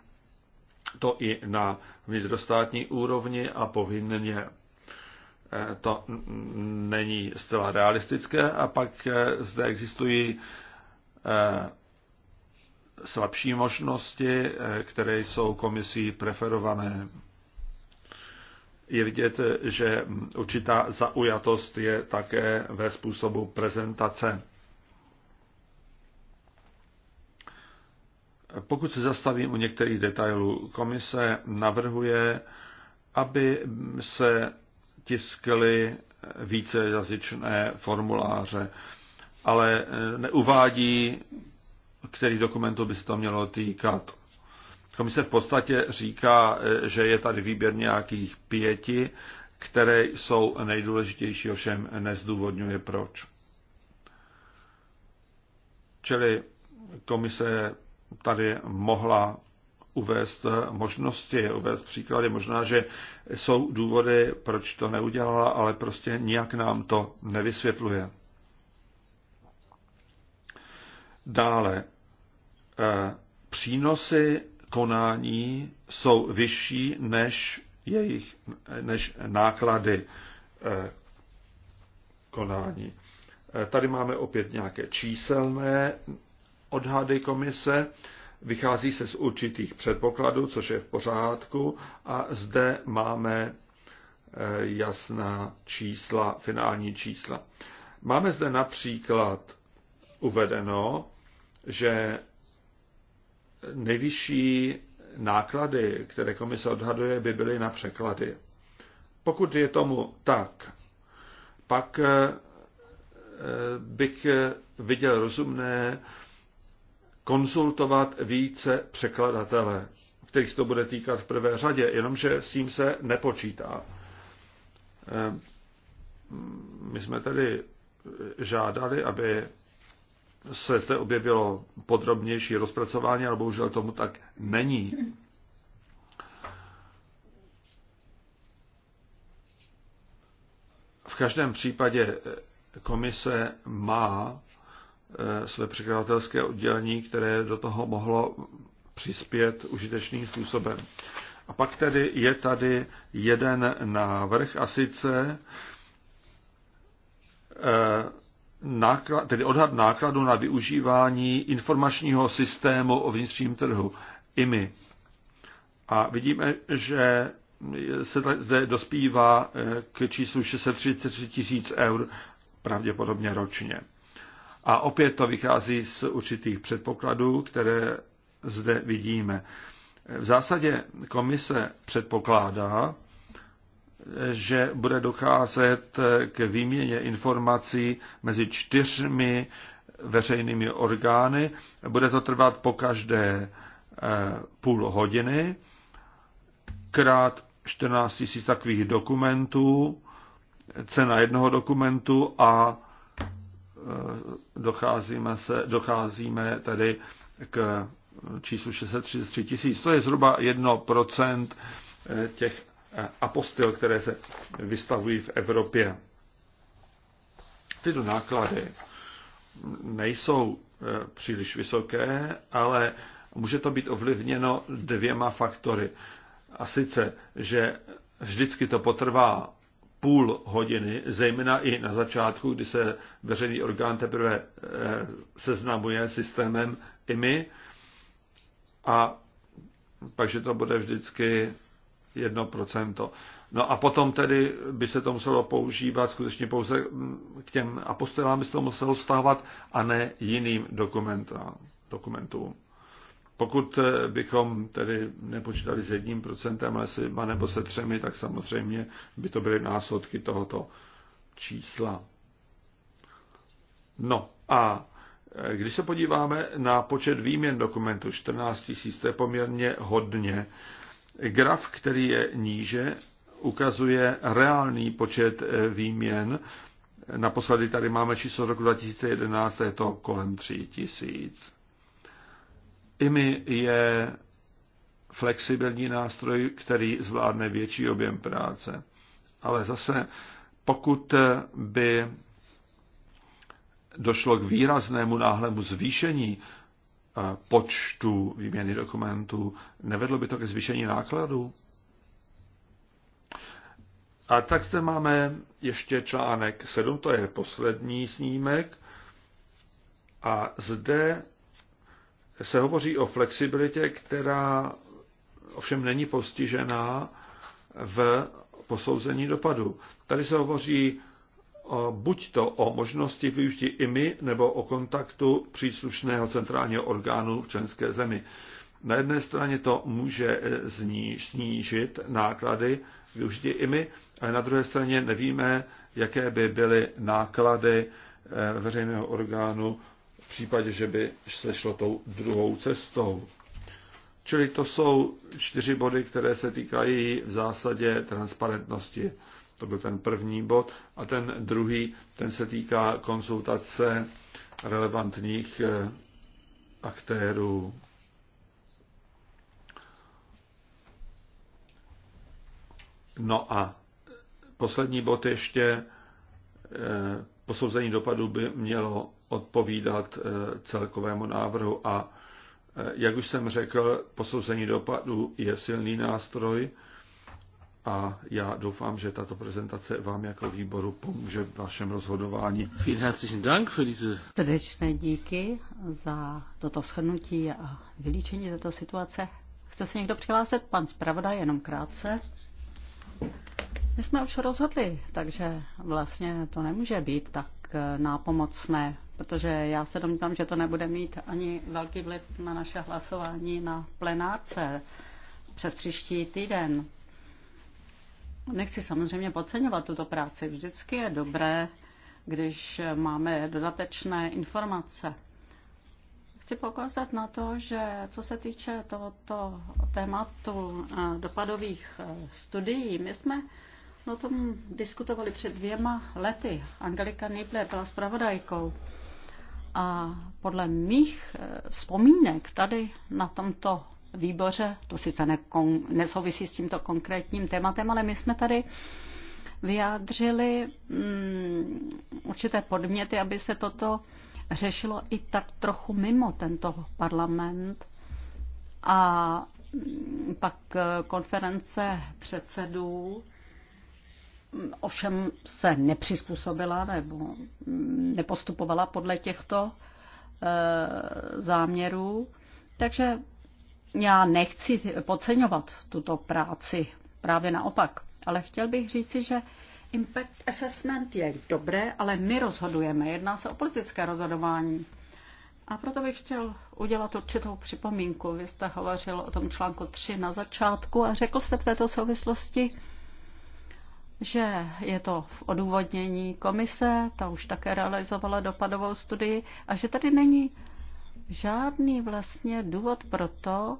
to i na vnitrostátní úrovni a povinně to není zcela realistické. A pak eh, zde existují eh, slabší možnosti, eh, které jsou komisí preferované. Je vidět, že určitá zaujatost je také ve způsobu prezentace. Pokud se zastavím u některých detailů, komise navrhuje, aby se tiskly vícejazyčné formuláře, ale eh, neuvádí, který dokumentů by se to mělo týkat. Komise v podstatě říká, eh, že je tady výběr nějakých pěti, které jsou nejdůležitější, ovšem nezdůvodňuje proč. Čili komise tady mohla uvést možnosti, uvést příklady. Možná, že jsou důvody, proč to neudělala, ale prostě nijak nám to nevysvětluje. Dále. Eh, přínosy konání jsou vyšší než jejich než náklady eh, konání. Eh, tady máme opět nějaké číselné odhady komise vychází se z určitých předpokladů, což je v pořádku, a zde máme e, jasná čísla, finální čísla. Máme zde například uvedeno, že nejvyšší náklady, které komise odhaduje, by byly na překlady. Pokud je tomu tak, pak e, e, bych viděl rozumné konzultovat více překladatele, kterých se to bude týkat v prvé řadě, jenomže s tím se nepočítá. Ehm, my jsme tedy žádali, aby se zde objevilo podrobnější rozpracování, ale bohužel tomu tak není. V každém případě komise má Eh, své překladatelské oddělení, které do toho mohlo přispět užitečným způsobem. A pak tedy je tady jeden návrh, a sice eh, náklad, tedy odhad nákladu na využívání informačního systému o vnitřním trhu IMI. A vidíme, že se zde dospívá eh, k číslu 633 tisíc eur pravděpodobně ročně. A opět to vychází z určitých předpokladů, které zde vidíme. V zásadě komise předpokládá, že bude docházet k výměně informací mezi čtyřmi veřejnými orgány. Bude to trvat po každé eh, půl hodiny, krát 14 000 takových dokumentů, cena jednoho dokumentu a Eh, docházíme, se, docházíme tedy k číslu 633 tisíc. To je zhruba 1% eh, těch eh, apostil, které se vystavují v Evropě. Tyto náklady nejsou příliš vysoké, ale může to být ovlivněno dvěma faktory. A sice, že vždycky to potrvá půl hodiny, zejména i na začátku, kdy se veřejný orgán teprve eh, seznamuje systémem IMI. A takže to bude vždycky 1%. No a potom tedy by se to muselo používat skutečně pouze hm, k těm apostolám, by se to muselo stávat a ne jiným dokumentům. Pokud eh, bychom tedy nepočítali s jedním procentem, ale se, jedma nebo se třemi, tak samozřejmě by to byly následky tohoto čísla. No a eh, když se podíváme na počet výměn dokumentů, 14 000, to je poměrně hodně. Graf, který je níže, ukazuje reálný počet eh, výměn. Naposledy tady máme číslo roku 2011, je to kolem 3 000. IMI je flexibilní nástroj, který zvládne větší objem práce. Ale zase, pokud by došlo k výraznému náhlému zvýšení eh, počtu výměny dokumentů, nevedlo by to ke zvýšení nákladů? A tak zde máme ještě článek 7, to je poslední snímek. A zde se hovoří o flexibilitě, která ovšem není postižená v posouzení dopadu. Tady se hovoří buď to o možnosti využití IMI nebo o kontaktu příslušného centrálního orgánu v členské zemi. Na jedné straně to může snížit náklady využití IMI, ale na druhé straně nevíme, jaké by byly náklady eh, veřejného orgánu v případě, že by se šlo tou druhou cestou. Čili to jsou čtyři body, které se týkají v zásadě transparentnosti. To byl ten první bod. A ten druhý, ten se týká konzultace relevantních eh, aktérů. No a poslední bod ještě eh, posouzení dopadu by mělo odpovídat eh, celkovému návrhu. A eh, jak už jsem řekl, posouzení dopadu je silný nástroj a já doufám, že tato prezentace vám jako výboru pomůže v vašem rozhodování. Srdečné díky za toto shrnutí a vylíčení této situace. Chce se někdo přihlásit? Pan zpravodaj, jenom krátce. My jsme už rozhodli, takže vlastně to nemůže být tak eh, nápomocné protože já se domnívám, že to nebude mít ani velký vliv na naše hlasování na plenárce přes příští týden. Nechci samozřejmě podceňovat tuto práci. Vždycky je dobré, když máme dodatečné informace. Chci poukázat na to, že co se týče tohoto tématu eh, dopadových eh, studií, my jsme o tom diskutovali před dvěma lety. Angelika Nýble byla zpravodajkou. A podle mých eh, vzpomínek tady na tomto výboře, to sice nekon, nesouvisí s tímto konkrétním tématem, ale my jsme tady vyjádřili mm, určité podměty, aby se toto řešilo i tak trochu mimo tento parlament. A mm, pak eh, konference předsedů ovšem se nepřizpůsobila nebo nepostupovala podle těchto eh, záměrů. Takže já nechci podceňovat tuto práci, právě naopak. Ale chtěl bych říci, že impact assessment je dobré, ale my rozhodujeme. Jedná se o politické rozhodování. A proto bych chtěl udělat určitou připomínku. Vy jste hovořil o tom článku 3 na začátku a řekl jste v této souvislosti, že je to v odůvodnění komise, ta už také realizovala dopadovou studii, a že tady není žádný vlastně důvod pro to,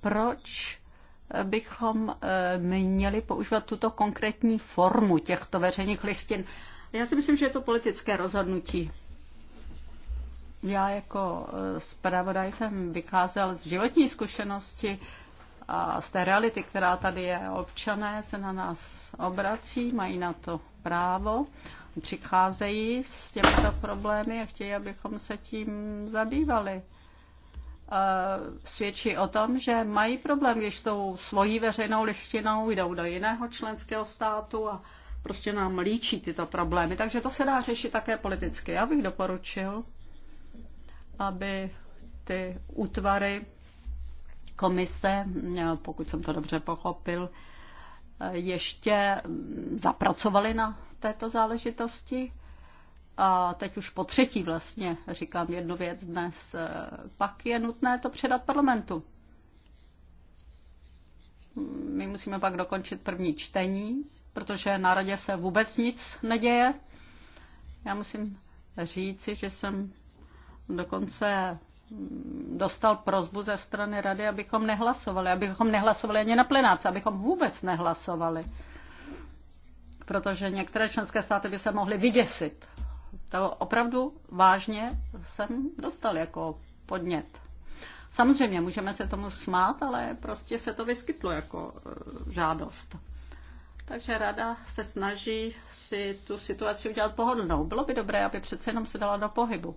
proč bychom eh, měli používat tuto konkrétní formu těchto veřejných listin. Já si myslím, že je to politické rozhodnutí. Já jako eh, zpravodaj jsem vycházel z životní zkušenosti a z té reality, která tady je. Občané se na nás obrací, mají na to právo, přicházejí s těmito problémy a chtějí, abychom se tím zabývali. E, svědčí o tom, že mají problém, když tou svojí veřejnou listinou jdou do jiného členského státu a prostě nám líčí tyto problémy. Takže to se dá řešit také politicky. Já bych doporučil, aby ty útvary Komise, eh, pokud jsem to dobře pochopil, eh, ještě mm, zapracovali na této záležitosti. A teď už po třetí vlastně říkám jednu věc dnes. Eh, pak je nutné to předat parlamentu. My musíme pak dokončit první čtení, protože na radě se vůbec nic neděje. Já musím říci, že jsem dokonce dostal prozbu ze strany rady, abychom nehlasovali, abychom nehlasovali ani na plenáce, abychom vůbec nehlasovali. Protože některé členské státy by se mohly vyděsit. To opravdu vážně jsem dostal jako podnět. Samozřejmě můžeme se tomu smát, ale prostě se to vyskytlo jako e, žádost. Takže rada se snaží si tu situaci udělat pohodlnou. Bylo by dobré, aby přece jenom se dala do pohybu.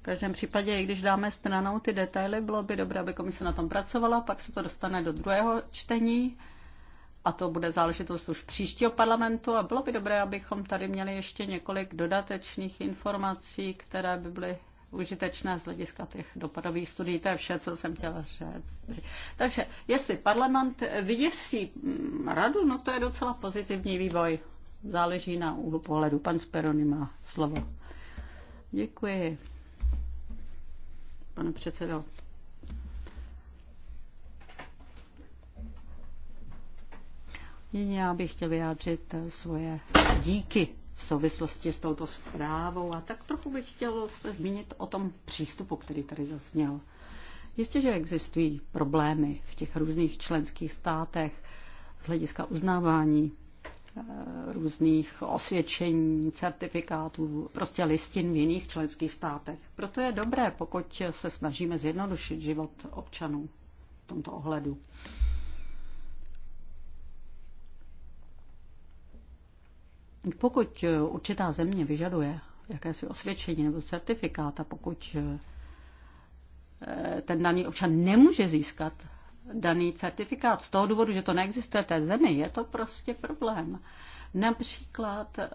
V každém případě, i když dáme stranou ty detaily, bylo by dobré, aby komise na tom pracovala, pak se to dostane do druhého čtení a to bude záležitost už příštího parlamentu a bylo by dobré, abychom tady měli ještě několik dodatečných informací, které by byly užitečné z hlediska těch dopadových studií. To je vše, co jsem chtěla říct. Takže jestli parlament vyděsí mm, radu, no to je docela pozitivní vývoj. Záleží na úhlu pohledu. Pan Speroni má slovo. Děkuji pane předsedo. Já bych chtěl vyjádřit svoje díky v souvislosti s touto zprávou a tak trochu bych chtěl se zmínit o tom přístupu, který tady zazněl. Jistě, že existují problémy v těch různých členských státech z hlediska uznávání Eh, různých osvědčení, certifikátů, prostě listin v jiných členských státech. Proto je dobré, pokud se snažíme zjednodušit život občanů v tomto ohledu. Pokud určitá země vyžaduje jakési osvědčení nebo certifikát a pokud eh, ten daný občan nemůže získat daný certifikát. Z toho důvodu, že to neexistuje v té zemi, je to prostě problém. Například eh,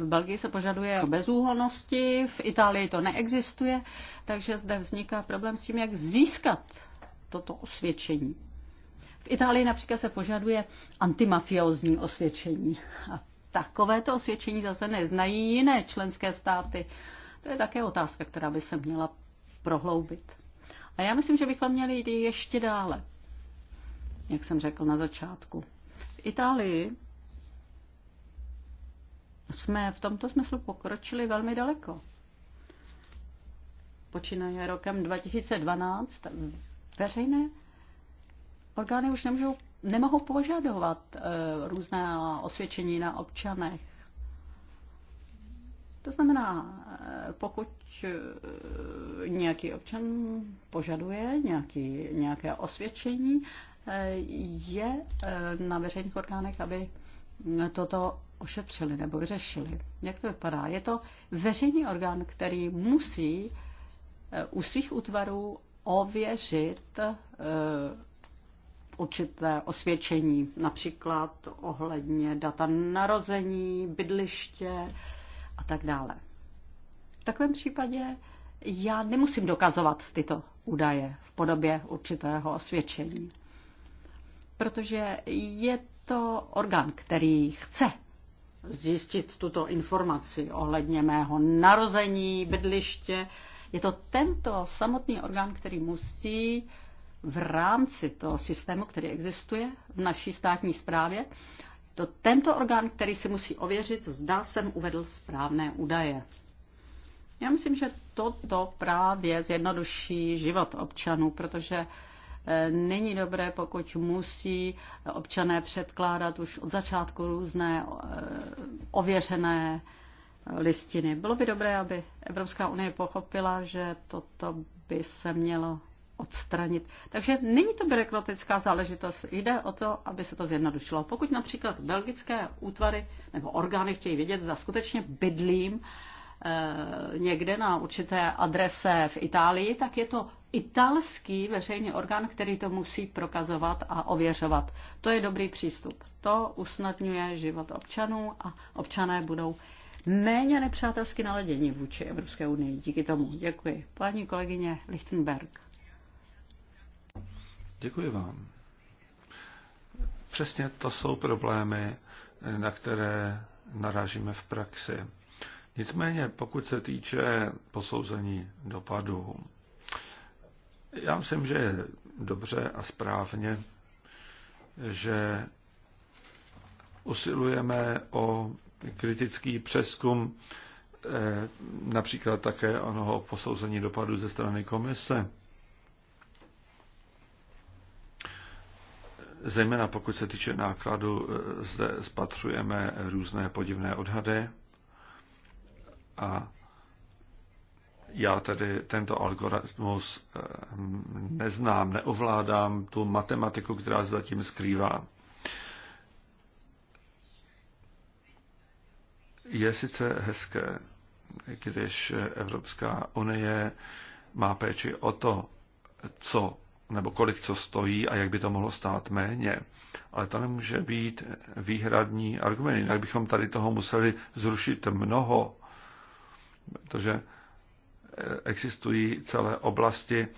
v Belgii se požaduje o bezúhonosti, v Itálii to neexistuje, takže zde vzniká problém s tím, jak získat toto osvědčení. V Itálii například se požaduje antimafiozní osvědčení. A takovéto osvědčení zase neznají jiné členské státy. To je také otázka, která by se měla prohloubit. A já myslím, že bychom měli jít ještě dále, jak jsem řekl na začátku. V Itálii jsme v tomto smyslu pokročili velmi daleko. Počínaje rokem 2012 veřejné orgány už nemůžou, nemohou požadovat e, různá osvědčení na občanech. To znamená, eh, pokud eh, nějaký občan požaduje nějaký, nějaké osvědčení, eh, je na veřejných orgánech, aby toto ošetřili nebo vyřešili. Jak to vypadá? Je to veřejný orgán, který musí u svých útvarů ověřit určité osvědčení, například ohledně data narození, bydliště, a tak dále. V takovém případě já nemusím dokazovat tyto údaje v podobě určitého osvědčení, protože je to orgán, který chce zjistit tuto informaci ohledně mého narození, bydliště. Je to tento samotný orgán, který musí v rámci toho systému, který existuje v naší státní správě, to tento orgán, který si musí ověřit, zda jsem uvedl správné údaje. Já myslím, že toto právě zjednoduší život občanů, protože eh, není dobré, pokud musí občané předkládat už od začátku různé eh, ověřené listiny. Bylo by dobré, aby Evropská unie pochopila, že toto by se mělo odstranit. Takže není to byrokratická záležitost, jde o to, aby se to zjednodušilo. Pokud například belgické útvary nebo orgány chtějí vědět, zda skutečně bydlím e, někde na určité adrese v Itálii, tak je to italský veřejný orgán, který to musí prokazovat a ověřovat. To je dobrý přístup. To usnadňuje život občanů a občané budou méně nepřátelsky naladění vůči Evropské unii. Díky tomu. Děkuji. Paní kolegyně Lichtenberg. Děkuji vám. Přesně to jsou problémy, na které narážíme v praxi. Nicméně, pokud se týče posouzení dopadů, já myslím, že je dobře a správně, že usilujeme o kritický přeskum eh, například také onoho posouzení dopadu ze strany komise. Zejména pokud se týče nákladu, eh, zde spatřujeme různé podivné odhady a já tedy tento algoritmus eh, neznám, neovládám tu matematiku, která se zatím skrývá. Je sice hezké, když Evropská unie má péči o to, co nebo kolik co stojí a jak by to mohlo stát méně. Ale to nemůže být výhradní argument, jinak bychom tady toho museli zrušit mnoho, protože e, existují celé oblasti,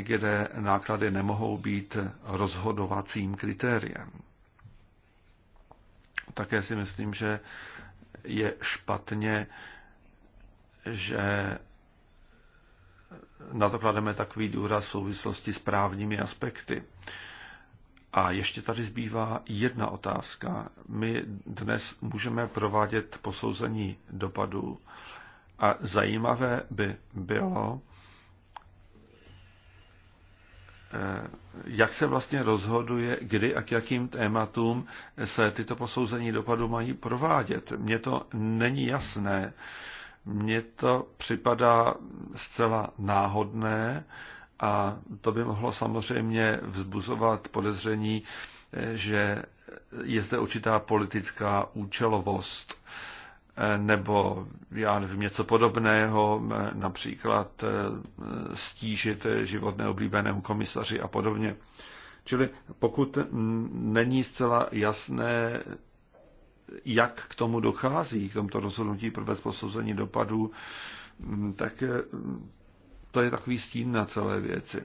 kde náklady nemohou být rozhodovacím kritériem. Také si myslím, že je špatně, že na to klademe takový důraz v souvislosti s právními aspekty. A ještě tady zbývá jedna otázka. My dnes můžeme provádět posouzení dopadů a zajímavé by bylo, eh, jak se vlastně rozhoduje, kdy a k jakým tématům se tyto posouzení dopadu mají provádět. Mně to není jasné mně to připadá zcela náhodné a to by mohlo samozřejmě vzbuzovat podezření, že je zde určitá politická účelovost nebo já nevím, něco podobného, například stížit život neoblíbenému komisaři a podobně. Čili pokud není zcela jasné, jak k tomu dochází, k tomto rozhodnutí pro posouzení dopadů, mm, tak eh, to je takový stín na celé věci.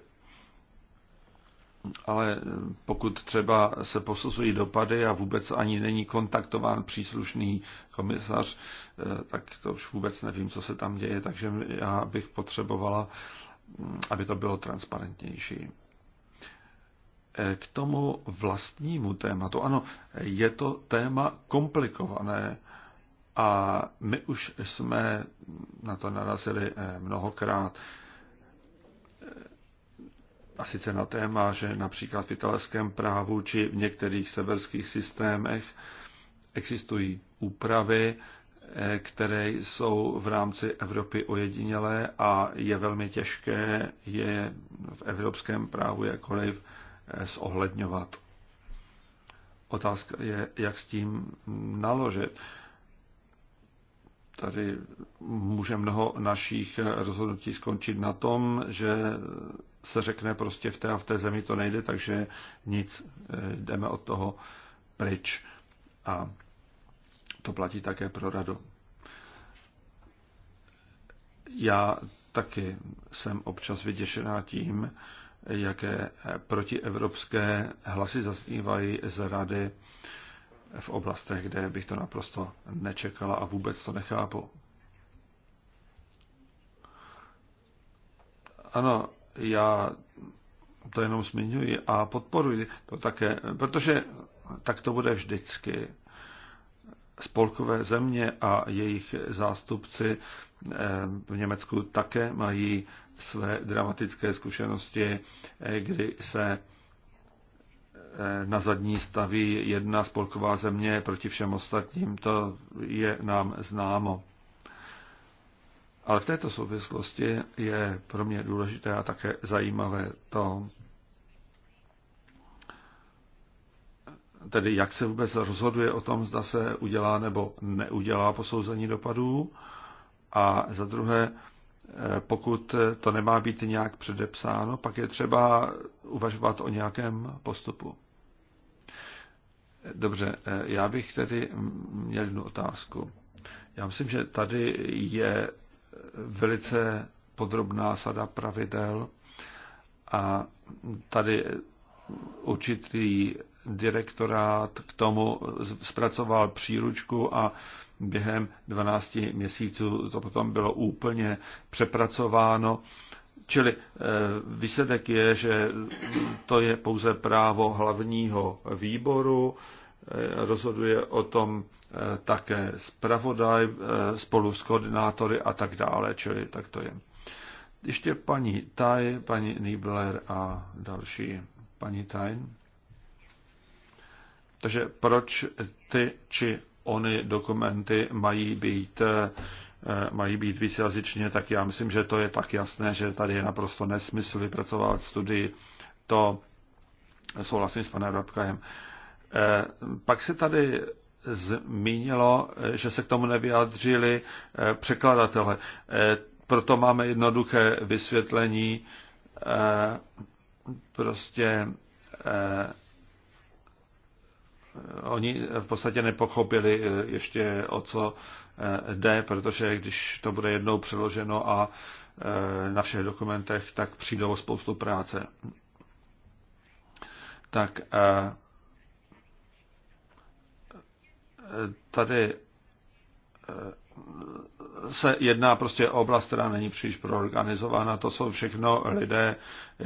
Ale eh, pokud třeba se posuzují dopady a vůbec ani není kontaktován příslušný komisař, eh, tak to už vůbec nevím, co se tam děje, takže já bych potřebovala, mm, aby to bylo transparentnější. Eh, k tomu vlastnímu tématu. Ano, je to téma komplikované a my už jsme na to narazili eh, mnohokrát. Eh, a sice na téma, že například v italském právu či v některých severských systémech existují úpravy, které jsou v rámci Evropy ojedinělé a je velmi těžké je v evropském právu jakkoliv zohledňovat. Otázka je, jak s tím naložit. Tady může mnoho našich rozhodnutí skončit na tom, že se řekne prostě v té a v té zemi to nejde, takže nic, eh, jdeme od toho pryč. A to platí také pro radu. Já taky jsem občas vyděšená tím, jaké protievropské hlasy zaznívají z rady v oblastech, kde bych to naprosto nečekala a vůbec to nechápu. Ano, já to jenom zmiňuji a podporuji to také, protože tak to bude vždycky spolkové země a jejich zástupci eh, v Německu také mají své dramatické zkušenosti, eh, kdy se eh, na zadní staví jedna spolková země proti všem ostatním. To je nám známo. Ale v této souvislosti je pro mě důležité a také zajímavé to, tedy jak se vůbec rozhoduje o tom, zda se udělá nebo neudělá posouzení dopadů. A za druhé, eh, pokud to nemá být nějak předepsáno, pak je třeba uvažovat o nějakém postupu. Dobře, eh, já bych tedy měl jednu otázku. Já myslím, že tady je velice podrobná sada pravidel a tady určitý direktorát k tomu zpracoval příručku a během 12 měsíců to potom bylo úplně přepracováno. Čili eh, výsledek je, že to je pouze právo hlavního výboru, eh, rozhoduje o tom eh, také zpravodaj spolu s koordinátory a tak dále, čili tak to je. Ještě paní Taj, paní Niebler a další. Paní Tajn. Takže proč ty či ony dokumenty mají být, eh, mají být vícejazyčně, tak já myslím, že to je tak jasné, že tady je naprosto nesmysl vypracovat studii. To souhlasím s panem Rabkajem. Eh, pak se tady zmínilo, že se k tomu nevyjádřili eh, překladatele. Proto máme jednoduché vysvětlení. Prostě oni v podstatě nepochopili eh, ještě o co eh, jde, protože když to bude jednou přeloženo a eh, na všech dokumentech, tak přijdou o spoustu práce. Tak tady se jedná prostě o oblast, která není příliš proorganizována. To jsou všechno lidé,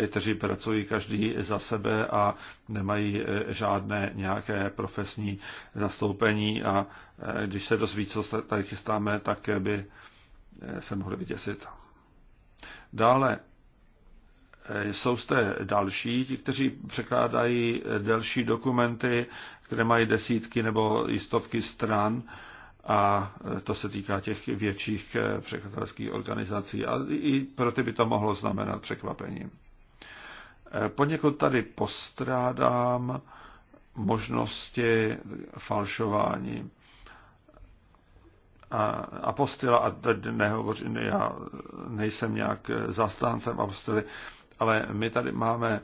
kteří pracují každý za sebe a nemají eh, žádné nějaké profesní zastoupení a eh, když se dozví, co tady chystáme, tak eh, by se mohli vyděsit. Dále jsou zde další, ti, kteří překládají delší dokumenty, které mají desítky nebo i stovky stran a e, to se týká těch větších e, překladatelských organizací a i pro ty by to mohlo znamenat překvapení. E, poněkud tady postrádám možnosti falšování. A apostila, a teď nehovořím, já nejsem nějak zastáncem apostily, ale my tady máme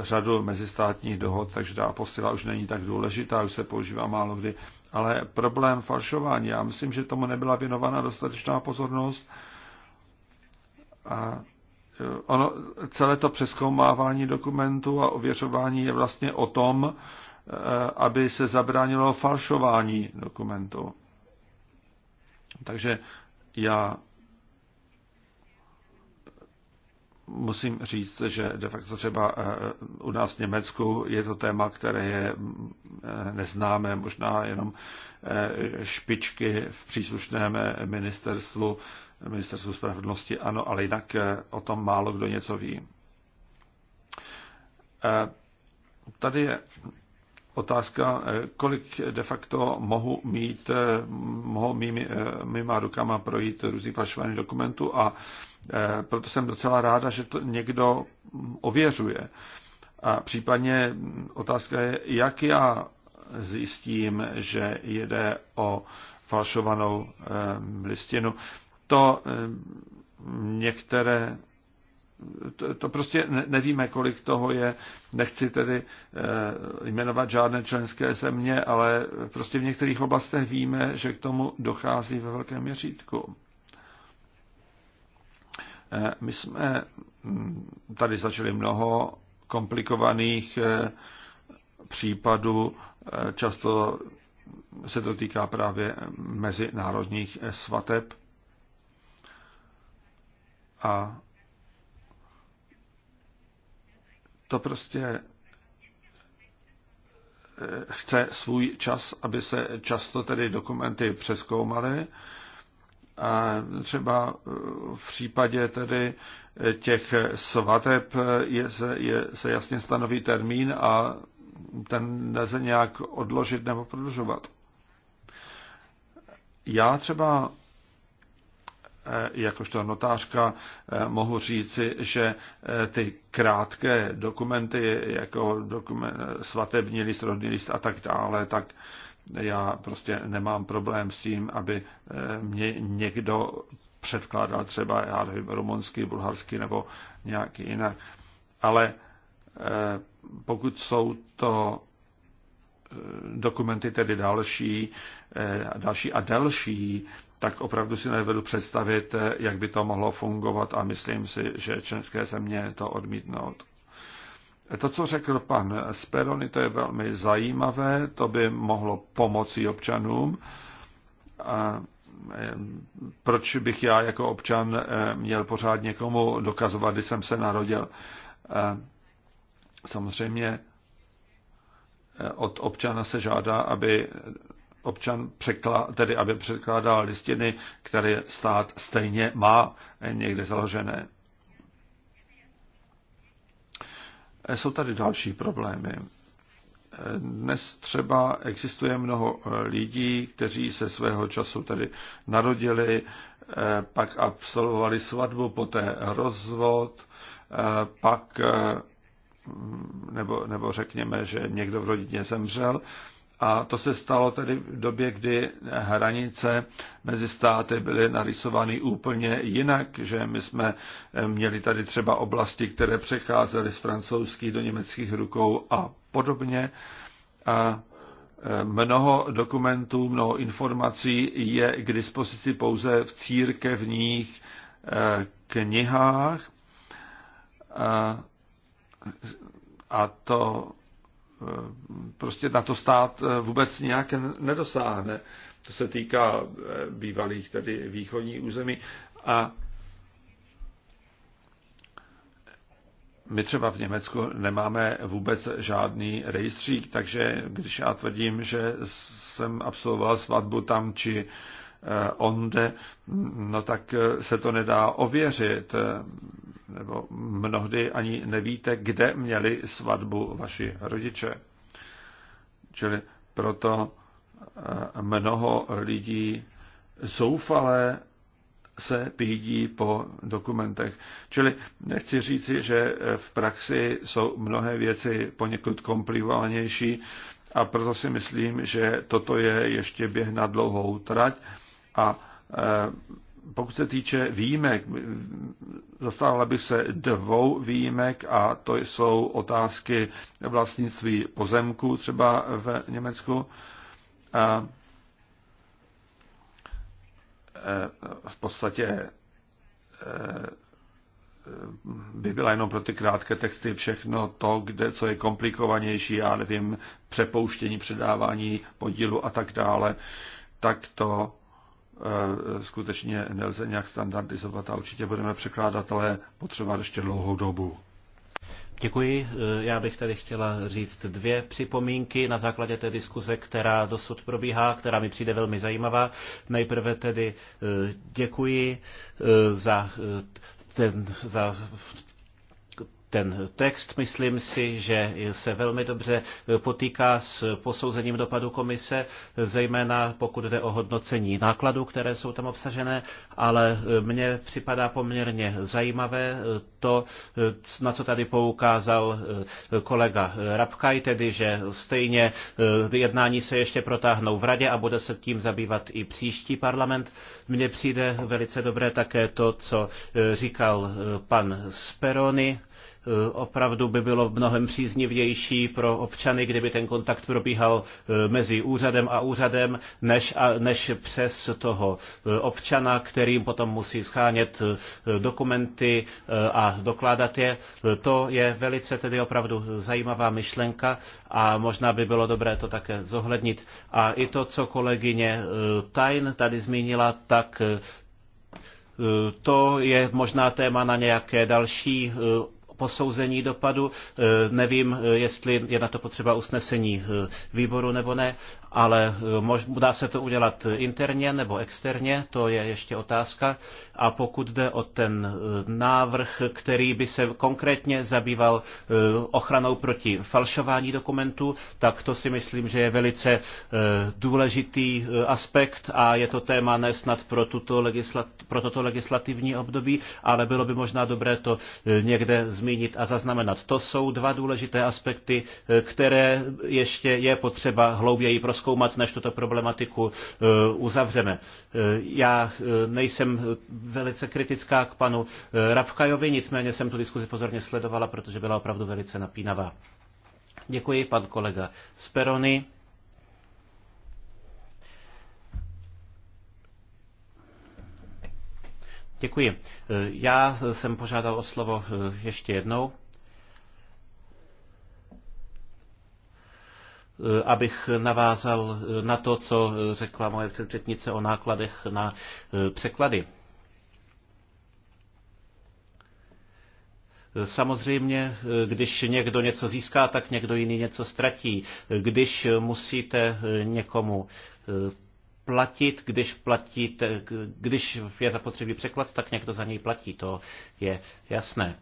řadu mezistátních dohod, takže ta apostila už není tak důležitá, už se používá málo kdy. Ale problém falšování, já myslím, že tomu nebyla věnována dostatečná pozornost. A eh, ono, celé to přeskoumávání dokumentů a ověřování je vlastně o tom, eh, aby se zabránilo falšování dokumentů. Takže já musím říct, že de facto třeba eh, u nás v Německu je to téma, které je mm, eh, neznámé, možná jenom eh, špičky v příslušném ministerstvu, ministerstvu spravedlnosti, ano, ale jinak o tom málo kdo něco ví. Tady je otázka, kolik de facto mohu mít, mohou mýma rukama projít různý pašovaný dokumentu a Eh, proto jsem docela ráda, že to někdo ověřuje. A případně otázka je, jak já zjistím, že jde o falšovanou eh, listinu. To eh, některé to, to prostě nevíme, kolik toho je. Nechci tedy jmenovat žádné členské země, ale prostě v některých oblastech víme, že k tomu dochází ve velkém měřítku. Eh, my jsme mm, tady začali mnoho komplikovaných eh, případů, eh, často se to týká právě mezinárodních svateb. A to prostě chce svůj čas, aby se často tedy dokumenty přeskoumaly a třeba eh, v případě tedy eh, těch svateb je, je, se jasně stanoví termín a ten nelze nějak odložit nebo prodlužovat. Já třeba eh, jakožto notářka mohu říci, že ty krátké dokumenty, jako dokument, svatební list, rodný list a tak dále, tak já prostě nemám problém s tím, aby eh, mě někdo předkládal třeba, já nevím, rumunský, bulharský nebo nějaký jinak. Ale eh, pokud jsou to eh, dokumenty tedy další, další a další, tak opravdu si nevedu představit, jak by to mohlo fungovat a myslím si, že členské země to odmítnout. To, co řekl pan Speroni, to je velmi zajímavé, to by mohlo pomoci občanům. A eh, proč bych já jako občan eh, měl pořád někomu dokazovat, kdy jsem se narodil? Samozřejmě eh, od občana se žádá, aby občan překla, tedy aby překládal listiny, které stát stejně má někde založené. Eh, jsou tady další problémy. Eh, dnes třeba existuje mnoho eh, lidí, kteří se svého času tedy narodili, pak absolvovali svatbu, poté rozvod, pak nebo, nebo řekněme, že někdo v rodině zemřel a to se stalo tedy v době, kdy hranice mezi státy byly narysovány úplně jinak, že my jsme eh, měli tady třeba oblasti, které přecházely z francouzských do německých rukou a podobně. A eh, mnoho dokumentů, mnoho informací je k dispozici pouze v církevních eh, knihách. A to prostě na to stát eh, vůbec nějak nedosáhne. To se týká eh, bývalých tedy východní území. A my třeba v Německu nemáme vůbec žádný rejstřík, takže když já tvrdím, že jsem absolvoval svatbu tam či Eh, onde, no tak eh, se to nedá ověřit, eh, nebo mnohdy ani nevíte, kde měli svatbu vaši rodiče. Čili proto mnoho lidí zoufale se pídí po dokumentech. Čili nechci říci, že v praxi jsou mnohé věci poněkud komplikovanější a proto si myslím, že toto je ještě běh na dlouhou trať a e, pokud se týče výjimek, zastávala bych se dvou výjimek a to jsou otázky vlastnictví pozemku, třeba v Německu. A e, v podstatě e, by byla jenom pro ty krátké texty všechno to, kde, co je komplikovanější, já nevím, přepouštění, předávání podílu a tak dále, tak to Eh, skutečně nelze nějak standardizovat a určitě budeme překládat, ale potřebovat ještě dlouhou dobu. Děkuji. Eh, já bych tady chtěla říct dvě připomínky na základě té diskuze, která dosud probíhá, která mi přijde velmi zajímavá. Nejprve tedy eh, děkuji za ten, za ten text. Myslím si, že se velmi dobře potýká s posouzením dopadu komise, zejména pokud jde o hodnocení nákladů, které jsou tam obsažené, ale mně připadá poměrně zajímavé to, na co tady poukázal kolega Rabkaj, tedy, že stejně jednání se ještě protáhnou v radě a bude se tím zabývat i příští parlament. Mně přijde velice dobré také to, co říkal pan Speroni, Eh, opravdu by bylo mnohem příznivější pro občany, kdyby ten kontakt probíhal eh, mezi úřadem a úřadem, než, a, než přes toho eh, občana, kterým potom musí schánět dokumenty a dokládat je. To je velice tedy opravdu zajímavá myšlenka a možná by bylo dobré to také zohlednit. A i to, co kolegyně Tajn tady zmínila, tak to je možná téma na nějaké další posouzení dopadu. Eh, nevím, eh, jestli je na to potřeba usnesení eh, výboru nebo ne, ale dá se to udělat interně nebo externě, to je ještě otázka. A pokud jde o ten návrh, který by se konkrétně zabýval ochranou proti falšování dokumentů, tak to si myslím, že je velice důležitý aspekt a je to téma nesnad pro, tuto legislat- pro toto legislativní období, ale bylo by možná dobré to někde zmínit zmínit a zaznamenat. To jsou dva důležité aspekty, eh, které ještě je potřeba hlouběji proskoumat, než tuto problematiku eh, uzavřeme. Eh, já nejsem velice kritická k panu Rabkajovi, nicméně jsem tu diskuzi pozorně sledovala, protože byla opravdu velice napínavá. Děkuji, pan kolega Sperony. Děkuji. Eh, já jsem požádal o slovo eh, ještě jednou, eh, abych navázal na to, co řekla moje předřetnice o nákladech na překlady. Samozřejmě, když někdo něco získá, tak někdo jiný něco ztratí. Když musíte někomu platit, když, platit, když je zapotřebí překlad, tak někdo za něj platí, to je jasné.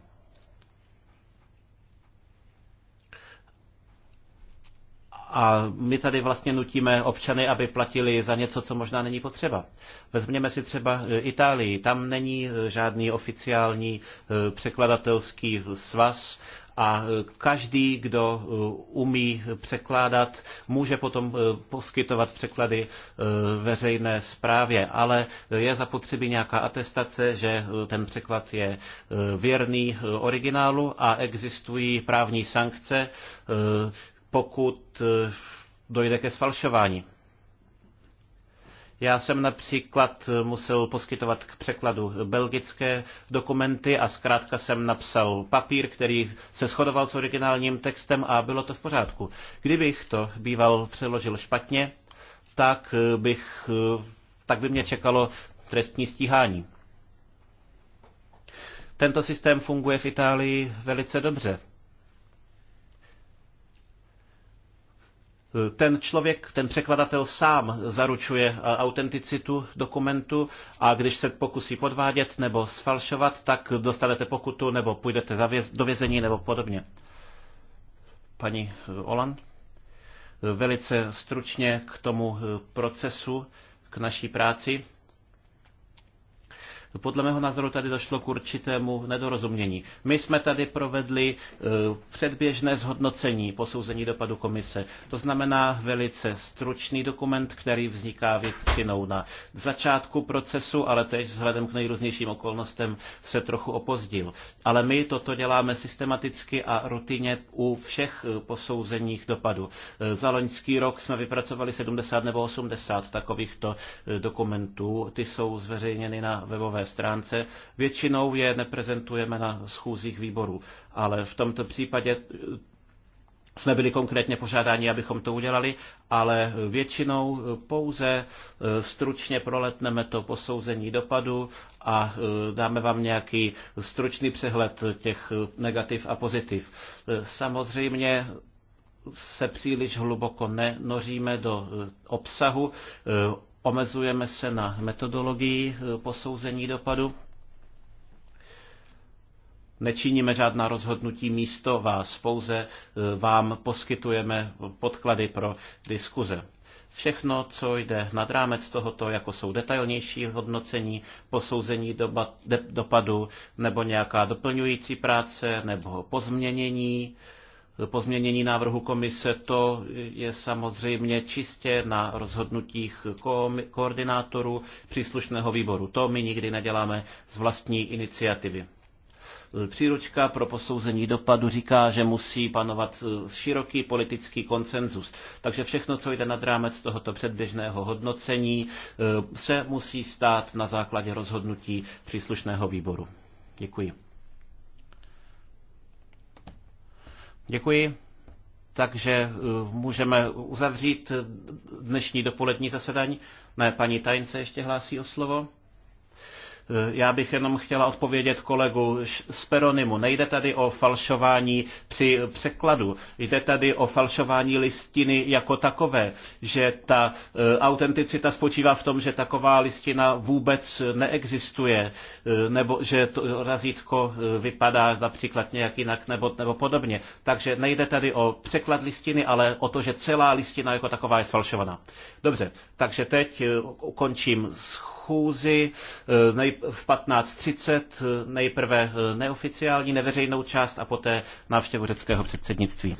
A my tady vlastně nutíme občany, aby platili za něco, co možná není potřeba. Vezměme si třeba e, Itálii. Tam není e, žádný oficiální e, překladatelský svaz a každý, kdo uh, umí překládat, může potom uh, poskytovat překlady uh, veřejné správě, ale je zapotřebí nějaká atestace, že ten překlad je věrný originálu a existují právní sankce, pokud dojde ke sfalšování. Já jsem například musel poskytovat k překladu belgické dokumenty a zkrátka jsem napsal papír, který se shodoval s originálním textem a bylo to v pořádku. Kdybych to býval přeložil špatně, tak, bych, tak by mě čekalo trestní stíhání. Tento systém funguje v Itálii velice dobře. ten člověk, ten překladatel sám zaručuje eh, autenticitu dokumentu a když se pokusí podvádět nebo sfalšovat, tak dostanete pokutu nebo půjdete do vězení nebo podobně. Paní eh, Olan, velice stručně k tomu eh, procesu, k naší práci. No, podle mého názoru tady došlo k určitému nedorozumění. My jsme tady provedli e, předběžné zhodnocení posouzení dopadu komise. To znamená velice stručný dokument, který vzniká většinou na začátku procesu, ale teď vzhledem k nejrůznějším okolnostem se trochu opozdil. Ale my toto děláme systematicky a rutině u všech e, posouzeních dopadu. E, za loňský rok jsme vypracovali 70 nebo 80 takovýchto dokumentů. Ty jsou zveřejněny na webové stránce. Většinou je neprezentujeme na schůzích výborů, ale v tomto případě eh, jsme byli konkrétně požádáni, abychom to udělali, ale většinou pouze eh, stručně proletneme to posouzení dopadu a eh, dáme vám nějaký stručný přehled těch negativ a pozitiv. Samozřejmě se příliš hluboko nenoříme do obsahu. Omezujeme se na metodologii eh, posouzení dopadu. Nečiníme žádná rozhodnutí místo vás, pouze eh, vám poskytujeme podklady pro diskuze. Všechno, co jde nad rámec tohoto, jako jsou detailnější hodnocení, posouzení doba, de, dopadu, nebo nějaká doplňující práce, nebo pozměnění, pozměnění návrhu komise, to je samozřejmě čistě na rozhodnutích ko- koordinátorů příslušného výboru. To my nikdy neděláme z vlastní iniciativy. Příručka pro posouzení dopadu říká, že musí panovat široký politický konsenzus. Takže všechno, co jde nad rámec tohoto předběžného hodnocení, e, se musí stát na základě rozhodnutí příslušného výboru. Děkuji. Děkuji. Takže eh, můžeme uzavřít dnešní dopolední zasedání. Ne, paní tajnce ještě hlásí o slovo. Eh, já bych jenom chtěla odpovědět kolegu Speronimu. Nejde tady o falšování při překladu. Jde tady o falšování listiny jako takové, že ta eh, autenticita spočívá v tom, že taková listina vůbec neexistuje, eh, nebo že to razítko vypadá například nějak jinak nebo, nebo podobně. Takže nejde tady o překlad listiny, ale o to, že celá listina jako taková je sfalšovaná. Dobře, takže teď ukončím. schůzi schůzi eh, v 15.30, eh, nejprve eh, neoficiální, neveřejnou část a poté návštěvu řeckého předsednictví.